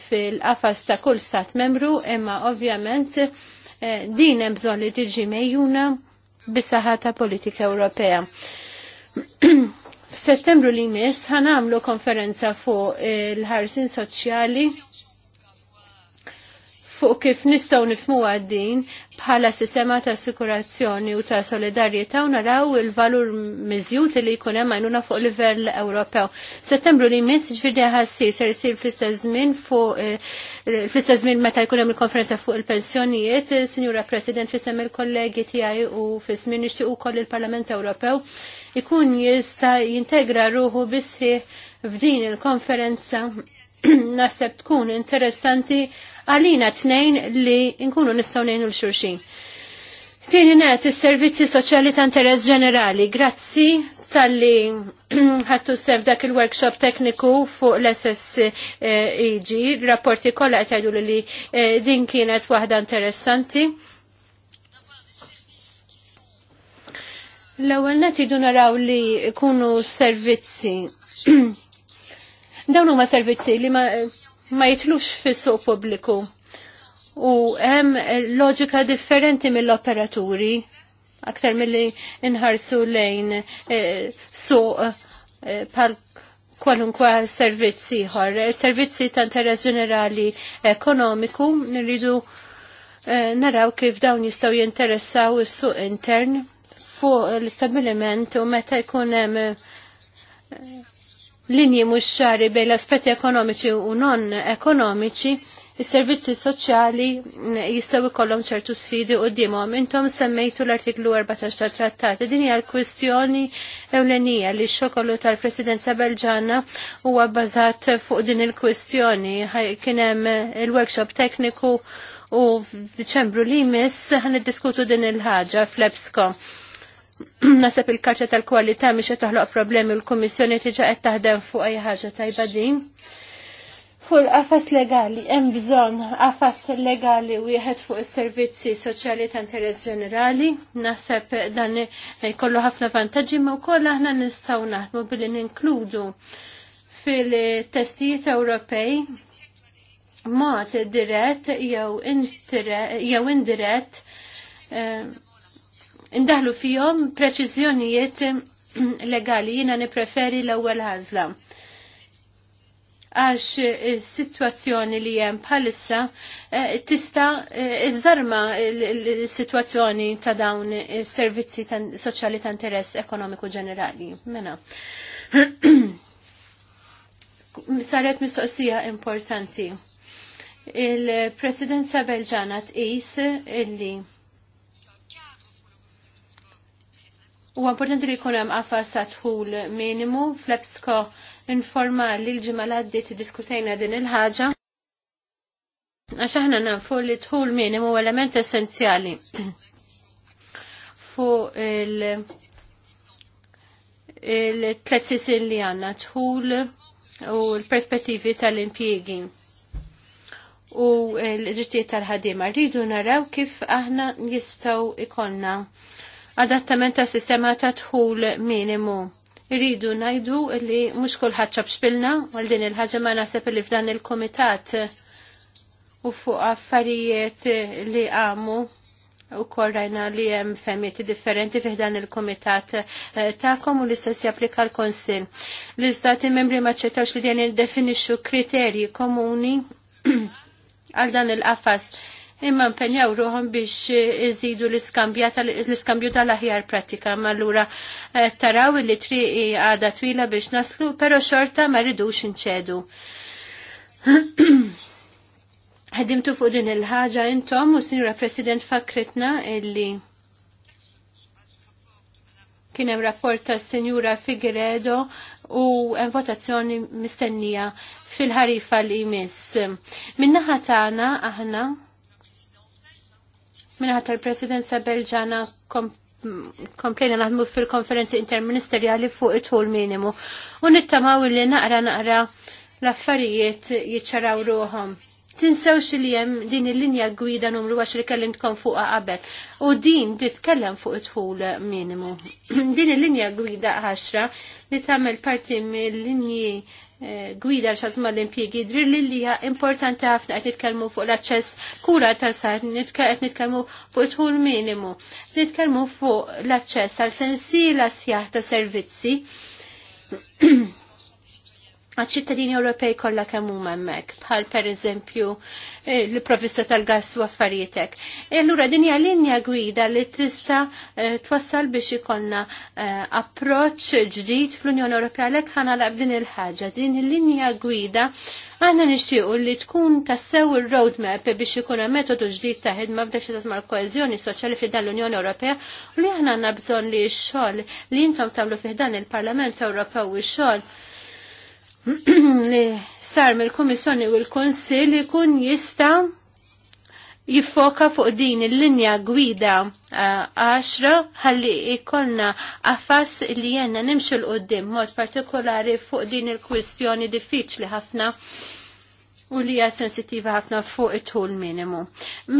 fil-qafas ta' kull stat membru, imma ovvjament eh, din hemm bżonn li tiġi mejjuna bis-saħħa ta' politika Ewropea. F'Settembru li jmiss ħanamlu konferenza fuq il-ħarsin soċjali fuq kif nistgħu nifmu din bħala sistema ta' assikurazzjoni u ta' solidarjetà u naraw il-valur miżjut li jkun hemm għajnuna fuq livell Ewropew. Settembru li jmiss ġifieri ħassir ser jsir fl-istess żmien fuq eh, fl meta jkun hemm il-konferenza fuq il-pensjonijiet, eh, Sinjura President fisem il-kollegi tiegħi u fis-żmien nixtieq ukoll il-Parlament Ewropew ikun jista' jintegra ruħu bisħi f'din il-konferenza naħseb tkun interessanti għalina t tnejn li nkunu nistgħu ngħinu l-xurxin. Tini net is-servizzi soċjali ta' interess ġenerali. Grazzi tal-li ħattu sef dak il-workshop tekniku fuq l-SSEG, rapporti kollha qed li eh, din kienet waħda interessanti. L-ewwel net jiġu naraw li jkunu servizzi. Dawn huma servizzi li ma ma jitlux fis-suq pubbliku. U hemm loġika differenti mill-operaturi aktar mill-li inħarsu lejn eh, suq eh, pal kwalunkwa servizzi ħor. Servizzi ta' interess ġenerali ekonomiku nirridu eh, naraw kif dawn jistaw jinteressaw is-suq intern fuq l-istabiliment u meta jkun hemm eh, linji mhux ċari bejn l-aspetti ekonomiċi u non ekonomiċi, is-servizzi soċjali jistgħu jkollhom ċertu sfidi dimom. Intom semmejtu l-artiklu 14 tat-trattati. Din hija l-kwistjoni ewlenija li x-xokollu tal-Presidenza Belġana huwa bbażat fuq din il-kwistjoni. Kien hemm il-workshop tekniku u f'Diċembru li jmiss ħan diskutu din il-ħaġa fl-EBSCO nasab il-karta tal kualita miex qed toħloq problemi l-Kummissjoni tiġa qed taħdem fuq ej ħaġa tajba din. Fuq qafas legali hemm bżonn qafas legali wieħed fuq is-servizzi soċjali ta' interess ġenerali. Naħseb dan jkollu ħafna vantaġġi ma wkoll aħna nistgħu naħdmu billi ninkludu fil-testijiet Ewropej mod dirett jew indirett eh, indaħlu fihom preċiżjonijiet legali jiena nippreferi l-ewwel ħażla. Għax is-sitwazzjoni eh, li hemm bħalissa eh, tista eh, iżdarma l-sitwazzjoni ta' dawn is-servizzi soċjali ta' interess ekonomiku ġenerali. Mena. Saret mistoqsija importanti il-presidenza belġana tqis illi U importanti li jkun hemm satħul minimu fl informa informali l-ġimgħa l-għaddiet din il-ħaġa. Għax aħna nafu li tħul minimu element essenzjali fuq il- il-tlet li għanna tħul u l-perspettivi tal impiegi u l-ġittijiet tal-ħadima. Rridu naraw kif aħna jistaw ikonna adattament ta' sistema ta' tħul minimu. Irridu najdu li mux kullħat x'pilna għal din il-ħagġa ma' nasib li f'dan il-komitat u fuq affarijiet li għamu u korrajna li jem femiet differenti fiħdan il-komitat eh, ta'kom u l-istess japplika l-konsil. L-istati membri maċċetawx li din definixu kriterji komuni għal dan il-qafas imma mpenjaw ruħom biex iżidu l-iskambju tal-aħjar pratika. Ma l-ura eh, taraw li triqi għada twila biex naslu, pero xorta ma ridux nċedu. Ħedimtu fuq din il-ħaġa intom u sinjura President fakritna illi kien hemm rapport tas-Sinjura Figueredo u votazzjoni mistennija fil-ħarifa li jmiss. Min-naħa tagħna aħna minnaħat l presidenza belġana komplejna naħdmu fil-konferenzi interministerjali fuq it-tul minimu. U nittamaw li naqra naqra l-affarijiet jiċċaraw ruħom. Tinsaw xiljem din il-linja gwida numru kellim kellimtkom fuqa qabel. U din titkellem fuq it-tul minimu. din il-linja gwida 10 li tagħmel parti mill-linji gwida l-ċazma l-impiegi drilli li hija importanti ħafna qed nitkellmu fuq l-aċċess kura tal sajt qed nitkellmu fuq tħul minimu, nitkellmu fuq l-aċċess għal l sjaħ ta' servizzi għal-ċittadini Ewropej kollha kemm huma hemmhekk, per pereżempju l-provista tal-gas u affarietek. E allura din hija linja gwida li tista e, twassal biex ikollna e, approċċ ġdid fl-Unjoni Ewropea lek ħanalaq din il-ħaġa. Din il-linja gwida għanna nixtiequ li tkun tassew il-roadmap biex ikun metodu ġdid ta' ħidma b'dak xi tasma' l-koeżjoni soċjali fi dan l-Unjoni Ewropea u li aħna għandna bżonn li x-xogħol li intom tagħmlu fi dan il-Parlament Ewropew u x-xogħol sar mill-Komissjoni u l-Konsil ikun jista' jiffoka fuq din il-linja gwida 10 ħalli ikollna affas li jenna nimxu l-qoddim mod partikolari fuq din il-kwistjoni diffiċli ħafna u li hija sensittiva ħafna fuq it-tul minimu.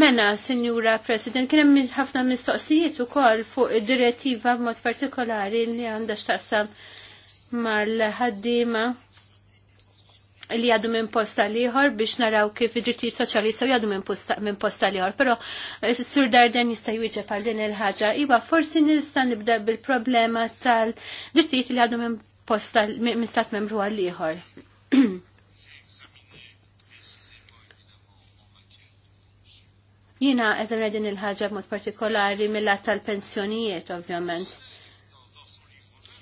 Mena, Sinjura President, kien hemm ħafna mistoqsijiet ukoll fuq id-direttiva b'mod partikolari li għandha x'taqsam mal-ħaddiema li għadu minn posta liħor biex naraw kif il-ġittijiet soċjali jistgħu jgħadu minn posta liħor, però eh, Sur Darden jista' jwieġeb għal din il-ħaġa. Iva, forsi nista' nibda bil-problema tal-ġittijiet li għadu minn posta minn stat membru għal liħor. Jina eżamna din il-ħagġa mod partikolari mill-għat tal-pensjonijiet, ovvjament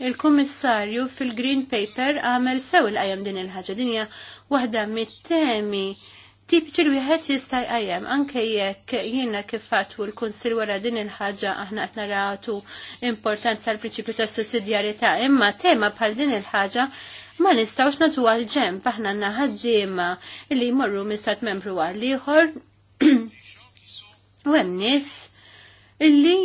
Il-Kummissarju fil-Green Paper għamel sew il-qajam din il-ħaġa dinja waħda mit-temi tipiċi l wieħed jista' jqajjem anke jekk jiena kif fatu l-Kunsill wara din il-ħaġa aħna qed naratu importanza l prinċipju ta' sussidjarjetà, imma tema bħal din il-ħaġa ma nistgħux nagħtu għal ġenb aħna għandna ħaddiema li jmorru mistat membru għal ieħor u hemm nies illi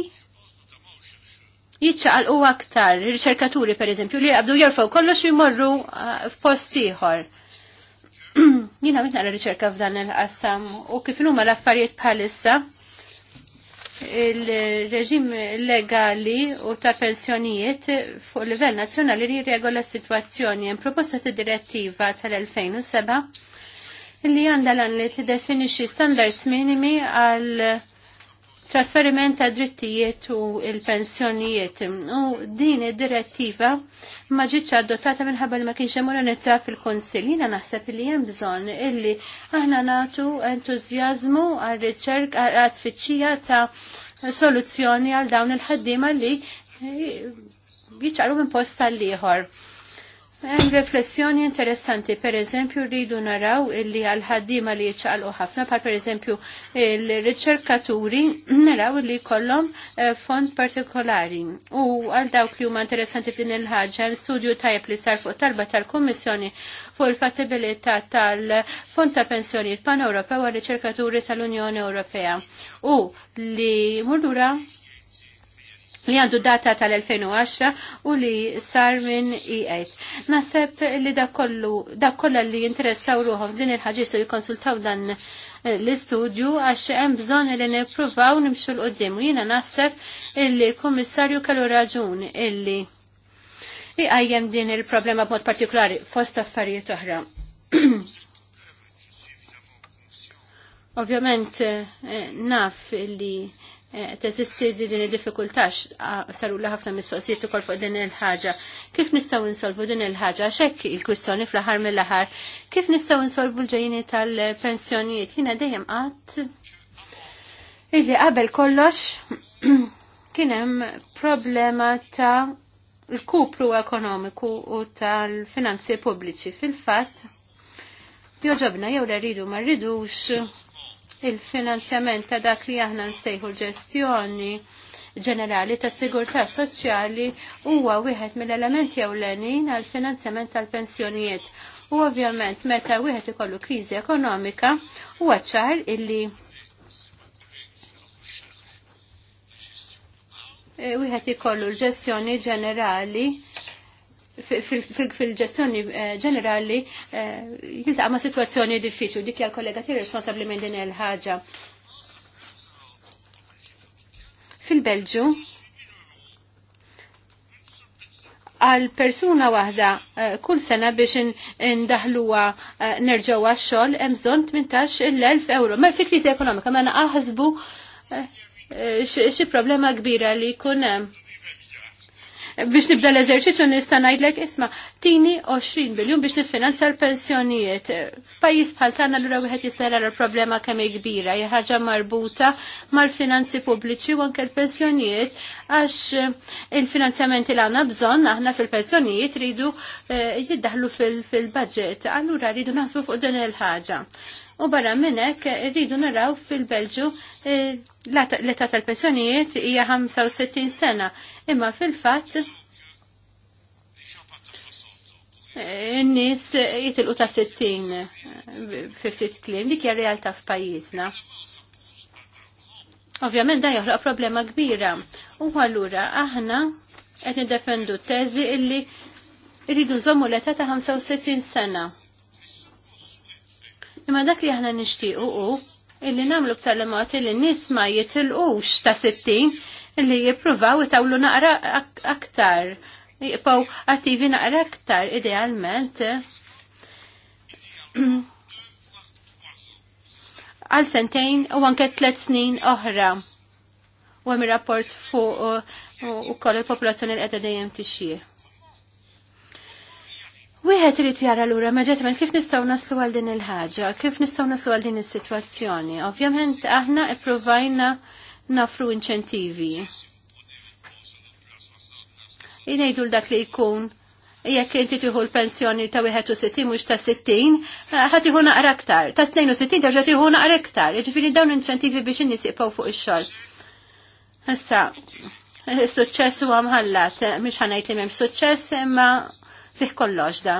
jitxaqal u aktar, riċerkaturi per eżempju, li għabdu jorfaw kollox jimorru ah, f'post ieħor. Jina mitna la riċerka f'dan il-qassam u kif huma l-affarijiet bħalissa il-reġim legali u ta' pensjonijiet fuq livell nazzjonali li regola s-situazzjoni hemm proposta ta' direttiva tal-2007 li għandha lan li tiddefinixxi standards minimi għal trasferiment ta' drittijiet u il-pensjonijiet. U din id-direttiva ma ġietx adottata minħabba li ma kienx hemm fil-Kunsill. Jiena naħseb li hemm bżonn illi aħna nagħtu entużjażmu għar-riċerka għal tfittxija ta' soluzzjoni għal dawn il-ħaddiema li jiċċaru minn post tal-ieħor. Hemm riflessjoni interessanti, per eżempju rridu naraw illi għal ħaddiema li jċaqalqu ħafna, par per eżempju il-riċerkaturi naraw illi kollhom eh, fond partikolari. U għal dawk li huma interessanti f'din il-ħaġa hemm studju tajjeb li sar fuq talba tal-Kummissjoni fuq il-fattibilità tal-Fond ta' Pensjoni pan-Ewropew għal riċerkaturi tal-Unjoni Ewropea. U li murdura li għandu data tal-2010 u li sar minn IH. E Naseb li da kollu, da kolla li interessaw ruħom din il-ħagġistu jikonsultaw dan eh, l-istudju għax hemm bżonn li nippruvaw nimxu l qoddim Jiena naħseb li kummissarju kellu raġun illi iqajjem din il-problema b'mod partikolari fost affarijiet oħra. Ovvjament eh, naf illi Eh, teżisti din il-diffikultà saru ħafna mistoqsijiet ukoll fuq din il-ħaġa. Kif nistgħu insolvu din il-ħaġa x'hekk il-kwistjoni fl-aħħar mill-aħħar. Kif nistgħu insolvu l-ġejjini tal-pensjonijiet? Jiena dejjem qatt illi qabel kollox kien hemm problema ta' l-kupru ekonomiku u tal-finanzi pubbliċi fil-fatt ġobna jew rridu ma rridux il-finanzjament ta' dak li aħna nsejħu l-ġestjoni ġenerali ta' sigurtà soċjali huwa wieħed mill-elementi ewlenin għal finanzjament tal-pensjonijiet. U ovvjament meta wieħed ikollu kriżi ekonomika huwa ċar illi wieħed ikollu l-ġestjoni ġenerali fil-ġestjoni eh, ġenerali eh, jiltaqa' ma' situazzjoni diffiċli dik hija kollega tiri responsabbli minn din il-ħaġa. Fil-Belġu għal persuna waħda eh, kull sena biex indaħluwa nerġawa xol xogħol hemm bżonn 18 il-1000 euro. Ma fi kriżi ekonomika ma naħsbu xi problema kbira li jkun hemm biex nibda l-eżerċizzju nista' ngħidlek isma' tini 20 biljun biex niffinanzja l-pensjonijiet. F'pajjiż bħal tagħna lura wieħed jista' jara l-problema kemm hi kbira, hija ħaġa marbuta mal-finanzi pubbliċi u anke l-pensjonijiet għax eh, il-finanzjamenti li għandna bżonn aħna fil-pensjonijiet ridu eh, jiddaħlu fil-budget. Allura rridu naħsbu fuq din il-ħaġa. U barra minnek eh, rridu naraw fil-Belġu l-età tal-pensjonijiet hija 65 sena imma fil-fatt n-nis jitilqu ta' 60 fil-sit klim, dik hija realtà f'pajjiżna. Ovvjament dan joħloq problema kbira. U allura aħna qed t teżi illi rridu nżommu l-età ta' 65 sena. Imma dak li aħna nixtiequ u illi nagħmlu b'tal-mod li n-nies ma jitilqux ta' 60 li jippruvaw itawlu naqra aktar, Jipaw attivi naqra aktar idealment. Għal sentejn u anke tlet snin oħra. U għem rapport fuq u koll il-popolazzjoni l-edha dejjem tixjir. Wieħed irid jara lura immedjatament kif nistgħu naslu għal din il-ħaġa, kif nistgħu naslu għal din is-sitwazzjoni. Ovvjament aħna ippruvajna nafru inċentivi. Inejdu l-dak li jkun jekk inti tieħu l-pensjoni ta' 61 mhux ta' 60, ħad huna naqra Ta' 62 terġa' tieħu huna għaraktar, Jiġifieri dawn inċentivi biex in fuq ix-xogħol. Issa, is-suċċess huwa mħallat, mux ħanajt li mem suċċess imma fih kollox da.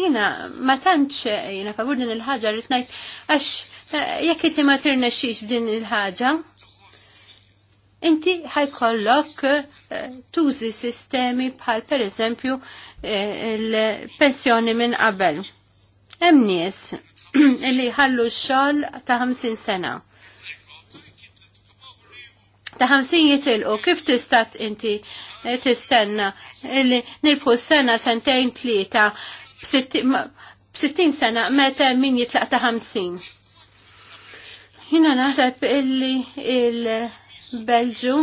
Jina, ma tantx jina favur din il-ħaġa rrid ngħid għax jekk inti ma tirnexxix b'din il-ħaġa, inti ħajkollok eh, tużi sistemi bħal pereżempju eh, il-pensjoni minn qabel. Hemm nies li ħallu x-xogħol ta' 50 sena. Ta' 50 jitilqu kif tista' inti eh, tistenna li nirbħu sena sentejn tlieta b'60 sena meta min jitlaq ta' 50 Jina naħseb illi il-Belġu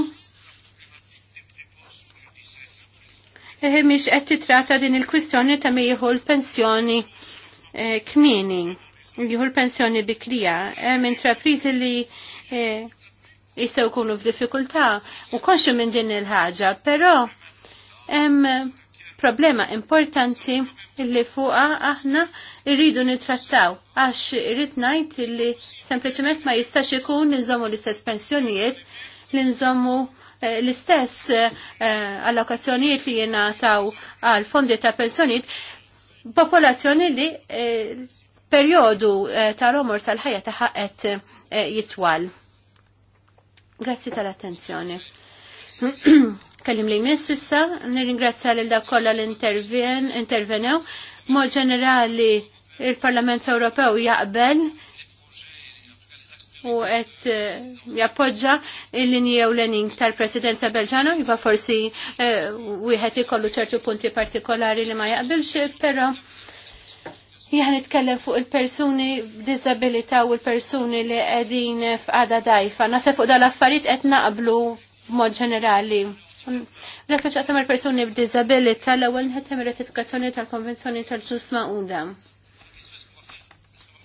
eh, miex qed titrata din il-kwistjoni ta' mi jieħu l-pensjoni eh, kmini, jieħu l-pensjoni bikrija. Hemm intrapriżi li eh, jistgħu jkunu f'diffikultà u konxu minn din il-ħaġa, però hemm problema importanti li fuqa aħna irridu nitrattaw għax irrid ngħid li sempliċement ma jistax ikun nżommu l-istess pensjonijiet li nżommu eh, l-istess eh, allokazzjonijiet li jingħataw għal fondi ta' pensjonijiet popolazzjoni li eh, perjodu tal-omor tal-ħajja taħħa qed jitwal. Grazzi tal-attenzjoni. Kellim li jmiss issa, nirringrazzja lil dak kollha l-intervenew. Mod ġenerali il-Parlament Ewropew jaqbel u qed eh, jappoġġa l-linji tal-Presidenza Belġana, jibba forsi eh, wieħed ikollu ċertu punti partikolari li ma jaqbilx, pero jħan nitkellem fuq il-persuni disabilita u l-persuni li qegħdin f'qada dajfa. Nasa fuq dal-affarijiet qed naqblu b'mod ġenerali. Dak li xaqsam il-persuni b'disabilità l-ewwel nħettem ir-ratifikazzjoni tal-Konvenzjoni tal-Ġus Ma'uda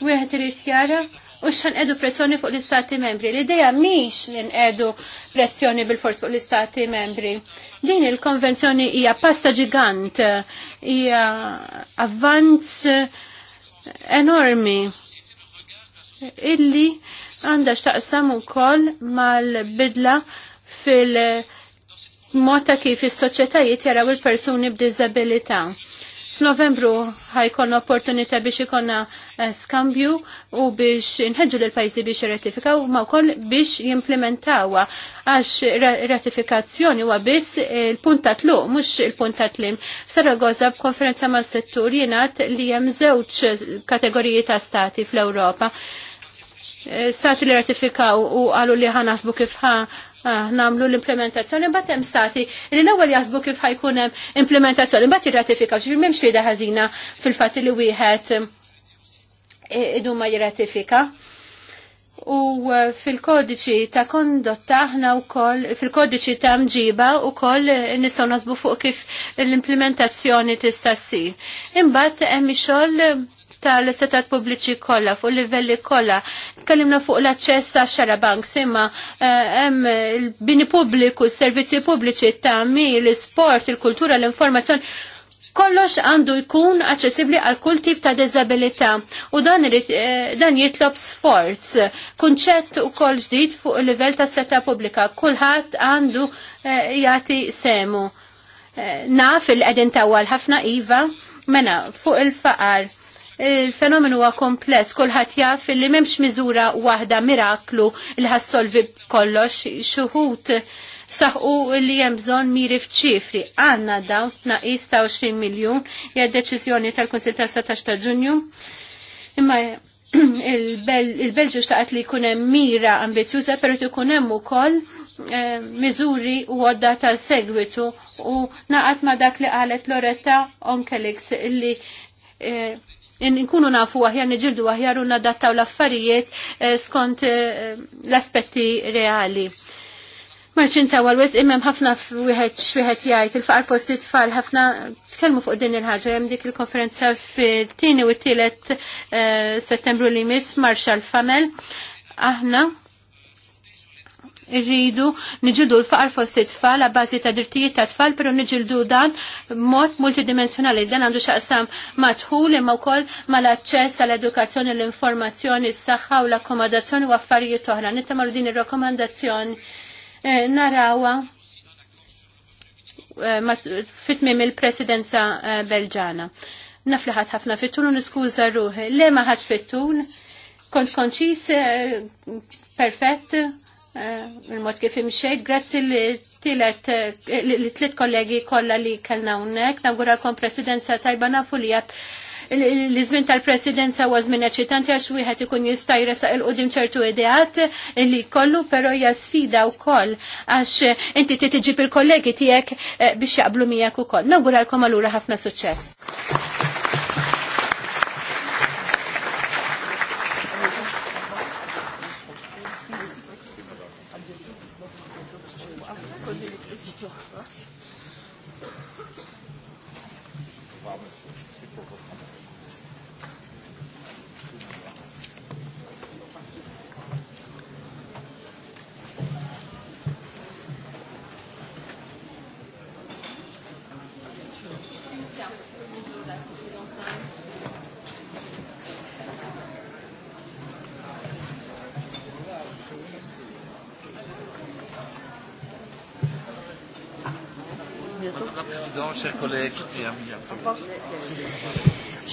wieħed irid jara u xan edu pressjoni fuq l-istati membri. L-ideja miex li edu pressjoni bil-fors fuq l-istati membri. Din il-konvenzjoni hija pasta ġigant, hija avvanz enormi illi għandha xtaqsam ukoll mal-bidla fil- mod ta' kif is-soċjetajiet jaraw il-persuni b'diżabilità. F'Novembru ħajkon opportunità biex ikonna eh, skambju u biex nħedġu l-pajzi biex ratifikaw ma wkoll biex jimplementawa għax ratifikazzjoni huwa biss il-punta tluq mhux il-punta tlim. Saragoza b'konferenza ma' settur jingħad li hemm żewġ kategoriji ta' stati fl-Ewropa. Eh, stati li ratifikaw u qalu li ħanasbu kif ħa Ah, namlu l-implementazzjoni, bat hemm stati li l-ewwel jasbu kif ħajkun hemm implementazzjoni, mbagħad jirratifika x'fil m'hemmx rieda ħażina fil-fatt li wieħed idu ma jirratifika. U eh, fil-kodiċi ta' kondotta aħna wkoll fil-kodiċi ta' mġiba wkoll nistgħu nasbu fuq kif l-implementazzjoni tista' ssir. Imbagħad hemm xogħol tal-setat pubbliċi kollha fuq livelli kollha. Tkellimna fuq l-aċċess għax xarabank simma, eh, hemm il-bini pubbliku, s-servizzi pubbliċi, tagħmir, l-isport, il-kultura, l-informazzjoni. Kollox għandu jkun aċċessibbli għal kull tip ta' dizabilità u dan, eh, dan jitlob sforz. Kunċett u koll ġdid fuq il-livell ta' setta pubblika. Kulħadd għandu eh, jati semu. Naf il-qegħdin tawal ħafna iva, mena fuq il-faqar il-fenomenu huwa kompless, kulħadd jaf li m'hemmx miżura waħda miraklu li ħassolvi kollox xuħut saħu li hemm bżonn miri f'ċifri. Għandna dawn naqis ta' 20 miljun hija deċiżjoni tal-Kunsil tas-17 ta' Ġunju. Imma il-Belġu xtaqat li jkun hemm mira ambizjuża però tkun hemm ukoll eh, miżuri u għodda ta' segwitu u naqat ma' dak li qalet Loretta Onkelix li nkunu nafu aħjar niġildu aħjar u nadattaw l-affarijiet eh, skont eh, l-aspetti reali. Marċin ta' għal-wes imem ħafna wieħed xwieħed jgħid il-faqar posti tfal ħafna tkellmu fuq din il-ħaġa hemm dik il-konferenza fit-tieni u t-tielet eh, settembru li mis, Marshall Famel aħna irridu niġildu l-faqar fost it-tfal għabbażi ta' drittijiet ta' tfal, pero niġildu dan mod multidimensjonali. Dan għandu xaqsam matħul imma wkoll mal-aċċess għall edukazzjoni l-informazzjoni, s-saħħa u l-akkomodazzjoni u affarijiet oħra. Nittamar din ir-rakkomandazzjoni eh, narawa eh, fitmim il-presidenza eh, belġana. Nafliħat ħafna fit-tun u niskuża ruħi. Le ma fit-tun, kont konċis, perfett, Eh, il-mod kif imxejt, grazzi li tlet eh, kollegi kolla li kellna unnek, naguralkom presidenza tajba nafu li jab li żmien tal-presidenza u għazmin eċitanti għax wieħed ikun jista' sa' il-qudiem ċertu ideat li kollu però hija sfida wkoll għax inti t-tġib il-kollegi tiegħek eh, biex jaqblu miegħek ukoll. Nawguralkom allura ħafna suċċess.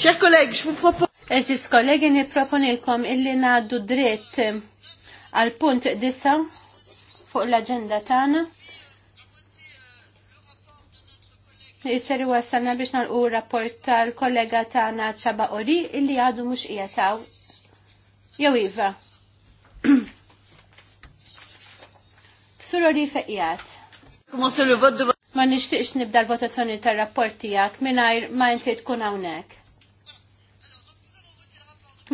Chers collègues, je vous propose... Eżis kollegi niproponilkom illi naddu dritt għal punt disa fuq l-agenda tagħna. Jisser wasalna biex nalqu rapport tal-kollega tagħna ċaba Ori illi għadu mhux qiegħtaw. Jew iva. Sur Ori Ma nixtieqx nibda l-votazzjoni tar-rapport tiegħek mingħajr ma inti tkun hawnhekk.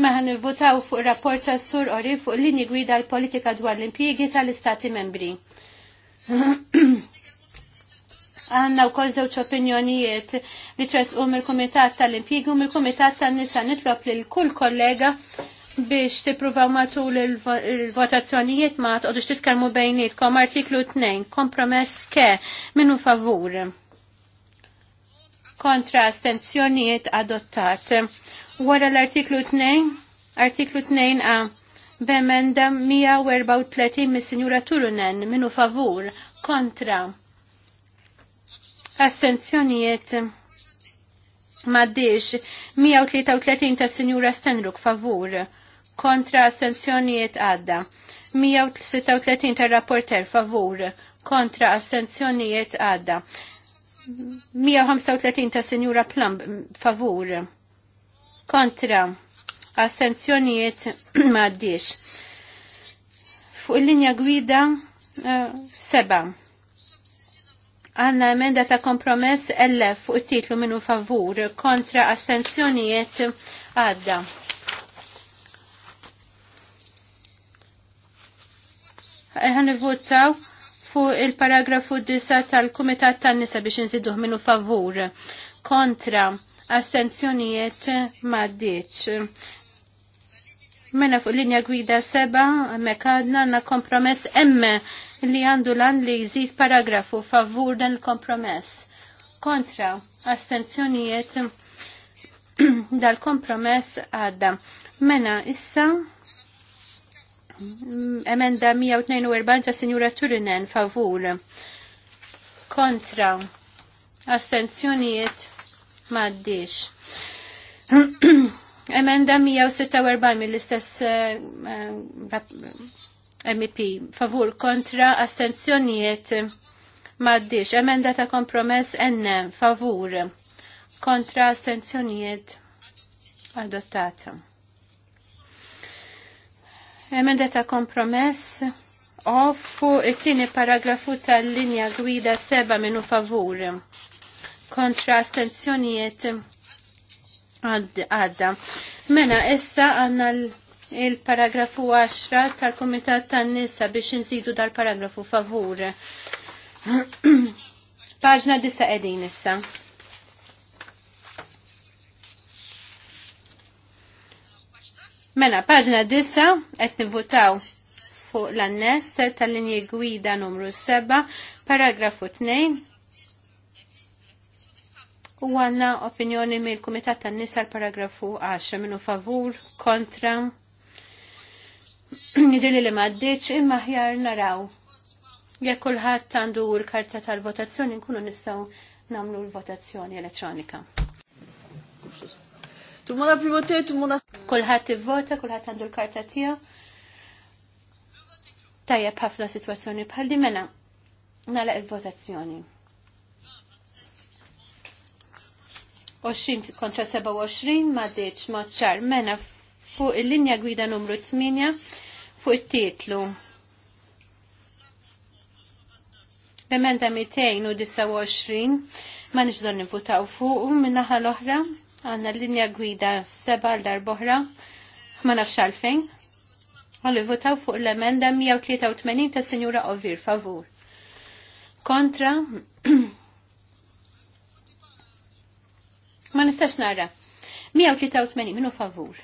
Maħan votaw fuq rapport ta' sur ori fuq linji gwida l-politika dwar l-impiegi tal-istati membri. Għanna u kol zewċ opinjonijiet li u mil komitat tal-Impiegi u mil komitat tal-Nisa nitlob li l-kull kollega biex tipruvaw matul il-votazzjonijiet ma tqodux titkalmu bejnietkom artiklu 2 kompromess ke minnu favur kontra astenzjonijiet adottat. Wara l-artiklu 2, artiklu 2a, b'emenda 134 mis-Sinjura Turunen minnu favur kontra astenzjonijiet maddiex 133 ta' Sinjura Stenruk favur kontra astenzjonijiet għadda 136 ta' rapporter favur kontra astenzjonijiet għadda 135 ta' Sinjura Plumb favur kontra astenzjonijiet maddiex. Fuq il-linja gwida uh, seba. Għanna emenda ta' kompromess elle fuq it-titlu minnu favur kontra astenzjonijiet għadda. ħan votaw fuq il-paragrafu 9 tal-Kumitat tan-Nisa biex nżiduh minnu favur kontra astenzjonijiet maddiċ. Mena fuq linja gwida seba, mekadna għanna kompromess emme li għandu lan li jizid paragrafu favur dan il-kompromess. Kontra, astenzjonijiet dal-kompromess għadda. Mena issa emenda 142 ta' Sinjura Turinen favur kontra astenzjonijiet maddix. Emenda 146 mill-istess MEP eh, eh, e favur kontra astenzjonijiet maddix. Emenda ta' kompromess N favur kontra astenzjonijiet adottata. Emenda ta' kompromess o fu it-tieni paragrafu tal-linja gwida seba' minu favur kontra astenzjonijiet għadda. Mena, issa għanna il-paragrafu 10 tal-Komitat tan-Nisa biex nżidu dal-paragrafu favur. Paġna disa edin issa. Mela, paġna disa qed nivutaw fuq l-annes tal-linji gwida numru 7, paragrafu 2, U għanna opinjoni mill kumitat tan nisa l-paragrafu 10 minnu favur, kontra, nidili li maddiċ imma ħjar naraw. Jekk kulħadd għandu l-karta tal-votazzjoni nkunu nistgħu nagħmlu l-votazzjoni elettronika. Tumuna pivote, tumuna. Kulħadd ivvota, kulħadd għandu l-karta tiegħu. Tajjeb ħafna sitwazzjoni bħal di mela. Nagħlaq il-votazzjoni. 20 kontra 27 ma deċ moċċar mena fuq il-linja gwida numru 8 fuq it-titlu. L-emenda 229 ma nixbżon nifutaw fuq u minnaħa l-oħra għanna l-linja gwida 7 l-darboħra ma nafx għalfejn. Għalli votaw fuq l-emenda 183 ta' Senjura Ovir, favur. Kontra, Ma nistax nara. 183 minu favur.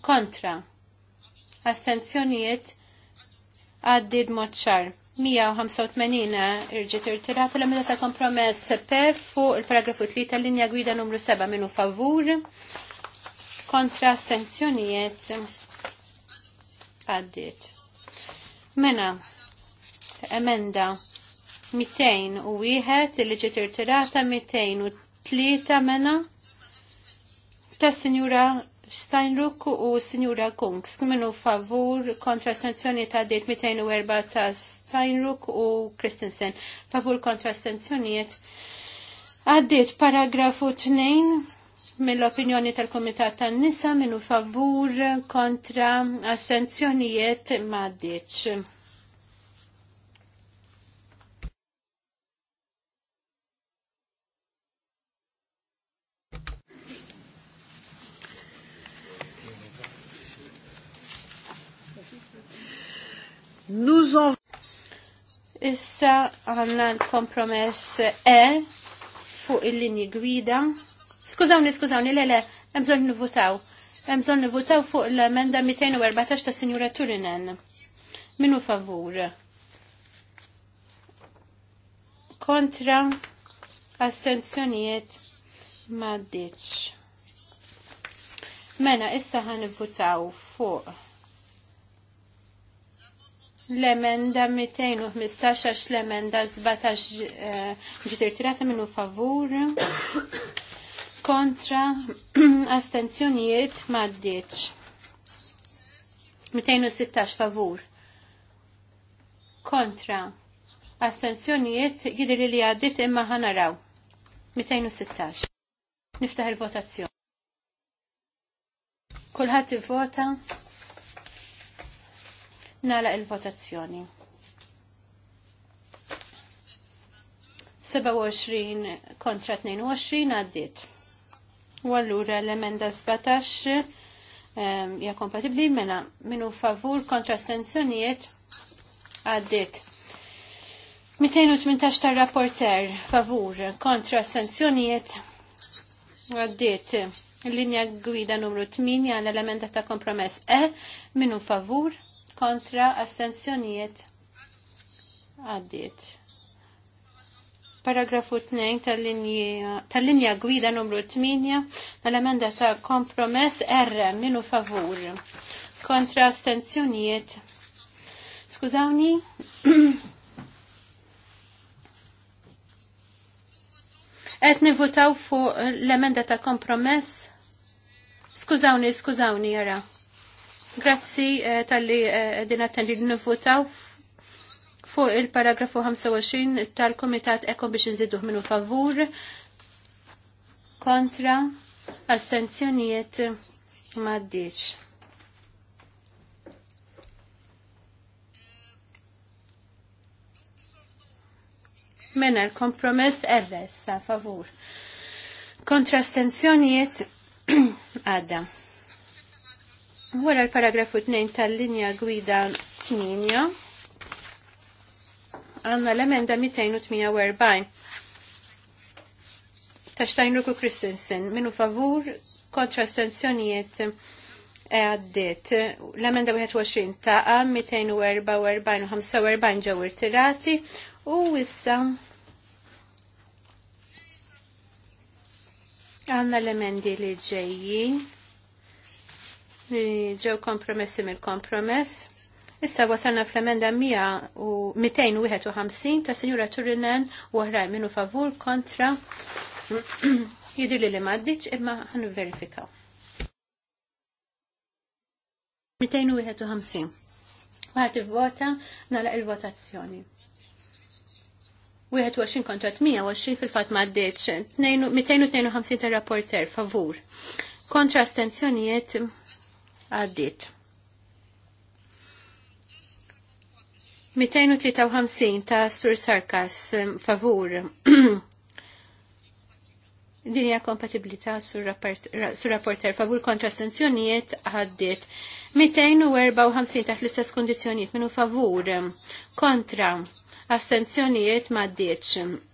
Kontra. Astenzjonijiet għaddid moċċar. 185 irġiet irtirata l-emenda ta' kompromess PEF fuq il-paragrafu 3 tal-linja gwida numru 7 minu favur. Kontra astenzjonijiet għaddid. Mena, emenda Mitejn u wieħed li ġiet irtirata tlieta mena ta' Sinjura Steinruck u Sinjura Kungs minu favur kontra stenzjoni ta' u 204 ta' Steinruck u Kristensen. favur kontra stenzjoniet. Għaddit paragrafu 2 mill-opinjoni tal-Komitat tan-Nisa minnu favur kontra assenzjonijiet ma' Nous en... Issa għanna l-kompromess E fuq il-linji gwida. Skużawni, skużawni, le, le, emżon nivutaw. Emżon nivutaw fuq l-emenda 214 ta' Signora Turinen. Minu favur. Kontra astenzjonijiet maddiċ. Mena, issa għan nivutaw fuq l-emenda 215 l-emenda 17 eh, ġitir tirata minnu favur kontra astenzjonijiet maddiċ. 216 favur kontra astenzjonijiet jidir li għaddit imma ħanaraw. 216. Niftaħ il-votazzjoni. Kulħadd ivvota. vota Nala il-votazzjoni. 27 kontra 22 għaddit. U allura l-emenda 17 ehm, hija kompatibbli mela minu favur kontra stenzjoniet għaddit. 218 tar rapporter favur kontra stenzjoniet għaddit. Linja gwida numru 8 għal l-emenda ta' kompromess E minu favur kontra astenzjonijiet għaddiet. Paragrafu 2 tal-linja tal gwida numru 8 tal emenda ta' kompromess R minu favur kontra astenzjonijiet. Skużawni, qed nivutaw fuq l-emenda ta' kompromess. Skużawni, skużawni, jara. Grazzi eh, tal-li eh, din attendi nivvotaw fuq il-paragrafu 25 tal-Komitat Ekon biex nżiduh minnu favur kontra astenzjonijiet maddiċ. Mena l-kompromess erres sa favur. Kontra astenzjonijiet għadda. Wara l-paragrafu 2 tal-linja gwida 8 għanna l-emenda 248 ta' Steinruku Christensen minu favur kontra sanzjonijiet e għaddit. L-emenda 21 ta' 244 u 45 ġew irtirati u issa għanna l-emendi li ġejjin li ġew kompromessi mill-kompromess. Issa wasalna fl-emenda 251 ta' Sinjura Turinen u oħrajn minnu favur kontra jidir li li maddiċ imma ħannu verifikaw. 251. Għati vota nara il-votazzjoni. 21 kontra 120 fil-fat maddiċ. 252 ta' rapporter favur. Kontra astenzjonijiet għaddit. 253 ta' Sur Sarkas um, favur. Dinja kompatibilità sur rapporter favur kontra sanzjonijiet għaddit. 254 taħt l-istess kondizjoniet minnu favur kontra astenzjonijiet ma'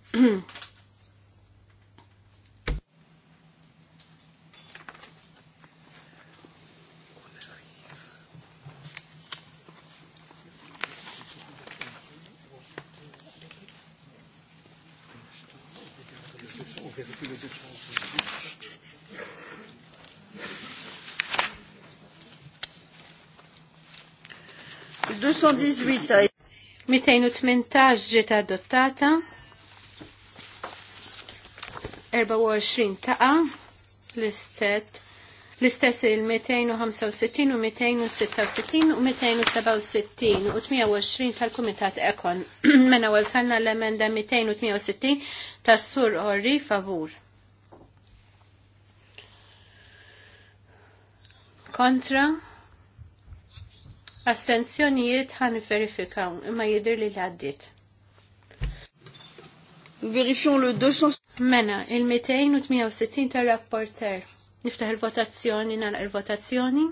218. ġiet adottata. 24 taqa l-istet l-istess il-265 u 266 u 267 u 28 tal-Kumitat Ekon. Mena wasalna l-emenda 268 tas-sur Orri favur. Kontra? Astenzjonijiet ħan verifikaw imma jidir li l-għaddit. Verifjon l 200. Mena, il-268 ta' rapporter Niftaħ il-votazzjoni, nara il-votazzjoni.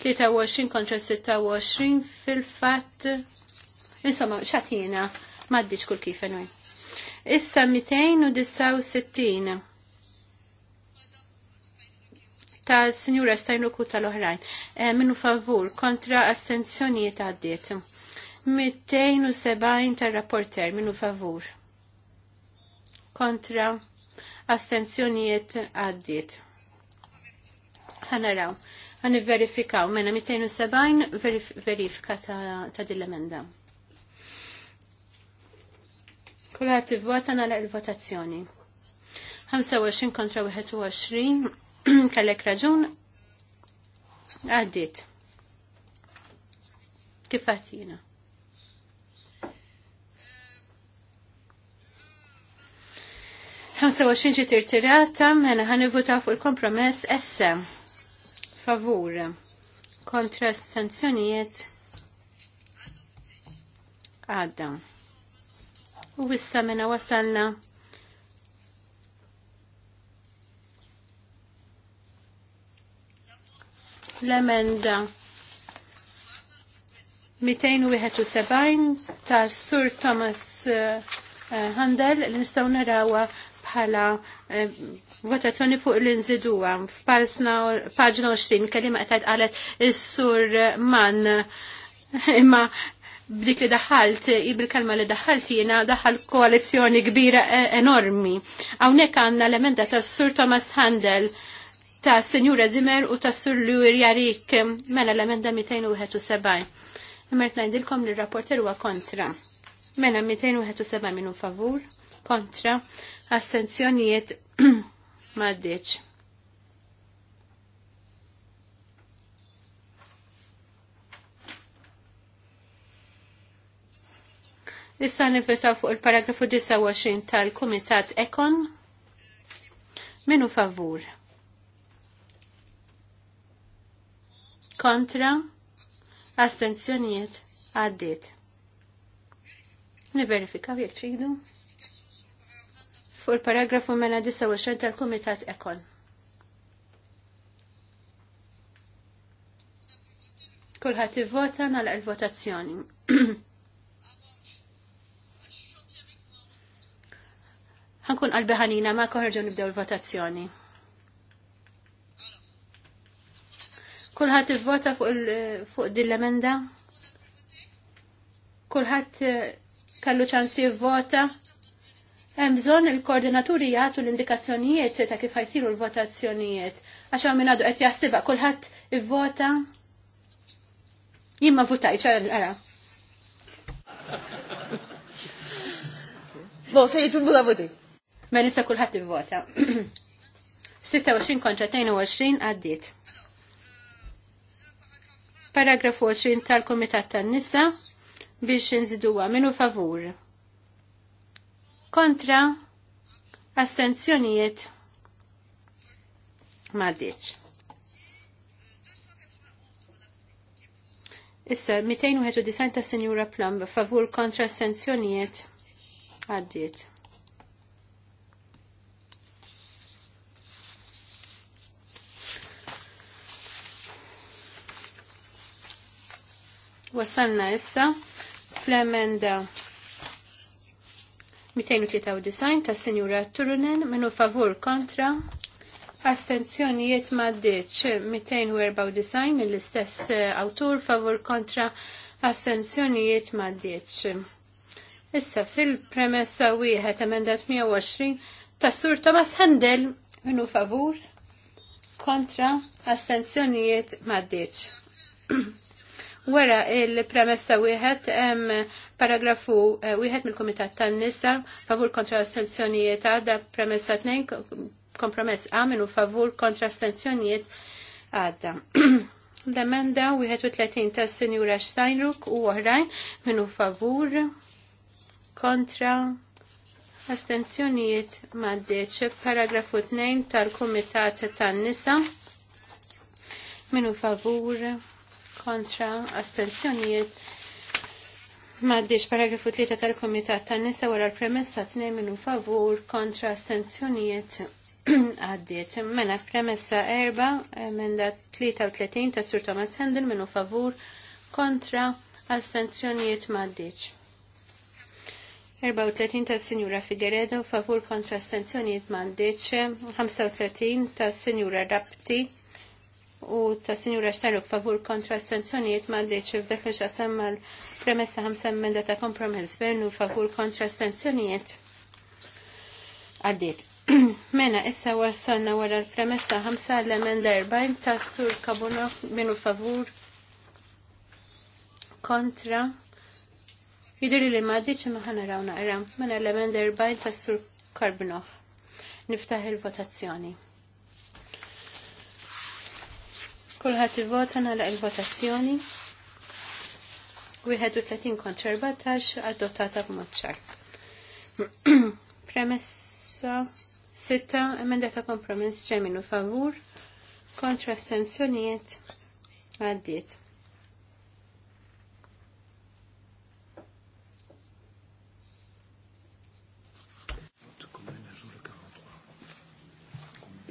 23 kontra 26 fil-fat. Insomma, xatina, maddiċ kull kifen Issa 269 tal-Sinjura Stajnuku tal-oħrajn. Eh, minnu favur kontra astenzjonijiet għaddiet. 270 tal-rapporter minnu favur. Kontra astenzjonijiet għaddiet. Ħanaraw. Għan verifikaw mena 270 verifika ta', ta dil-emenda. Kulħat vota nara il-votazzjoni. 25 kontra 21 Kellek raġun għaddit. Kif għatina? Ħamsa għaxin ġi tirtirata, mena ħanivuta fuq il-kompromess essa. Favur. Kontra sanzjonijiet għadda. U issa mena wasalna l-emenda 271 ta' Sur Thomas eh, eh, Handel li nistaw narawa bħala eh, votazzjoni fuq l-inżiduwa. Pagġna 20 kalima qed qalet is-Sur Mann. imma b'dik li daħalt, bil-kalma li daħalt jiena daħal koalizjoni kbira e-, enormi. Hawnhekk għandna l-emenda ta' Sur Thomas Handel ta' Senjura Zimmer u ta' Sur Luir Jarik mela l-emenda 271. Immert najdilkom li rapporter huwa kontra. Mela 271 minu favur, kontra, astenzjonijiet maddeċ. Issa nifetaw fuq il-paragrafu 29 tal-Kumitat Ekon. Minu favur? kontra astenzjonijiet għaddit. Niverifikaw jek tridu. Fuq paragrafu mela 29 tal-Kumitat Ekon. Kulħadd ivvota nagħlaq il-votazzjoni. Ħankun qalbi ma koħerġu nibdew il-votazzjoni. Kulħadd ivvota fuq fuq din l-emenda? Kulħadd eh, kellu ċans jivvota? Hemm bżonn il-koordinaturi jagħtu l-indikazzjonijiet ta' kif ħajsiru l-votazzjonijiet għax hawn min għadu qed jaħsibha kulħadd ivvota. Jien ma votajċ ara. Bo, se jitulbu bula voti. Ma nista kulħadd ivvota. 26 kontra 22 għaddiet. Paragrafu 20 tal-Komitat tan-Nisa biex nżiduha minu favur. Kontra astenzjonijiet m'għaddiċ. Issa 291 ta' Sinjura Plum favur kontra astenzjonijiet għaddiet. Wasalna issa fl-emenda 293 ta' Sinjura Turunen minu favur kontra astenzjonijiet maddiċ 294 mill-istess eh, awtur favur kontra astenzjonijiet maddiċ. Issa fil-premessa wieħed emendat 120 ta' Sur Thomas Handel minu favur kontra astenzjonijiet maddiċ. Wara il-premessa wieħed hemm paragrafu eh, wieħed mill-Kumitat tan-nisa favur kontra astenzjonijiet għadha, premessa tnejn kompromess A minu favur kontra astenzjonijiet għadda. L-emenda 31 tas Sinjura Steinruk u oħrajn minnu favur kontra astenzjonijiet maddeċ paragrafu 2 tal-Kumitat tan-nisa minu favur kontra astenzjonijiet Maddiex paragrafu 3 tal-Komitat tan nisa wara l-premessa t minu favur kontra astenzjonijiet għaddiet. Mena premessa erba, emenda 33 ta' Sur Thomas Hendel minu favur kontra astenzjonijiet maddiex. 34 ta' Sinjura Figueredo favur kontra astenzjonijiet maddiex. 35 ta' Sinjura Rapti u ta' sinjura xtaruk favur kontra stanzjoniet ma' deċi f'dak li xasem premessa ħamsa emenda ta' kompromess vernu favur kontra stanzjoniet. għaddit. Mena, issa wassalna wara l-premessa ħamsa l-emenda 40 ta' sur kabuna minu favur kontra Jidri li ma' diċi ma' ħana rawna Mena l-emenda 40 ta' sur karbnoħ. Niftaħ il-votazzjoni. Kulħadd ivvota nagħlaq il-votazzjoni. tletin kontra 14 adottata b'mod Premessa 6 emenda ta' kompromess ġeminu favur kontra astensjonijiet għaddiet.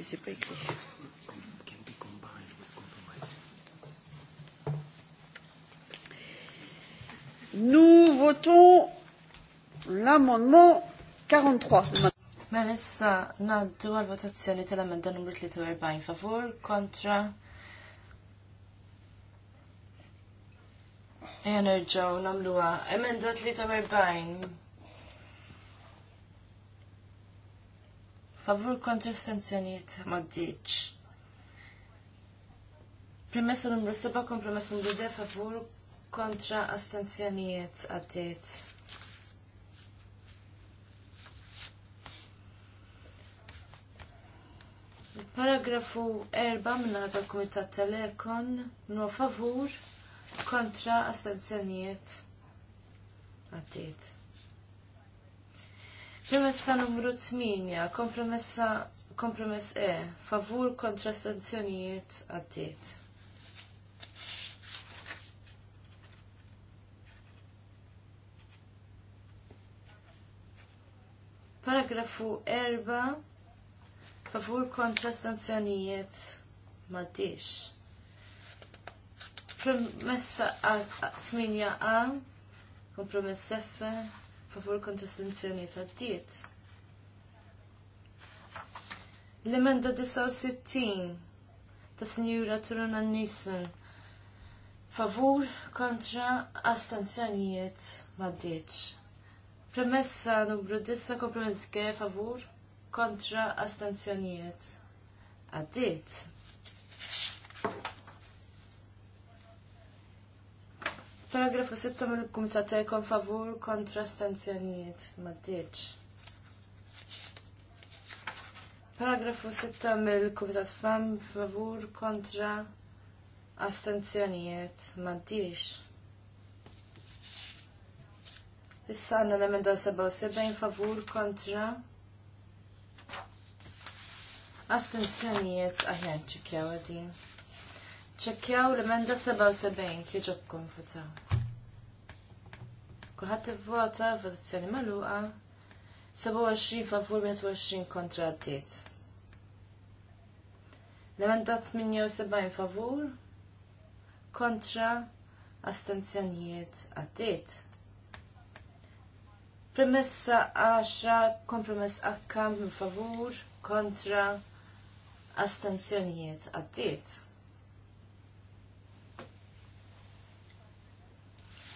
c'est pas Nous votons l'amendement 43. Melissa, naddu għal votazzjoni tal-emenda numru 43 favur kontra Ejja nerġaw namlu għal emenda 43 favur kontra stenzjoniet maddiċ. Premessa numru 7 kompromess numru 10 favur kontra astenzjonijiet għaddiet. Paragrafu 4 minna tal komitat telekon no favur kontra astenzjonijiet għaddiet. Premessa numru 8, kompromessa kompromess E, favur kontra astenzjonijiet għaddiet. Paragrafu 4 favur kontra stanzjonijiet maddiex. Promessa 8a, kompromess F, favur kontra stanzjonijiet għaddiet. L-emenda 69 ta' Sinjura Turuna Nissen favur kontra astanzjonijiet maddiex. Premessa numru 9 kompromess ge favur kontra astenzjonijiet. Għaddit. Paragrafu 6 mill kumitat kon favur kontra stanzjonijiet ma Paragrafu 6 mill kumitat fam favur kontra astenzjonijiet ma Issa għanna l-emenda 77 favur kontra. Astenzjonijiet aħjan ċekjaw għadi. ċekjaw l-emenda 77 kieġobkom votaw. Kulħat vota votazzjoni maluqa. 27 favur 120 kontra għaddit. L-emenda 78 favur kontra astenzjonijiet għaddit. Premessa għaxa, kompromess għakkam, minn favur kontra astenzjonijiet għaddit.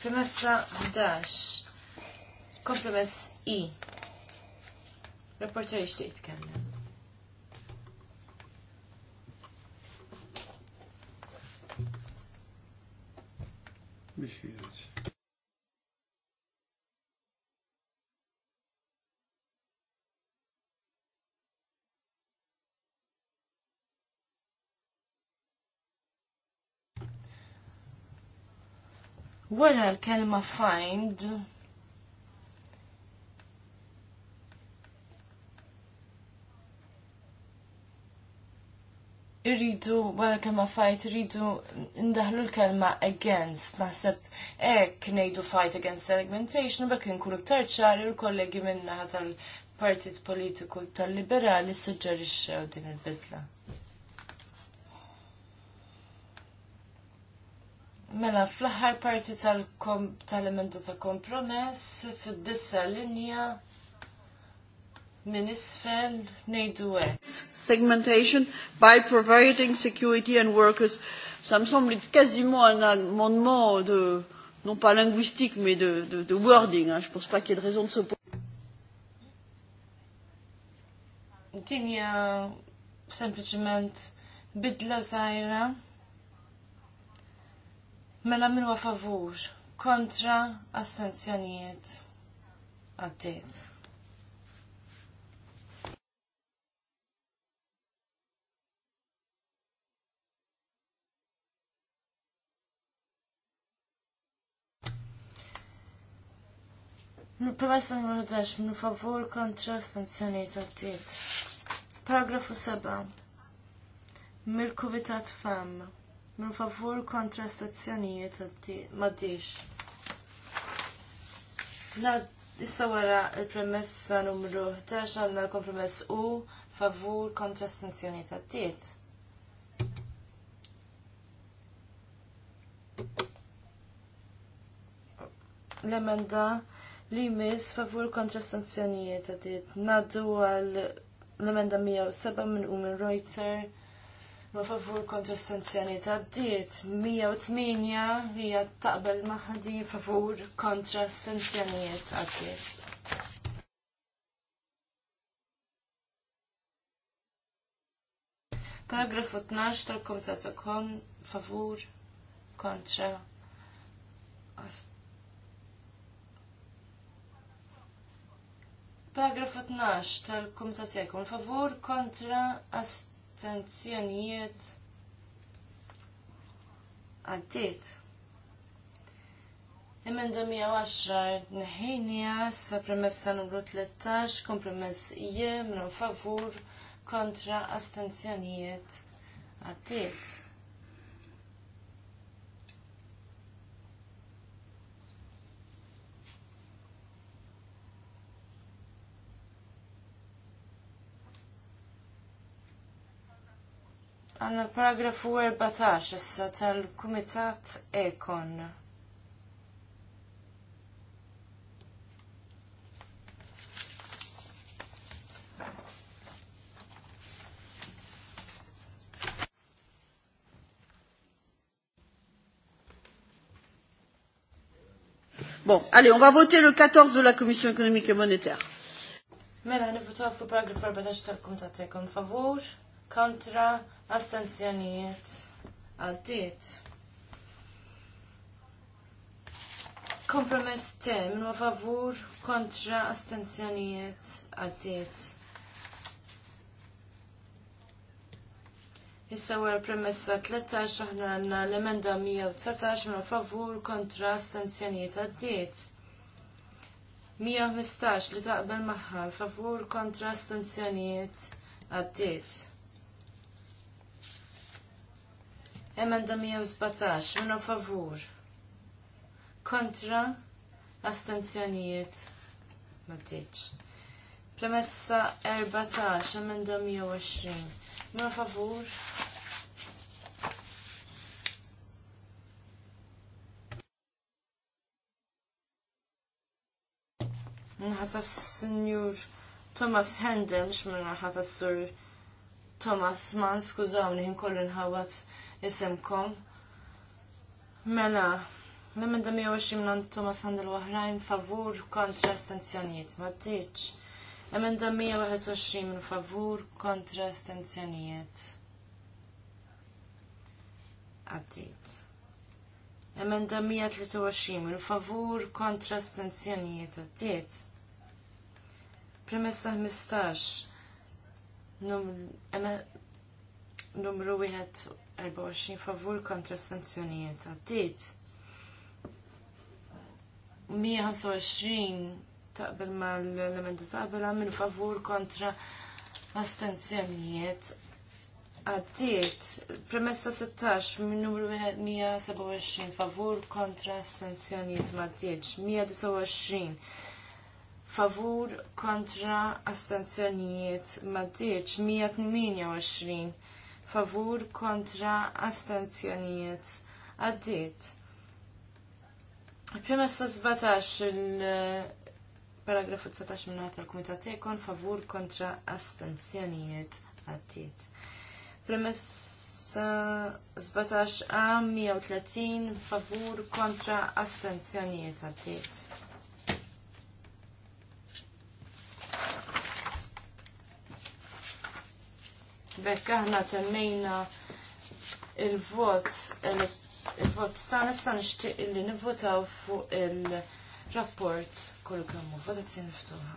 Premessa 11, kompromess I. Reporter jishtiq jitkellem. Biex Wara l-kelma find irridu wara l-kelma fight irridu ndaħlu l-kelma against naħseb hekk ngħidu fight against segmentation bekk inkunu ktar ċari l-kollegi minna tal-Partit Politiku tal-Liberali suġġerixxew din il-bidla. Mela, fl ħar parti tal-emenda ta' kompromess, fil dissa linja minn isfel ngħidu Segmentation by providing security and workers. Ça me semble quasiment un amendement de, non pas linguistique, mais de, de, de wording. Hein. Je pense pas qu'il y ait de raison de se poser. Dinja sempliciment bidla zaħira Mela minn huwa favur kontra astenzjonijiet għaddiet. Promessa numru 10, minn favur kontra stanzjoniet għaddit. Paragrafu 7. Mil-Kuvitat Min favur kontra stazzjonijiet maddix. Nad issa wara il-premessa numru 11 għandna l-kompromess u favur kontra stazzjonijiet għaddiet. L-emenda li mis favur kontra stazzjonijiet għaddiet. Naddu għal l-emenda 107 minn u minn Reuter ma favur kontra stanzjoniet għaddiet 108 hija taqbel maħadi favur kontra stanzjoniet għaddiet. Paragrafu 12 tal-Komitat kon favur kontra Paragrafu 12 tal-Komitat kon favur kontra ast Astenzjonijiet għaddit. Emenda 110 neħinja sa premessa numru 13 kompromess jem minn favur kontra astenzjonijiet għaddit. Għanna paragrafu 14 issa tal-Kumitat Ekon. Bon, allez, on va voter le 14 de la Commission économique et monétaire. Mela, nifutaw le paragraphe 14 de la tal-Kumitat Ekon. Favur, kontra, astenzjonijiet għaddit. Kompromess tem, ma favur kontra astenzjonijiet għaddit. Issa wara premessa 13 aħna għanna l-emenda 119 ma favur kontra stanzjonijiet għaddiet. 115 li taqbel magħha favur kontra stanzjonijiet għaddiet. Emenda 117, minu favur. Kontra, astenzjonijiet, ma tiċ. Premessa 14, emenda 120. Minu favur. Nħata s-senjur Thomas Hendel, mux minna ħata s-sur Thomas Mann, skużawni, hinkollu nħawat isimkom. Mela, l-emenda 120 nantu ma sandal waħrajn favur kontra stenzjonijiet, ma tiċ. Emenda 121 minn favur kontra stenzjonijiet. Għaddit. Emenda 123 minn favur kontra stenzjonijiet. Għaddit. Premessa 15 numru wieħed 24 favur kontra sanzjonijiet għaddit. 125 taqbel ma l-elementi taqbel għamil favur kontra astenzjonijiet għaddit. Premessa 16 minn numru 127 favur kontra astenzjonijiet ma għaddit. 129 favur kontra astenzjonijiet ma għaddit. 128 favur kontra astenzjonijiet għaddit. Premessa 17 il-paragrafu 19 għat tal-Kumitat Ekon favur kontra astenzjonijiet għaddit. Premessa 17 għam 130 favur kontra astenzjonijiet għaddit. Bekk aħna temmejna il-vot il-vot tagħna issa nixtieq li nivvotaw fuq il-rapport kollu kemm votazzjoni ftuħa.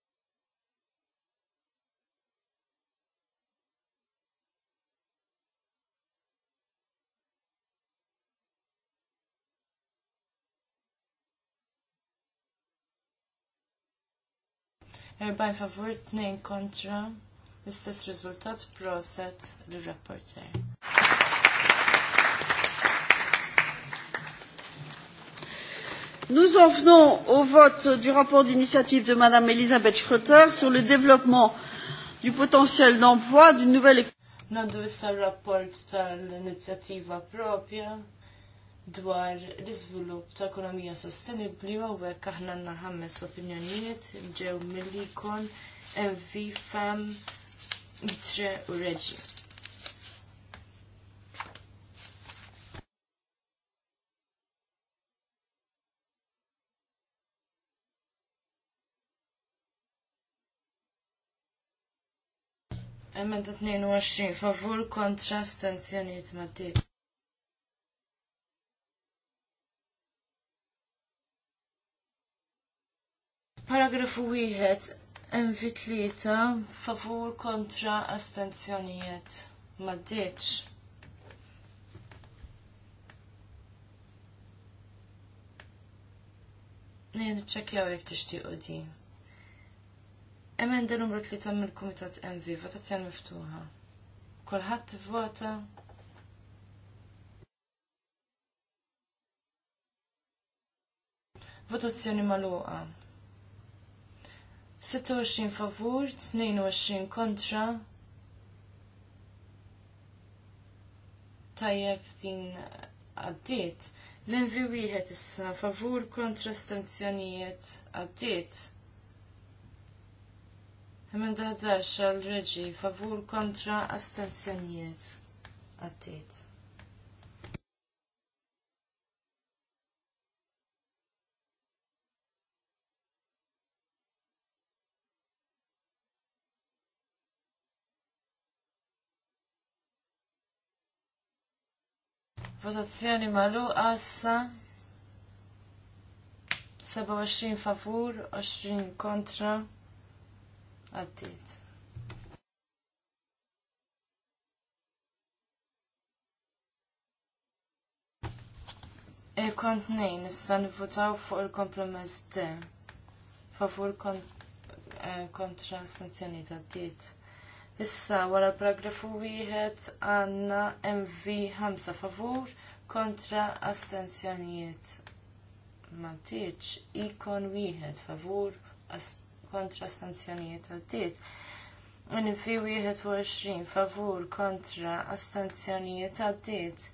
40 favur, 2 kontra, l-istess rizultat proset l-rapporter. Nous en venons au vote du rapport d'initiative de Madame Elisabeth Schroeter sur le développement du potentiel d'emploi d'une nouvelle école. Nous Nandu issa rapport tal-inizjattiva propja dwar l-iżvilupp ta' ekonomija sostenibbli u hekk aħna għandna ħames opinjonijiet ġew millikon MV Fam Mitre u Reġi. Emenda 22, favur kontra stenzjoniet ma' Paragrafu wieħed MV tlieta favur kontra astenzjonijiet. Maddiċ. Nejn ċekjaw jek u di. Emenda numru 3 mill-Kumitat MV, votazzjoni miftuħa. Kulħadd vota Votazzjoni maluqa. 26 favur, 22 kontra. Tajjeb din għaddit. L-invi wieħed issa favur kontra stanzjonijiet għaddiet. Hemen daħdax għal reġi favur kontra astenzjonijiet għaddiet. Votazzjoni magħluqa issa 27 favur, 20 kontra. Għaddit. E kont nejn, issa votaw fuq il-kompromess D. Favur kont eh, kontra stanzjoni ta' Issa wara l-paragrafu wieħed għandna MV 5 favur kontra astenzjonijiet. Ma ikon wieħed favur kontra astenzjonijiet għaddiet. mv 21 favur kontra astenzjonijiet għaddiet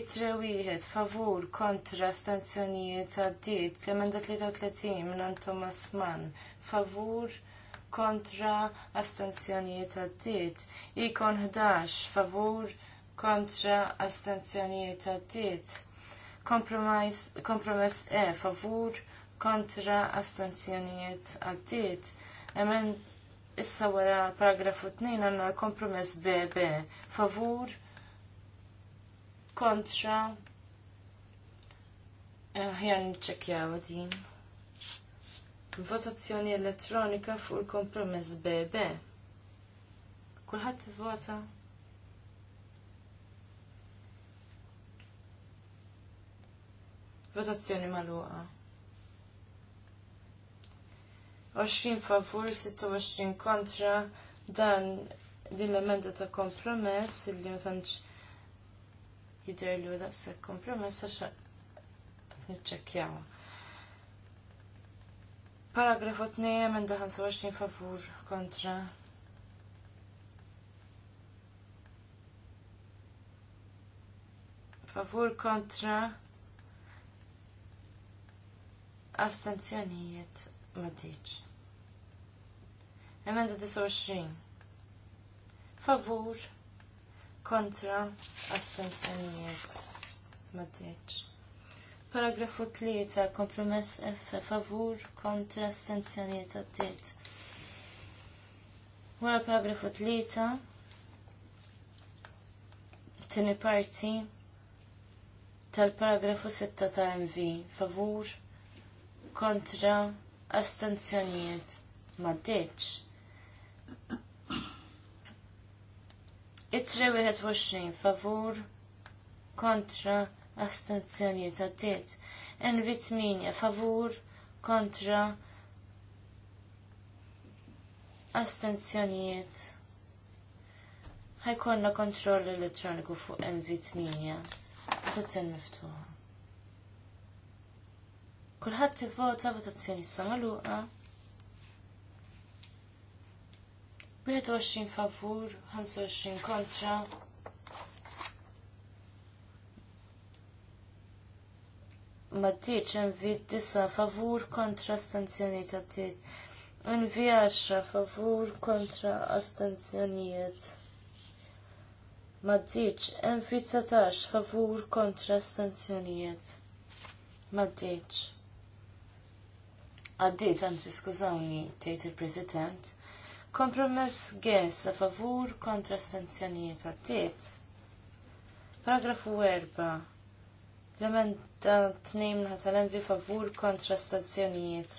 Itre wieħed favur kontra astenzjonijiet għaddiet Klemenda 33 minn Thomas Mann favur kontra astenzjonijiet għaddiet. Ikon 11 favur kontra astenzjonijiet għaddiet. Kompromess E favur kontra astenzjonijiet għaddiet. Emen issa wara paragrafu 2 għanna l-kompromess BB favur kontra eh, Ħjar nċekjaw din votazzjoni elettronika fuq il-kompromess BB. Kulħadd vota. Votazzjoni magħluqa. 20 favur, 26 kontra, dan din l-emenda ta' kompromess, illi ma tantx jidher li daqshekk kompromess għax nitċekkjawha. Paragrafu 2 daħan 25 favur kontra. Favur kontra astenzjonijiet ma maddiċ. Emenda 29. Favur kontra astenzjonijiet ma maddiċ. Paragrafu 3, kompromess F, favur kontra astenzjoniet għaddit. Wara paragrafu 3, tini parti tal-paragrafu 6 ta' MV, favur kontra astenzjoniet maddeċ. Itri 21 favur kontra astenzjonijiet għaddiet. Envi minja favur kontra astenzjonijiet. Ħajkonna kontroll elettroniku fuq nv minja Votazzjoni miftuħa. Kulħadd ivvota votazzjoni samaluqa. 21 favur, 25 kontra, maddiċ envi disa favur kontra astenzjonijiet għaddit. Envi 10 favur kontra astenzjonijiet. Maddiċ envi 19 favur kontra astenzjonijiet. Maddiċ. Għaddit, anzi skużawni, tgħid il-President, kompromess gess a favur kontra sanzjonijiet għaddit. Paragrafu 4. l tnejn tal-NV favur kontra stazzjonijiet.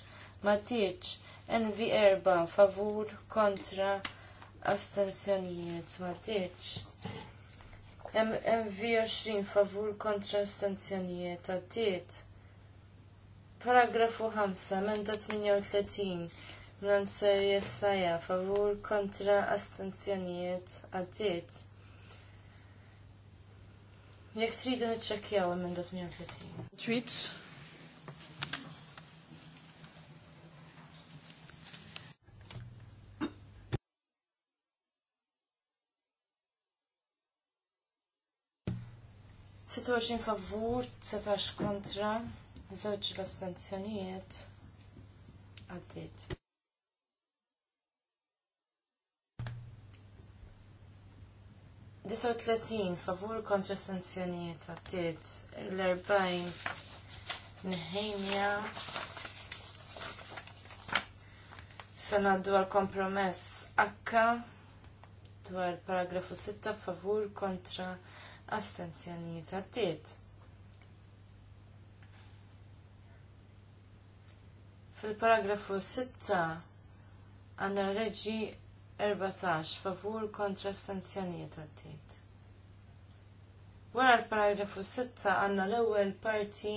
Matiċ, envi erba favur kontra astenzjonijiet. Matiċ. envi 20 favur kontra astenzjonijiet. Għaddiet. Paragrafu 5, menda 38. Mlan ser jessaja favur kontra astenzjonijiet. Għaddiet. Jek tridu nitċekjaw emenda 38. Tweet. Situaxin favur, setax kontra, zewġ l-astenzjonijiet għaddit. 39 favur kontra sanzjonijiet għattiet l-40 nħejnja sena dwar kompromess akka dwar paragrafu 6 favur kontra astenzjonijiet għattiet. Fil-paragrafu 6 għanna reġi 14 favur kontra stanzjonijiet għaddit. Wara l-paragrafu 6 għandna l-ewwel parti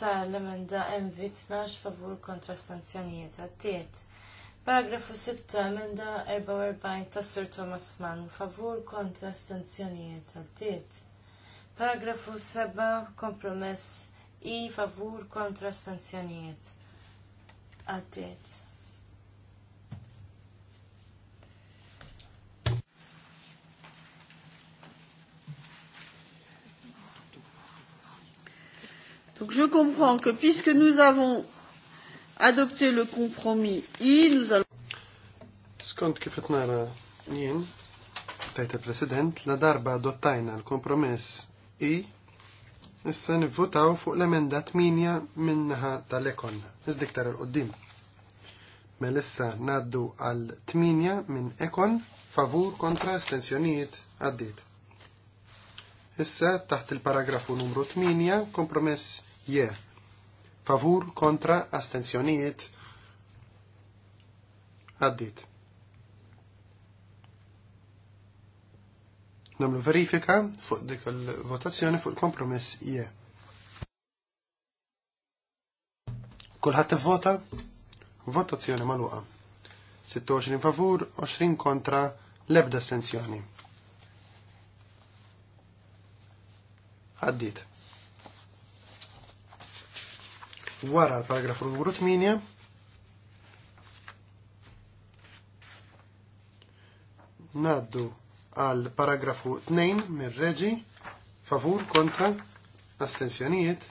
tal-emenda MV12 favur kontra stanzjonijiet għaddiet. Paragrafu 6 emenda 44 tas Sir Thomas Mann favur kontra stanzjonijiet għaddit. Paragrafu 7 kompromess i favur kontra stanzjonijiet għaddit. Donc je comprends que puisque nous avons adopté le compromis I, nous allons... Skont kif nara jien, tajta president, la darba adottajna l-kompromess I, issa nivvotaw fuq l-emenda 8 minnaħa tal-ekon, iżdiktar l qoddim Melissa naddu għal tminja minn ekon, favur kontra estensjonijiet għaddit. Issa taħt il-paragrafu numru 8, kompromess Yeah. Favur kontra astenzjonijiet għaddit. Namlu verifika fuq dik il-votazzjoni fuq il-kompromess je. Kulħadd ivvota? Votazzjoni magħluqa. 26 favur, 20 kontra, l-ebda astenzjoni. Għaddit. wara l-paragrafu numru 8 naddu għal paragrafu 2 mir reġi favur kontra astensjonijiet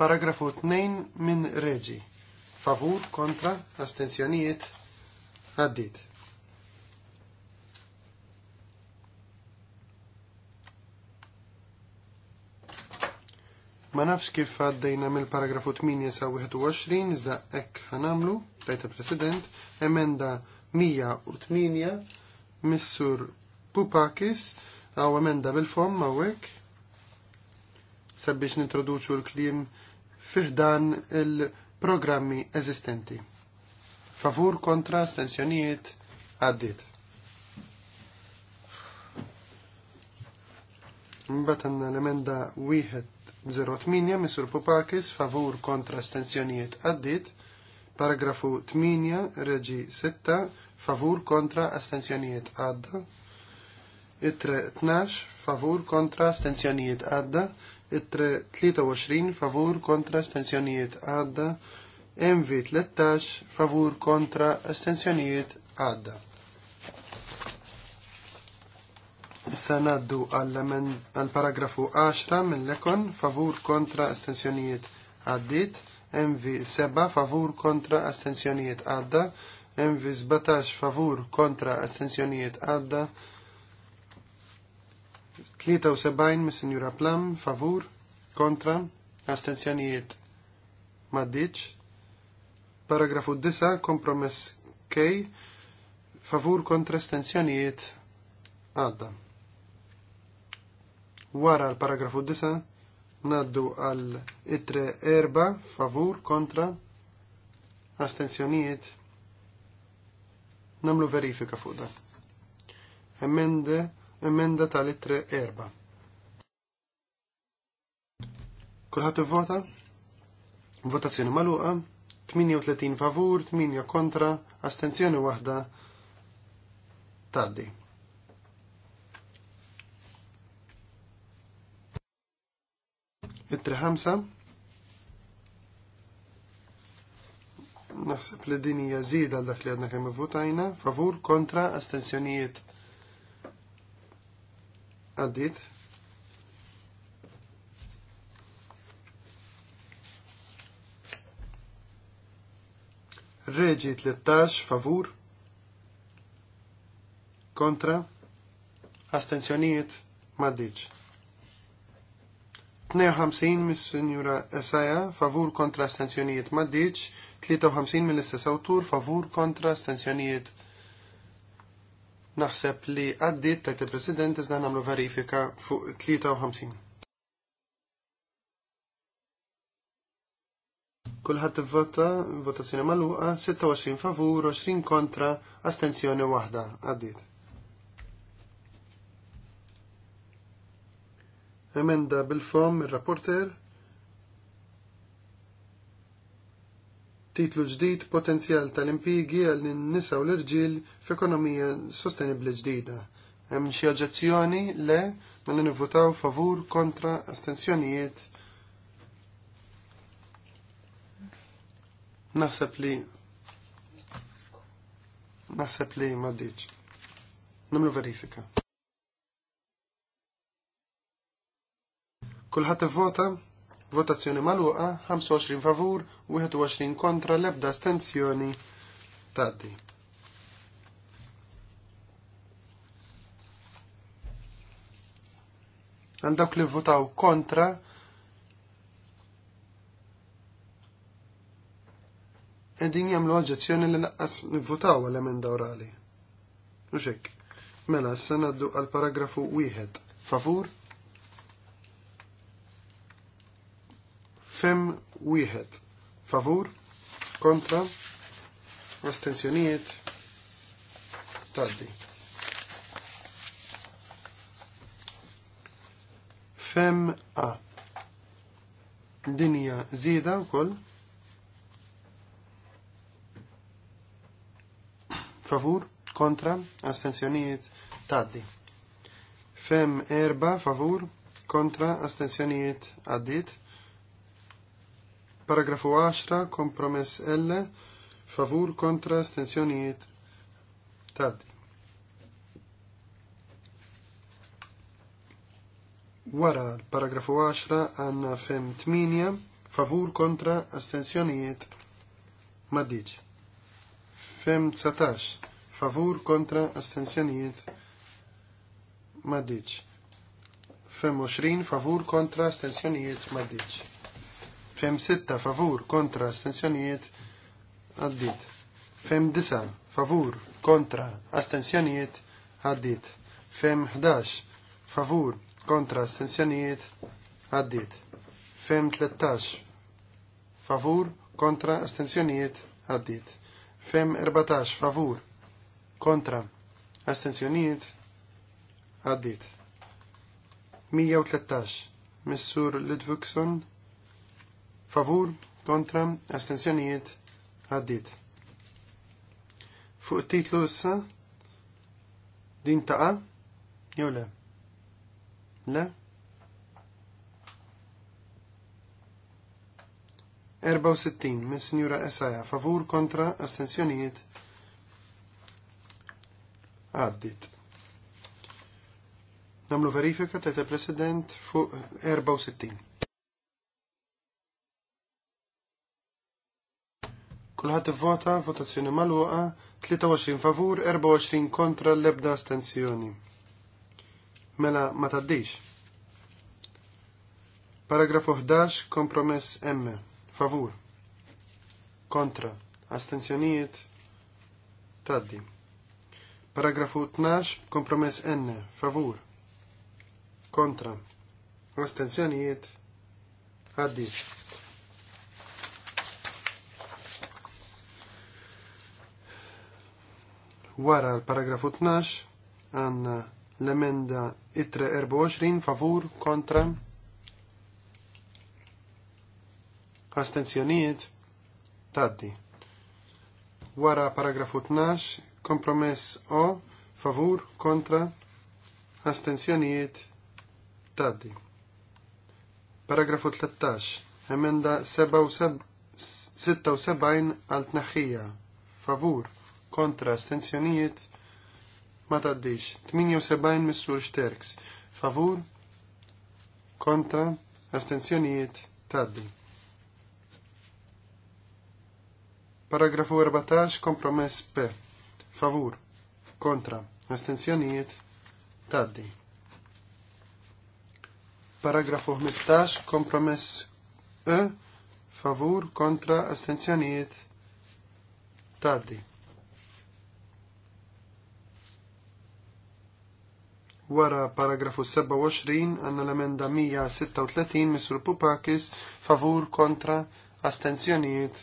paragrafu 2 minn reġi favur kontra astensjonijiet għaddit Ma nafx kif għaddejna mill-paragrafu 8 iżda ek ħanamlu, tajta president, emenda 108, missur Pupakis, għaw emenda bil-fom mawek, sabiex nintroduċu l-klim fiħdan il-programmi eżistenti. Favur kontra stenzjonijiet għaddit. Mbatan l-emenda 1 08 Misur Pupakis, favur kontra astenzjonijiet għaddit. Paragrafu 8 Reġi 6 favur kontra astensjonijiet għadda. Itre 12 favur kontra astenzjonijiet għadda. Itre 23 favur kontra astenzjonijiet għadda. MV 13 favur kontra astenzjonijiet għadda. Issa naddu għal-paragrafu 10 mill-lekon favur kontra astensjonijiet għaddit, MV7 favur kontra astensjonijiet għadda, MV17 favur kontra estensjonijiet għadda, 73 mis-Sinjura Plam favur kontra astensjonijiet maddiċ, paragrafu 9 kompromess K favur kontra estensjonijiet għadda. Wara l-paragrafu 9 naddu għal itre erba favur kontra astensjonijiet namlu verifika fuq dan. Emende, emenda tal-itre erba. Kulħat vota? Votazzjoni maluqa, 38 favur, 8 kontra, astenzjoni wahda taddi. it ħamsa. naħseb li din hija żied għal dak li għadna kemm votajna, favur kontra astensjonijiet għaddit. Reġi 13 favur kontra astensjonijiet maddiċ. 52 mis-Sinjura Esaja favur kontra stenzjonijiet maddiċ, 53 mill-istess awtur favur kontra stenzjonijiet naħseb li għaddit tajt il-President iżda namlu verifika fuq 53. Kulħadd ivvota votazzjoni magħluqa 26 favur, 20 kontra, astenzjoni waħda għaddiet. Emenda bil-fom il-rapporter. Titlu ġdid potenzjal tal-impigi għal nisa u l-irġil f'ekonomija sostenibli ġdida. Hemm xi oġġezzjoni le li mela nivvutaw favur kontra astensjonijiet. Naħseb li naħseb li ma ditx. Namlu verifika. Kulħadd ivvota votazzjoni magħluqa 25 favur, 21 kontra l-ebda astenzjoni taddi. Għal dawk li votaw kontra edin jamlu oġezzjoni li laqqas votaw għal-emenda orali. Uxek, mela, s-sanaddu għal-paragrafu wieħed. Favur? Fem wieħed favur kontra astensjonijiet taddi. Fem A dinja zida wkoll favur kontra astensjonijiet taddi. Fem erba favur kontra astensjonijiet addit. Paragrafu 10, kompromess L, favur kontra stensjonijiet taddi. Wara paragrafu 10 għanna fem 8, favur kontra astensjonijiet maddiġ. Fem 19, favur kontra astensjonijiet maddiċ. Fem 20, favur kontra astensjonijiet maddiċ. Fem sitta, favur kontra astensjonijiet għaddit. Fem disa, favur kontra astensjonijiet għaddit. Fem 11 favur kontra astensjonijiet għaddit. Fem 13 favur kontra astensjonijiet għaddit. Fem 14 favur kontra astensjonijiet għaddit. 113 Missur Ludvigson Favur, kontra, astensjonijiet, għaddit. Fuq titlu issa, din taqa, jew le? Le? 64 minn Sinjura Esaja, favur kontra astensjonijiet, għaddit. Namlu verifika ta' president fuq 64. kulħat ivvota votazzjoni magħluqa 23 favur, 24 kontra l-ebda astenzjoni. Mela ma taddix. Paragrafu 11, kompromess M. Favur. Kontra. Astenzjonijiet. Taddi. Paragrafu 12, kompromess N. Favur. Kontra. Astenzjonijiet. Għaddit. Wara l-paragrafu 12 għanna l-emenda itre 24 favur kontra astenzjonijiet taddi. Wara paragrafu 12 kompromess o favur kontra astenzjonijiet taddi. Paragrafu 13 emenda 76 għal tnaħħija favur kontra astensjonijiet ma taddix. 78 missur Sterks favur kontra astenzjonijiet taddi. Paragrafu 14 kompromess P favur kontra astenzjonijiet taddi. Paragrafu 15 kompromess E favur kontra astenzjonijiet taddi. Wara paragrafu 27 għanna l-emenda 136 Misru Pupakis favur kontra astenzjoniet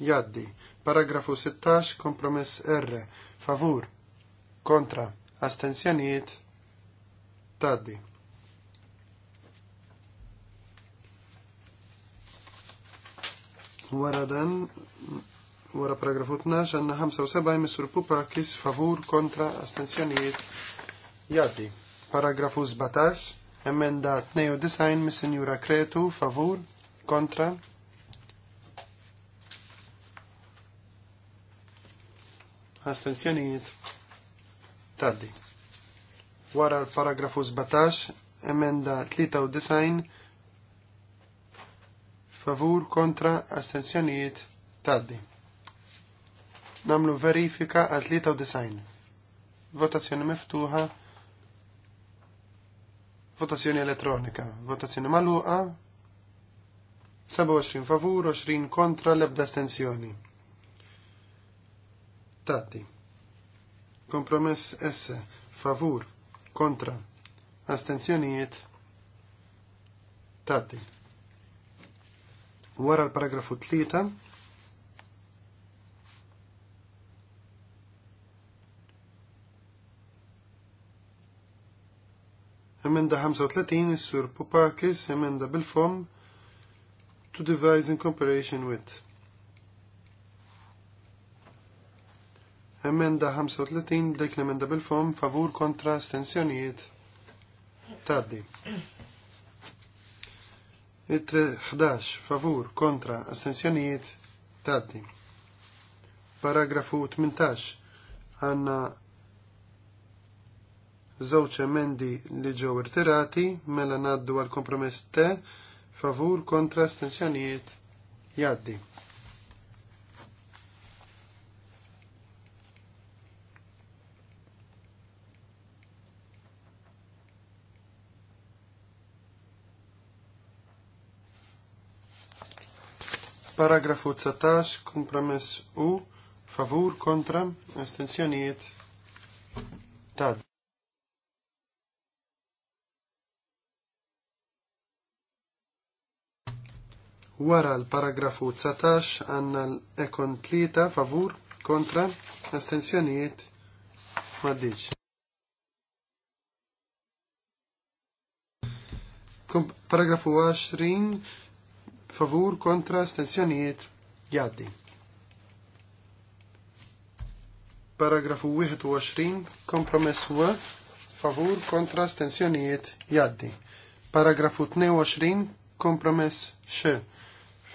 jaddi. Paragrafu 16 kompromess R favur kontra astenzjonijiet taddi. Wara dan Wara paragrafu 12 għanna 75 Mr. Pupakis favur kontra astenzjonijiet jaddi. Paragrafu 17 emenda 92 Mr. Kretu favur kontra astenzjonijiet taddi. Wara l-paragrafu 17 emenda 93 favur kontra astensjonijiet taddi namlu verifika għal 93. Votazzjoni miftuħa, votazzjoni elettronika, votazzjoni maluqa, 27 favur, 20 kontra, l-ebda stenzjoni. Tati. Kompromess S. Favur. Kontra. Astenzjonijiet. Tati. Wara l-paragrafu 3 Emenda 35 is-sur Popakis, emenda bil-fom to devise in cooperation with. Emenda 35 dek l-emenda bil-fom favur kontra stensjonijiet taddi. Itre 11 favur kontra astensjonijiet taddi. Paragrafu 18 għanna żewġ emendi li ġew irtirati mela ngħaddu għal kompromess te favur kontra stenzjonijiet jaddi. Paragrafu 19, kompromess U, favur kontra astensjonijiet Wara l-paragrafu 19 għanna l-ekon tlita favur kontra astensjonijiet maddiċ. Paragrafu 20 favur kontra astensjonijiet jaddi. Paragrafu 21 kompromess wa favur kontra astensjonijiet jaddi. Paragrafu 22 kompromess xe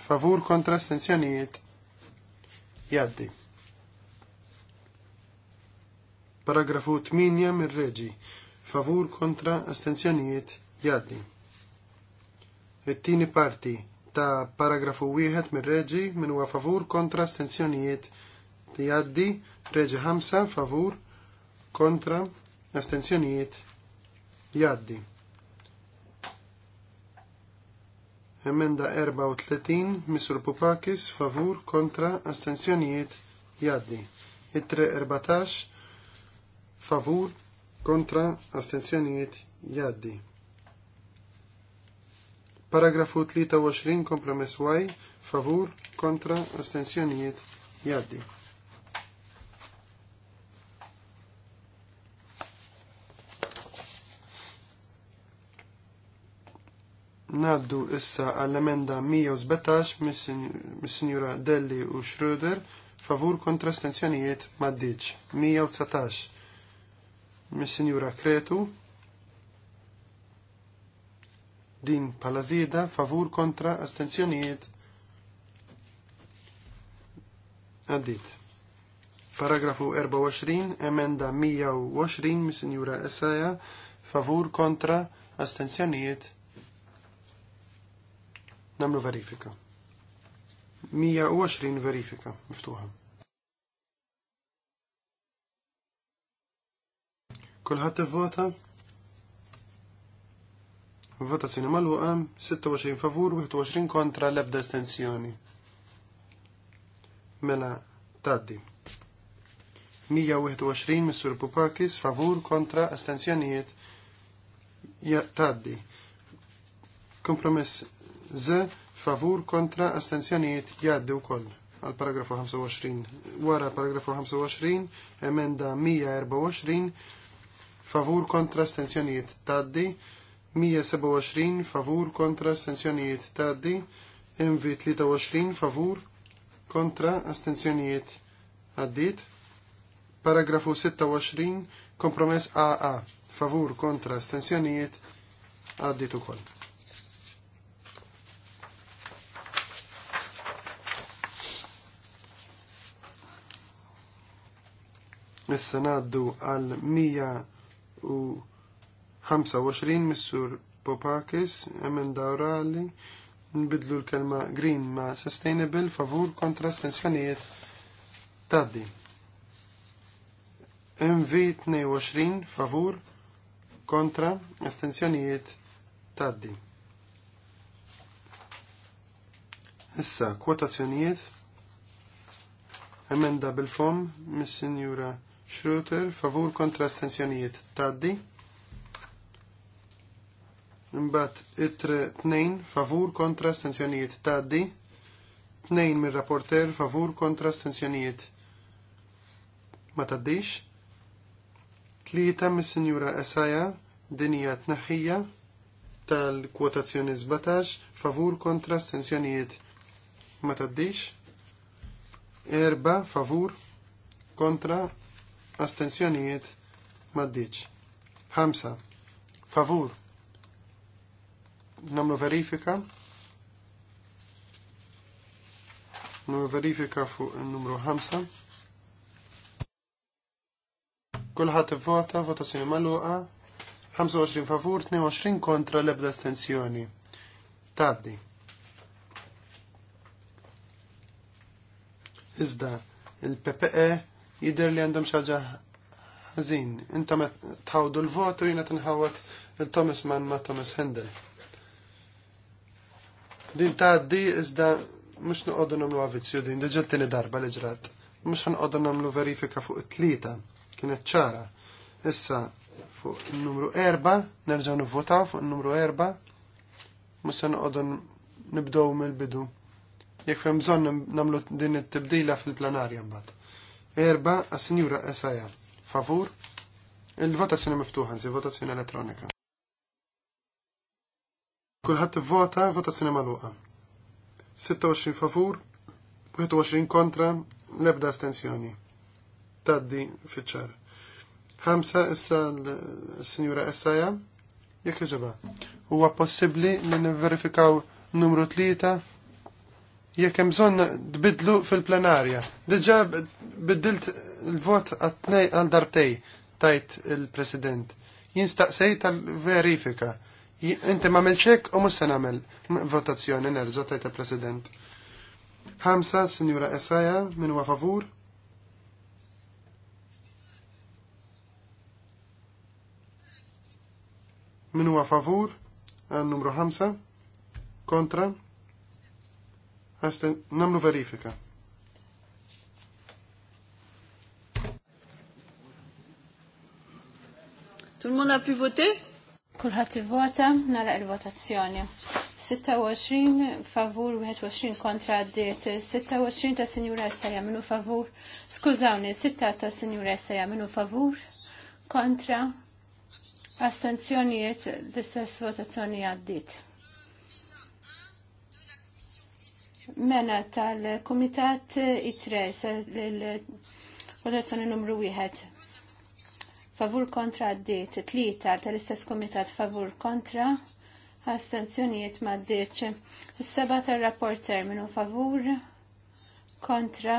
favur kontra astensjonijiet jaddi. Paragrafu 8 mir-reġi. Favur kontra astenzjonijiet jaddi. It-tieni parti ta' paragrafu 1 mir-reġi min huwa favur kontra astenzjonijiet jaddi. Reġi 5 favur kontra astenzjonijiet jaddi. Emenda 34, Mr. Pupakis, favur, kontra, astensjonijiet, jaddi. Itre 14, favur, kontra, astensjonijiet, jaddi. Paragrafu 23, kompromess Y, favur, kontra, astensjonijiet, jaddi. Naddu issa għall-emenda 117 mis-Sinjura Delli u Schroeder favur kontra stenzjonijiet maddiċ. 119 mis-Sinjura Kretu din palazida favur kontra astenzjonijiet għaddit. Paragrafu 24, emenda 120 mis-Sinjura Essaja favur kontra astenzjonijiet Namlu verifika. 120 verifika miftuħa. Kulħadd ivvota? malu għam, 26 favur, 21 kontra l-ebda estensjoni. Mela taddi. 121 Missur Pupakis favur kontra astensjonijiet taddi. Kompromess Z favur kontra astenzjonijiet jgħaddi wkoll għal paragrafu 25. Wara paragrafu 25, emenda 124, favur kontra astenzjoniet taddi, 127, favur kontra astenzjoniet taddi, MV 23, favur kontra astenzjoniet għaddit. Paragrafu 26, kompromess AA, favur kontra stenzjonijiet għaddit ukoll. Issa naddu għal 125 missur Popakis, emenda orali, nbidlu l-kelma green ma sustainable favur kontra stenzjonijiet taddi. MV22 favur kontra estensjonijiet taddi. Issa, kwotazzjonijiet, emenda bil-fom, mis-sinjura Schröter, favur kontra stensjonijiet taddi. Imbat itre tnejn, favur kontra stensjonijiet taddi. tnejn mir rapporter favur kontra stensjonijiet. ma taddix. Tlieta mis sinjura Esaja, dinija tnaħħija tal-kwotazzjoni zbatax, favur kontra stensjonijiet ma taddix. Erba favur kontra astensjonijiet maddiċ. 5. Favur. Namlu verifika. Namlu verifika fuq il-numru 5. Kulħat vota, votazzjoni maluqa. 25 favur, 22 kontra l-ebda astensjoni. Taddi. Iżda, il-PPE jider li għandhom xaġa ħażin. Intom tħawdu l-votu jiena tinħawat il-Thomas Mann ma' Thomas Hendel. Din tgħaddi iżda mhux noqogħdu nagħmlu għavizzju din, diġà tieni darba li ġrat. Mhux ħanqogħdu nagħmlu verifika fuq it-tlieta, kienet ċara. Issa fuq numru 4, nerġgħu nivvotaw fuq numru 4. Mhux se noqogħdu nibdew mill-bidu. Jekk fem bżonn nagħmlu din it-tibdila fil-planarja mbagħad. Erba għas-Sinjura Esaja. Favur? Il-votazzjoni miftuħa, nsi votazzjoni elettronika. Kulħadd vota votazzjoni magħluqa. 26 favur, 21 kontra, l-ebda astensjoni. Taddi fiċċar. Ħamsa issa l-Sinjura Esaja. Jekk ġeba. Huwa possibbli li nivverifikaw numru tlieta jekk hemm bżonn tbidlu fil-plenarja. Diġà biddilt il-vot għat għal darbtej tajt il-President. Jinstaqsej tal-verifika. Inti ma melċek u mus se nagħmel votazzjoni nerġa' tajt il-President. Hamsa, Sinjura Essaja, minn huwa favur? Min huwa favur? Għal numru 5. Kontra? Għasten, namlu verifika. Tul mona pi voti? Kulħat vota, nara il-votazzjoni. 26 favur, 21 kontra għaddiet, 26 ta' senjura essa jaminu favur, skużawni, 6 ta' senjura essa jaminu favur, kontra, astenzjonijiet l-istess votazzjoni għaddiet. mena tal-Komitat ITRES, l-votazzjoni numru 1. Favur kontra għaddit, tlita tal-istess Komitat favur kontra, astenzjonijiet ma għaddit, Is-seba tal-rapporter terminu favur kontra,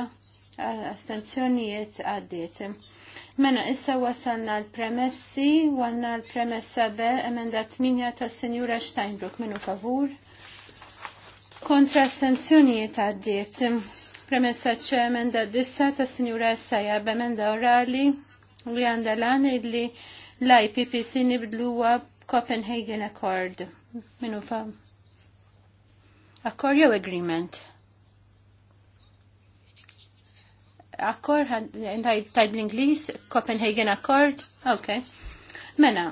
astenzjonijiet għaddiet. Mena, issa wasalna l-premessi, għanna l-premessa be emenda 8 tal Senjura Steinbrook, minu favur, kontra sanzjonijiet għaddiet. Premessa ċemen da dissa ta' sinjura Essaja b'emenda orali li għandalan illi l-IPPC nibdluwa Copenhagen Accord. Minu fa' Accord jew agreement? Accord, tajt l-Inglis, Copenhagen Accord, ok. Mena,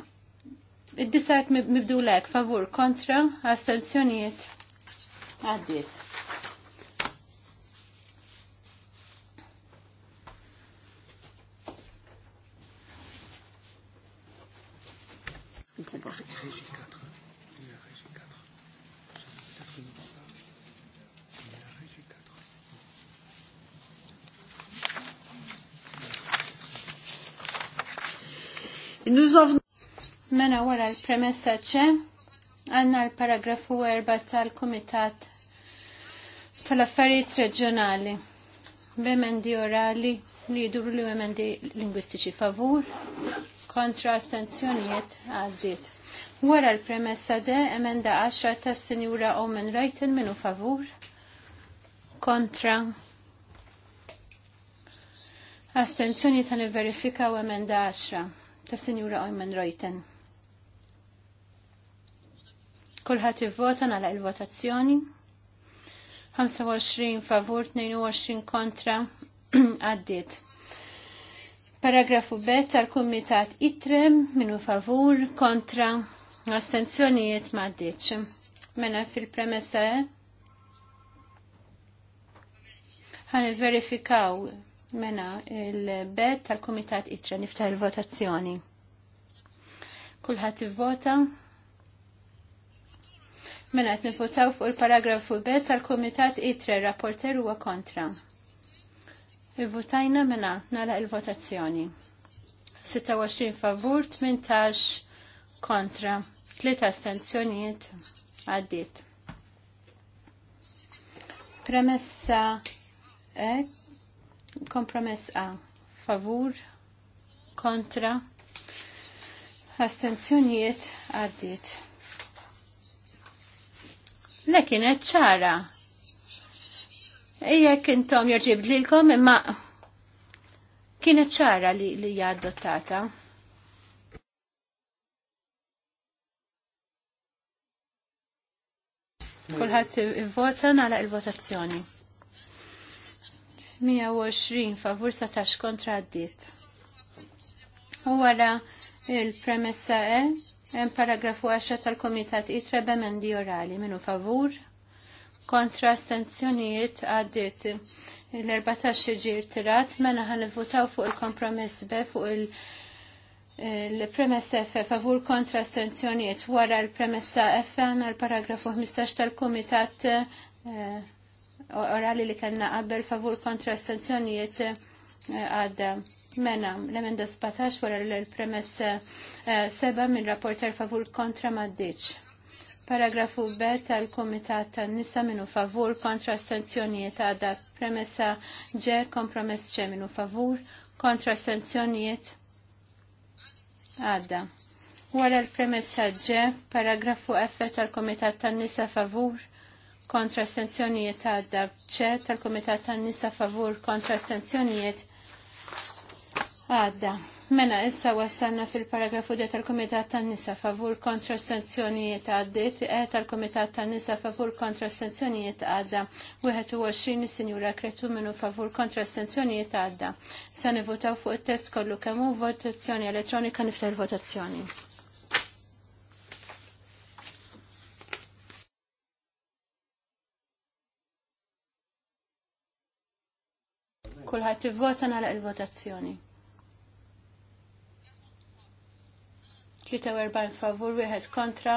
id-disajt mibdu l-ek favur, kontra, astenzjonijiet Għaddiet. Mena wara l-premessa ċe Għanna l-paragrafu 4 tal-Kumitat tal-Affarijiet Reġjonali b'emendi orali li jiduru li emendi lingwistiċi favur kontra astenzjonijiet għaddit. Wara l-premessa de emenda 10 tas sinjura Omen Reuten minu favur kontra astenzjoni tal verifika u emenda 10 tas sinjura Omen Reuten. Kulħadd ivvota nagħlaq il-votazzjoni. 25 favur, 22 kontra għaddiet. Paragrafu B tal-Kumitat Itrem minu favur kontra astenzjonijiet ma' għaddiċ. Mena fil-premessa E. Għan verifikaw mena il-bet tal-Kumitat Itrem niftaħ il-votazzjoni. Kulħadd ivvota. vota Mela qed nifutaw fuq il-paragrafu bet tal-Kumitat ITRE rapporter huwa kontra. Il-votajna mena nara il-votazzjoni. 26 favur, 18 kontra, 3 astenzjonijiet għaddit. Premessa E, kompromess A, favur, kontra, astenzjonijiet għaddit le kienet ċara. Ijek intom jorġib lilkom imma kienet ċara li li jaddottata. Kulħadd ivvota nagħlaq il-votazzjoni. 120 favur satax kontra għaddiet. U wara il-premessa E Hemm paragrafu 10 tal-Kumitat itreb emendi orali minu favur kontra astenzjonijiet għaddit l-14 ġir tirat mena ħan votaw fuq il-kompromess be fuq il- eh, premessa F favur kontra astenzjonijiet wara l-premessa F għana paragrafu 15 tal-Kumitat eh, orali li kellna qabel favur kontra astenzjonijiet għadda mena l-emenda 17 wara l premessa eh, seba minn rapporter favur kontra maddiċ. Paragrafu B tal-Komitat tan-Nisa minnu favur kontra astenzjonijiet għadda premessa G kompromess ċe minnu favur kontra astenzjonijiet għadda. Wara l-premessa G, paragrafu F tal-Komitat tan-Nisa favur kontra stenzjonijiet għadda ċe tal-Komitat tan-Nisa favur kontra stenzjonijiet għadda. Mena issa wassanna fil-paragrafu D tal-Komitat tan-Nisa favur kontra stenzjonijiet għaddit, E tal-Komitat tan-Nisa favur kontra stenzjonijiet għadda. is sinjura kretu minnu favur kontra stenzjonijiet għadda. Sa' votaw fuq il-test kollu kemmu votazzjoni elettronika niftar votazzjoni. Kulħadd ivvota nagħlaq il-votazzjoni. 43 favur, wieħed kontra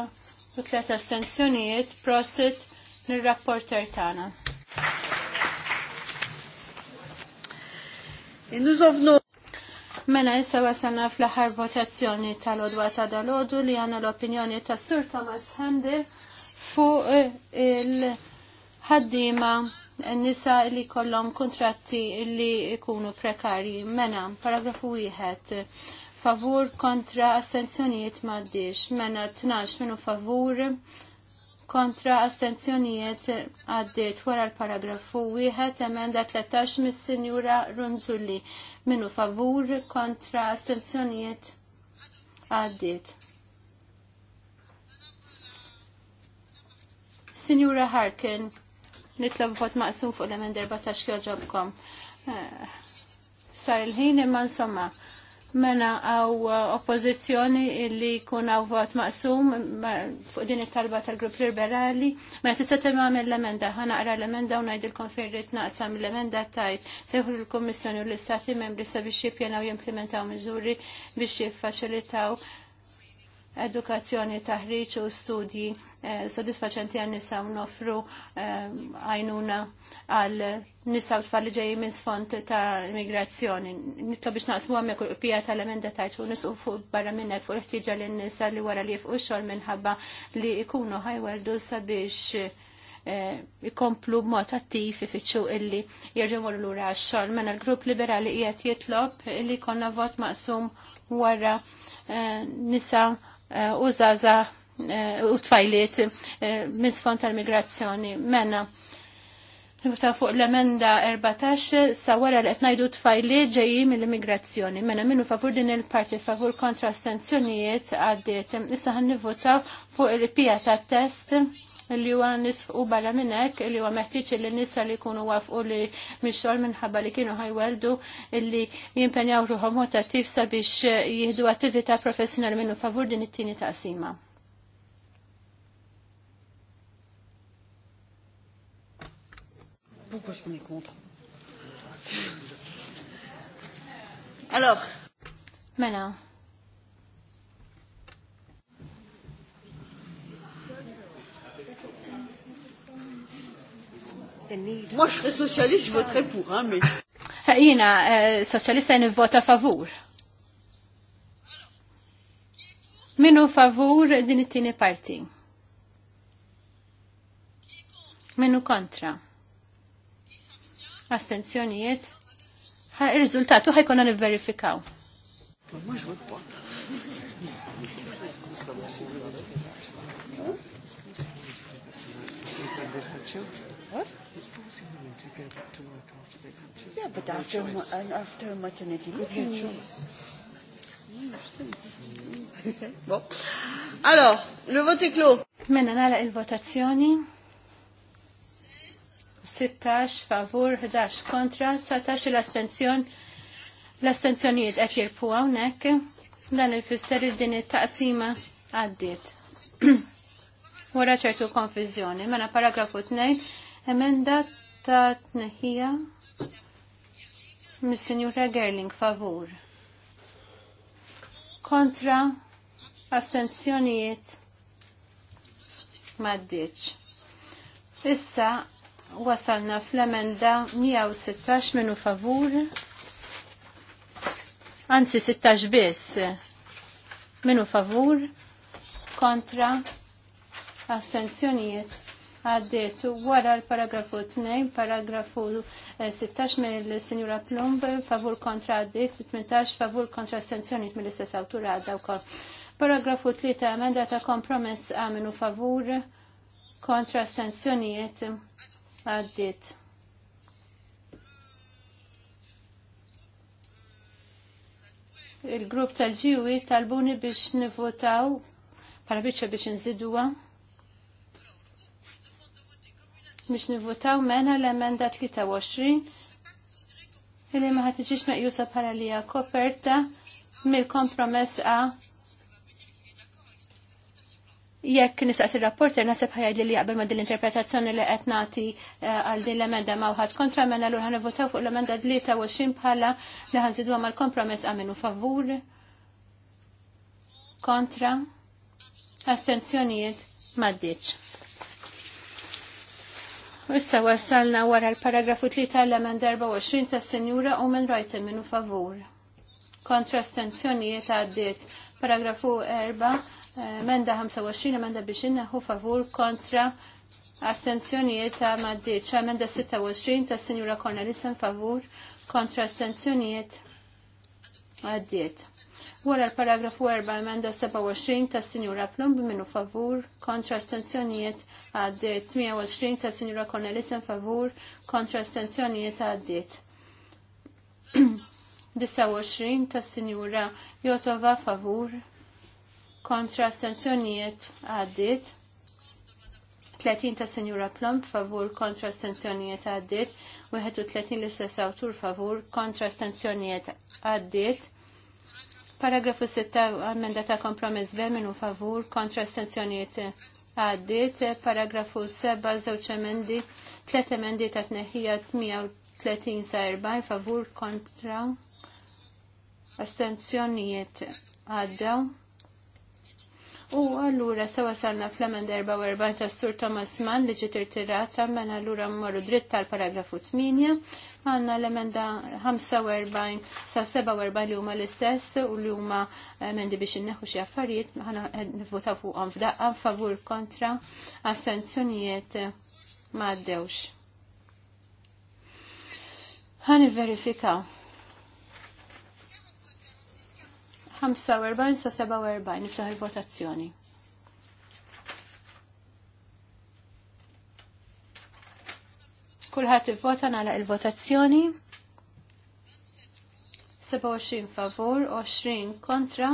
u tliet astenzjonijiet prosit nir-rapporter tagħna. Mena mela, issa wasanna fl-aħħar votazzjoni tal-odwa ta' dal-odu li għandna l-opinjoni tas Sur Thomas Handel fuq il-ħaddima nisa li kollom kontratti li ikunu prekari. Mena, paragrafu wieħed favur kontra astenzjonijiet maddiex. Mena tnax minu favur kontra astenzjonijiet għaddiet wara l-paragrafu wieħed emenda 13 mis-sinjura Runzulli minu favur kontra astenzjonijiet għaddiet. Sinjura Harkin, nitlob vot maqsum fuq l-emend 14 kjoġobkom. Eh, sar il-ħin imma insomma. Mena għaw eh, oppozizjoni illi kun għaw vot maqsum fuq din it-talba tal-grupp liberali. Mena tista tamam l-emenda, għara l-emenda u najdilkom fejn rrit naqsam l-emenda tajt seħu l-Kommissjoni u l-Istati membri sabiex u jimplementaw miżuri biex jiffaċilitaw edukazzjoni, taħriġ u studji eh, sodisfaċenti għan nisa u nofru eh, għajnuna għal nisa u tfalli ġeji minn sfond ta' immigrazzjoni. Nitlob biex naqsmu għamme u pija tal-emenda ta' ċu nisqu fuq barra minna fuq ħtiġa l nisa li wara li fuq xol minħabba li ikunu ħajweldu sabiex eh, ikomplu b'mod attiv ifittxu illi jirġimu l-lura għax-xogħol. Mena l-grupp liberali qiegħed jitlob illi konna vot maqsum wara eh, nisa użaza eh, u tfajliet eh, minn sfond tal-migrazzjoni. Mena, Nibta fuq l-emenda 14 sa wara li qed ngħidu tfajliet ġejjin mill-immigrazzjoni. Mena minnu favur din il-parti favur kontra stenzjonijiet għaddiet. Issa ħan nivvotaw fuq il-pija tat-test اللي هو nisfqu barra منك اللي هو huwa meħtieġ li nisa li jkunu wafqu li من xogħol minħabba li kienu ħajweldu illi jimpenjaw ruħhom mod attiv sabiex eh, jieħdu attività professjonali minnu favur din it-tieni Pourquoi je suis contre Alors. Maintenant. Moi, je serais socialiste, pour, hein, Jina, eh, socialista nivvota favur. Minu favur din it-tieni parti. Minu kontra. Astenzjonijiet. Il-riżultatu ħajkonna għan Moi, What? It's Yeah, but after, no ma after maternity leave, you choose. choice. bon. Alors, le vote est clos. Mena nala il-votazzjoni. 16 favur, 11 kontra, 17 l-astenzjon. L-astenzjonijiet qed jirpu hawnhekk. Dan il-fisser din it-taqsima għaddiet. Wara ċertu konfiżjoni. Mena paragrafu 2 Emenda ta' tneħija mis senjura Gerling favur. Kontra assenzjonijiet maddiċ. Issa wasalna fl-emenda 116 minu favur, anzi 16 biss minu favur kontra astenzjonijiet għaddiet wara l-paragrafu 2, paragrafu 16 eh, mill-Sinjura Plumb, favur kontra għaddiet, 18 favur kontra astenzjoniet mill-istess autura għadda wkoll. Paragrafu 3, emenda ta' kompromess għamenu favur kontra astenzjoniet għaddiet. il-grupp tal-ġiwi talbuni biex nivvotaw bħala biċċa biex nżiduwa biex nivvotaw mena l-emenda 23 illi ma ħatiġiex meqjusa bħala li koperta mill-kompromess għa jekk nistaqsi il-rapporter nasib ħajad li jaqbel ma din interpretazzjoni li qed nagħti eh, għal din l-emenda ma wħad kontra mela l ħanivvotaw fuq l-emenda 23 bħala li ħanżidu mal kompromess għaminu favur kontra astenzjonijiet maddiċ. Issa wasalna wara l-paragrafu 3 l-emend 24 ta' senjura u minn rajti minnu favur. Kontra stenzjonijiet għaddit. Paragrafu 4, emenda 25, emenda biex innaħu favur kontra astenzjonijiet ta' maddit. Emenda 26 ta' senjura Cornelissen favur kontra astenzjonijiet għaddit. Wara l-paragrafu 4 menda 27 ta' Sinjura Plumb minnu favur kontra astenzjonijiet għaddit 28 ta' Sinjura Cornelisen favur kontra astenzjonijiet għaddit. 29 ta' Sinjura Jotova favur kontra astenzjonijiet għaddit. 30 ta' Sinjura Plumb favur kontra stenzjonijiet għaddit. 31 l-istess autur favur kontra astenzjonijiet għaddit. Paragrafu 6 għal ta' kompromess vermin u favur kontra astenzjonijiet għaddit. Paragrafu 7 zewċ emendi, tlet emendi ta' tneħija 38 sa' 40 favur kontra astenzjonijiet għaddew. U għallura sewa salna fl-emen 44 ta' Sur Thomas Mann li ġiet irtirata mela allura mmorru dritt tal-paragrafu 8 Għanna l-emenda 45 sa 47 li huma l-istess u li huma emendi biex inneħu xi affarijiet ħana nivvotaw fuqhom f'daqqa favur kontra assenzjonijiet ma għaddewx. Ħani verifikaw. 45 sa 47 niftaħ il-votazzjoni. Kulħadd ivvota nagħlaq il-votazzjoni. 27 favur, 20 kontra.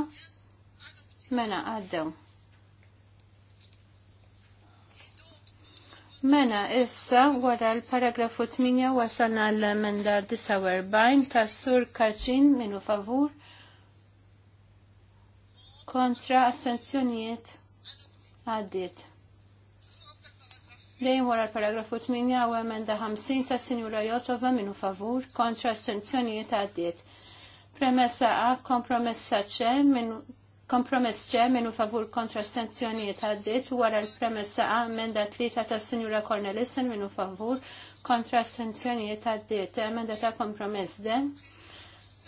Mena għaddew. Mena issa wara l-paragrafu 8 wasalna l-emenda 49 tas-sur Kaċin minu favur kontra astenzjonijiet għaddit. Dejjem wara l-paragrafu 8 u emenda 50 ta' Sinjura Jotova minu favur kontra astenzjonijiet għaddiet. Premessa A kompromessa C minu kompromess ċe minu favur kontra astenzjonijiet għaddit wara l-premessa A emenda 3 ta' Sinjura Cornelissen minnu favur kontra astenzjonijiet għaddit Emenda ta' kompromess D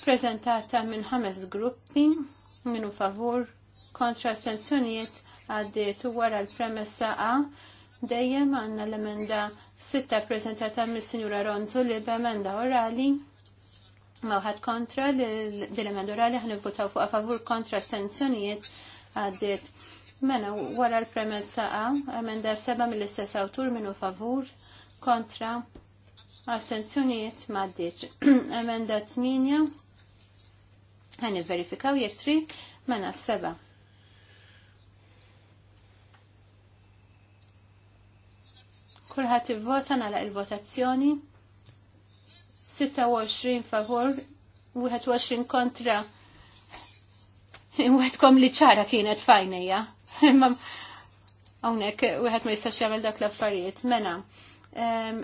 prezentata minn ħames gruppi minnu favur kontra astenzjonijiet għaddit wara l-premessa A Dejjem għanna l-emenda sitta prezentata mis-Sinjura Ronzu li b'emenda orali mawħat kontra l emenda orali ħan votaw fuq favur kontra stenzjonijiet għaddit. Mena wara l-premessa A, emenda seba mill-istess autur minnu favur kontra Astenzjoniet maddiċ. Emenda 8. Għan verifikaw jek trid mena s-seba. Kulħadd ivvota nagħlaq il-votazzjoni. 26 favor, 21 kontra. Wetkom li ċara kienet fajnija. Imma hawnhekk wieħed ma jistax jagħmel dak l-affarijiet. Mena,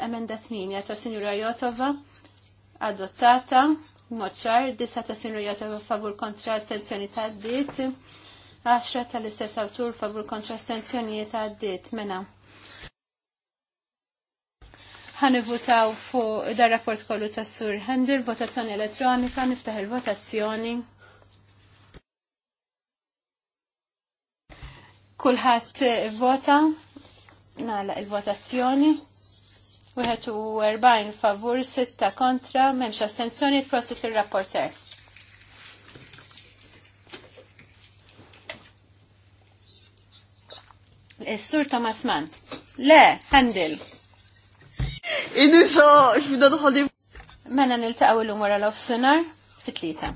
emenda tminja ta' Sinjura Jotova adottata moċar, disa ta' Sinjura Jotova favur kontra astenzjoni ta' ditt. 10 tal-istess autur favur kontra ta' għaddit mena ħanivutaw fuq dar rapport kollu tas sur Handel, votazzjoni elettronika, niftaħ il-votazzjoni. Kulħadd vota, nagħlaq il-votazzjoni. Wieħed u 40 favur, 6 kontra, m'hemmx astenzjoni, prosit il-rapporter. Is-sur Thomas Mann. Le, Handel. Inisa, xbidan ħadim. Mena nil-taqaw l-umara l-ofsenar fit-tlita.